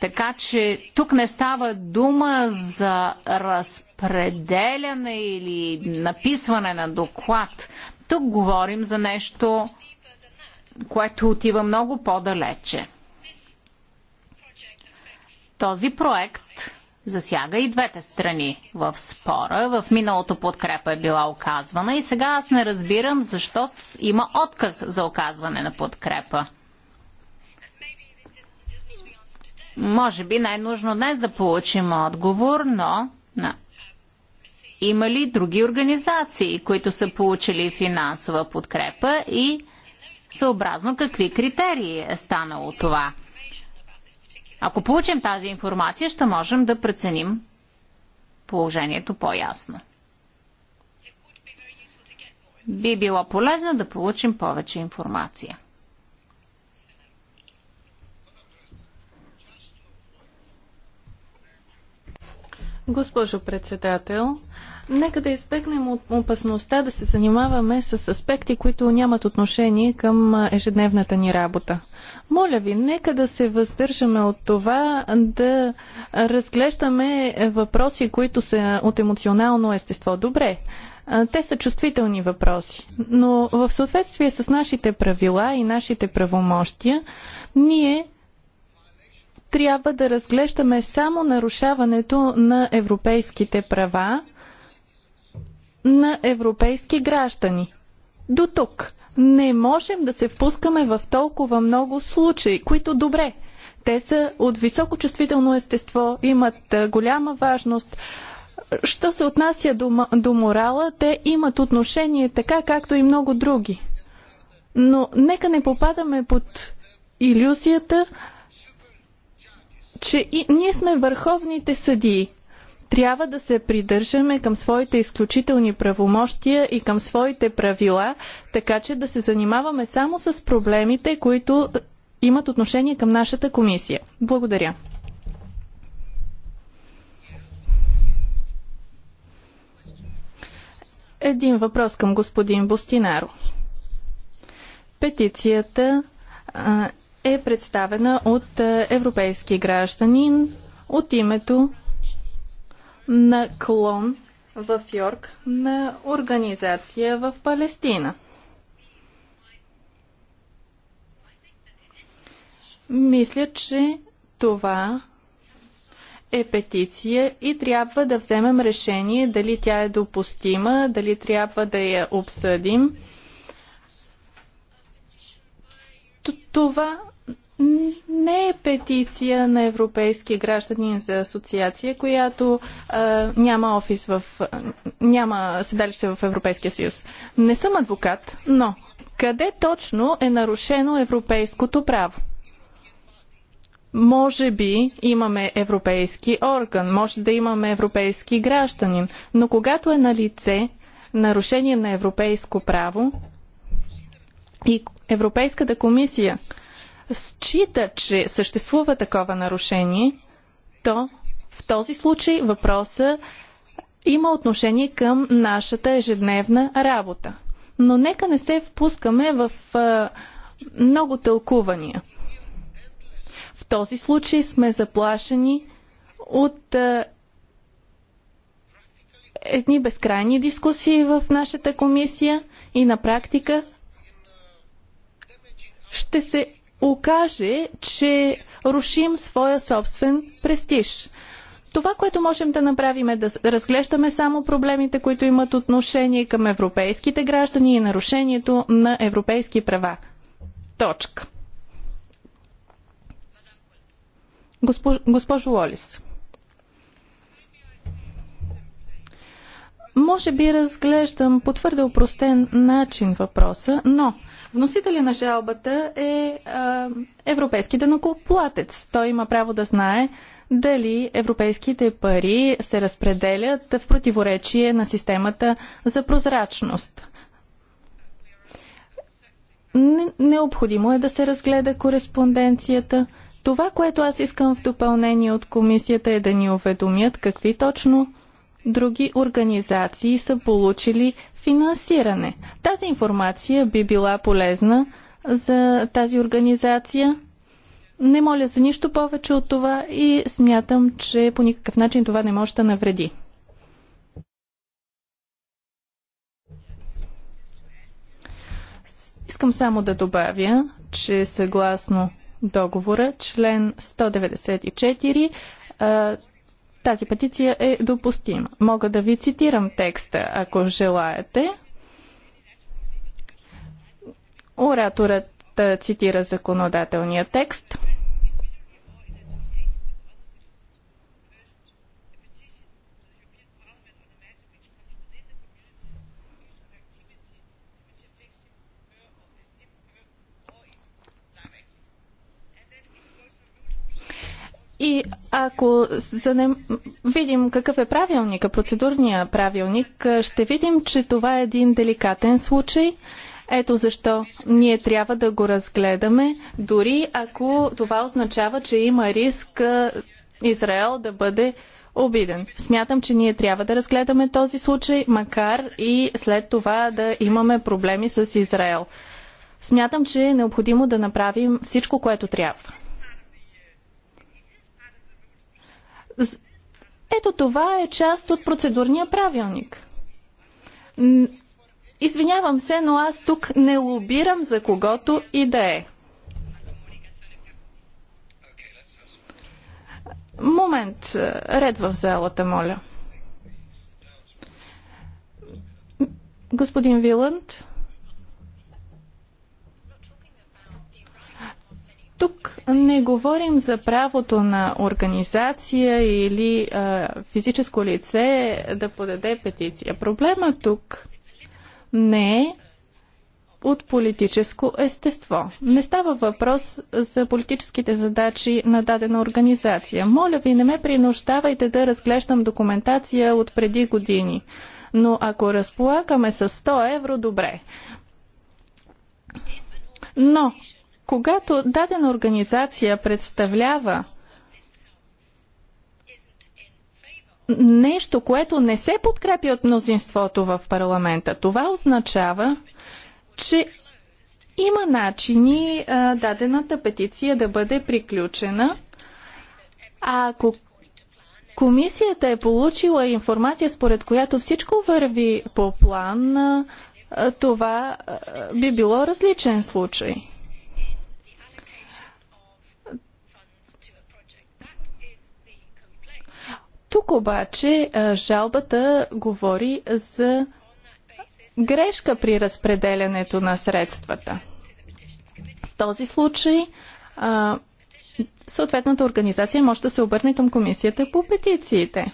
Така че тук не става дума за разпределяне или написване на доклад. Тук говорим за нещо, което отива много по-далече. Този проект засяга и двете страни в спора. В миналото подкрепа е била оказвана и сега аз не разбирам защо има отказ за оказване на подкрепа. Може би не е нужно днес да получим отговор, но не. има ли други организации, които са получили финансова подкрепа и съобразно какви критерии е станало това? Ако получим тази информация, ще можем да преценим положението по-ясно. Би било полезно да получим повече информация. Госпожо председател, Нека да избегнем от опасността да се занимаваме с аспекти, които нямат отношение към ежедневната ни работа. Моля ви, нека да се въздържаме от това да разглеждаме е, въпроси, които са от емоционално естество. Добре, те са чувствителни въпроси, но в съответствие с нашите правила и нашите правомощия, ние трябва да разглеждаме само нарушаването на европейските права на европейски граждани. До тук. Не можем да се впускаме в толкова много случаи, които добре. Те са от високо чувствително естество, имат голяма важност. Що се отнася до, до морала, те имат отношение така, както и много други. Но нека не попадаме под иллюзията, че и ние сме върховните съдии. Трябва да се придържаме към своите изключителни правомощия и към своите правила, така че да се занимаваме само с проблемите, които е, имат отношение към нашата комисия. Благодаря. Един въпрос към господин Бостинаро. Петицията е представена от е, европейски гражданин от името на клон в Йорк на организация в Палестина. Мисля, че това е петиция и трябва да вземем решение дали тя е допустима, дали трябва да я обсъдим. Това не е петиция на европейски граждани за асоциация, която а, няма офис в. А, няма седалище в Европейския съюз. Не съм адвокат, но къде точно е нарушено европейското право? Може би имаме европейски орган, може да имаме европейски гражданин, но когато е на лице нарушение на европейско право и Европейската комисия счита, че съществува такова нарушение, то в този случай въпроса има отношение към нашата ежедневна работа. Но нека не се впускаме в а, много тълкувания. В този случай сме заплашени от а, едни безкрайни дискусии в нашата комисия и на практика ще се окаже, че рушим своя собствен престиж. Това, което можем да направим е да разглеждаме само проблемите, които имат отношение към европейските граждани и нарушението на европейски права. Точка. Госпожо Лолис. Може би разглеждам по твърде упростен начин въпроса, но Вносителя на жалбата е а, европейски денокоплатец. Той има право да знае дали европейските пари се разпределят в противоречие на системата за прозрачност. Необходимо е да се разгледа кореспонденцията. Това, което аз искам в допълнение от комисията е да ни уведомят какви точно други организации са получили финансиране. Тази информация би била полезна за тази организация. Не моля за нищо повече от това и смятам, че по никакъв начин това не може да навреди. Искам само да добавя, че съгласно договора, член 194, тази петиция е допустима. Мога да ви цитирам текста, ако желаете. Ораторът цитира законодателния текст. И ако за не... видим какъв е правилника, процедурния правилник, ще видим, че това е един деликатен случай. Ето защо ние трябва да го разгледаме, дори ако това означава, че има риск Израел да бъде обиден. Смятам, че ние трябва да разгледаме този случай, макар и след това да имаме проблеми с Израел. Смятам, че е необходимо да направим всичко, което трябва. Ето това е част от процедурния правилник. Извинявам се, но аз тук не лобирам за когото и да е. Момент, ред в залата, моля. Господин Виланд. Тук не говорим за правото на организация или а, физическо лице да подаде петиция. Проблема тук не е от политическо естество. Не става въпрос за политическите задачи на дадена организация. Моля ви, не ме принуждавайте да разглеждам документация от преди години. Но ако разполагаме с 100 евро, добре. Но когато дадена организация представлява нещо, което не се подкрепи от мнозинството в парламента, това означава, че има начини а, дадената петиция да бъде приключена. А ако комисията е получила информация, според която всичко върви по план, а, това а, би било различен случай. Тук обаче жалбата говори за грешка при разпределянето на средствата. В този случай съответната организация може да се обърне към комисията по петициите.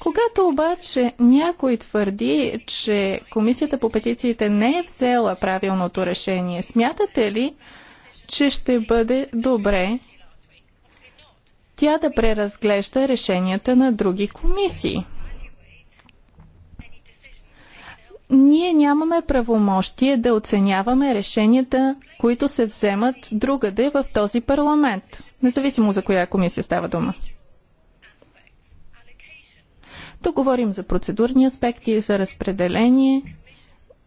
Когато обаче някой твърди, че комисията по петициите не е взела правилното решение, смятате ли, че ще бъде добре тя да преразглежда решенията на други комисии. Ние нямаме правомощие да оценяваме решенията, които се вземат другаде в този парламент, независимо за коя комисия става дума. Тук говорим за процедурни аспекти, за разпределение.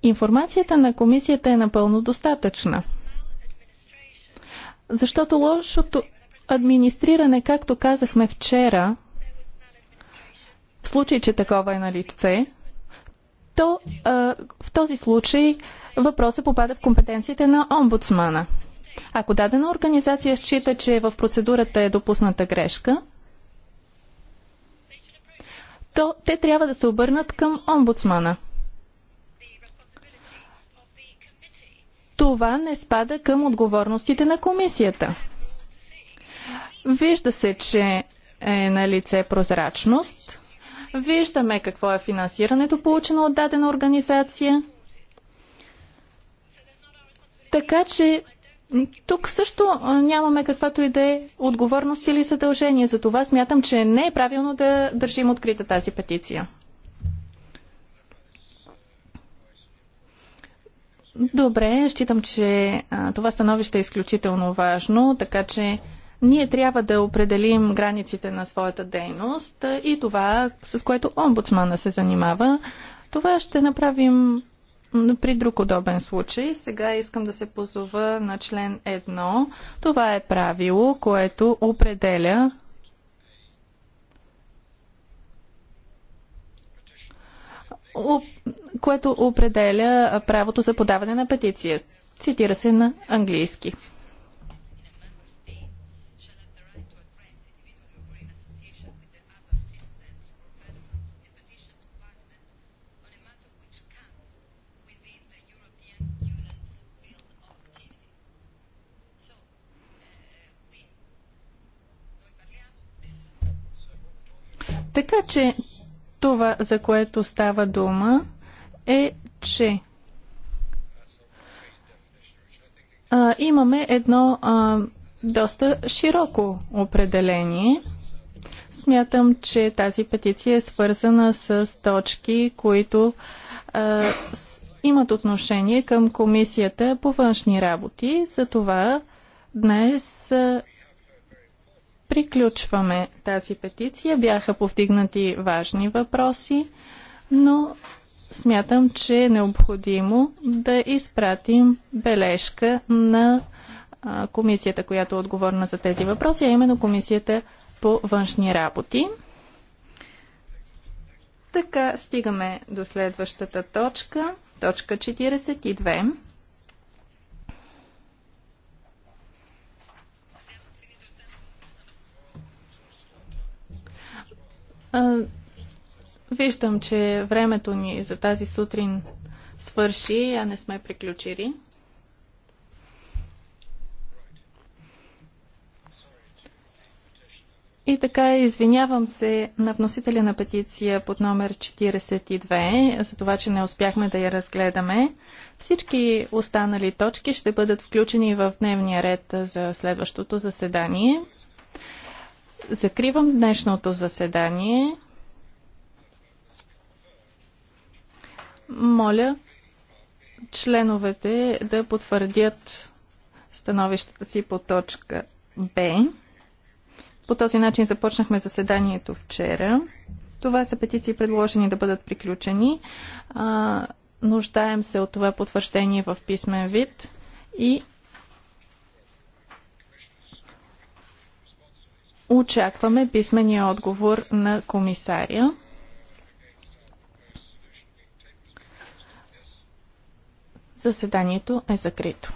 Информацията на комисията е напълно достатъчна. Защото лошото администриране, както казахме вчера, в случай, че такова е на лице, то а, в този случай въпросът попада в компетенциите на омбудсмана. Ако дадена организация счита, че в процедурата е допусната грешка, то те трябва да се обърнат към омбудсмана. Това не спада към отговорностите на комисията. Вижда се, че е на лице прозрачност. Виждаме какво е финансирането получено от дадена организация. Така че тук също нямаме каквато и да е отговорност или задължение. За това смятам, че не е правилно да държим открита тази петиция. Добре, считам, че а, това становище е изключително важно, така че ние трябва да определим границите на своята дейност и това, с което омбудсмана се занимава. Това ще направим при друг удобен случай. Сега искам да се позова на член 1. Това е правило, което определя което определя правото за подаване на петиция. Цитира се на английски. Така че това, за което става дума, е, че а, имаме едно а, доста широко определение. Смятам, че тази петиция е свързана с точки, които а, с, имат отношение към Комисията по външни работи. За това днес а, Приключваме тази петиция. Бяха повдигнати важни въпроси, но смятам, че е необходимо да изпратим бележка на комисията, която е отговорна за тези въпроси, а именно комисията по външни работи. Така стигаме до следващата точка, точка 42. Виждам, че времето ни за тази сутрин свърши, а не сме приключили. И така, извинявам се на вносителя на петиция под номер 42 за това, че не успяхме да я разгледаме. Всички останали точки ще бъдат включени в дневния ред за следващото заседание. Закривам днешното заседание. Моля членовете да потвърдят становищата си по точка Б. По този начин започнахме заседанието вчера. Това са петиции предложени да бъдат приключени. А, нуждаем се от това потвърждение в писмен вид и Очакваме писмения отговор на комисаря. Заседанието е закрито.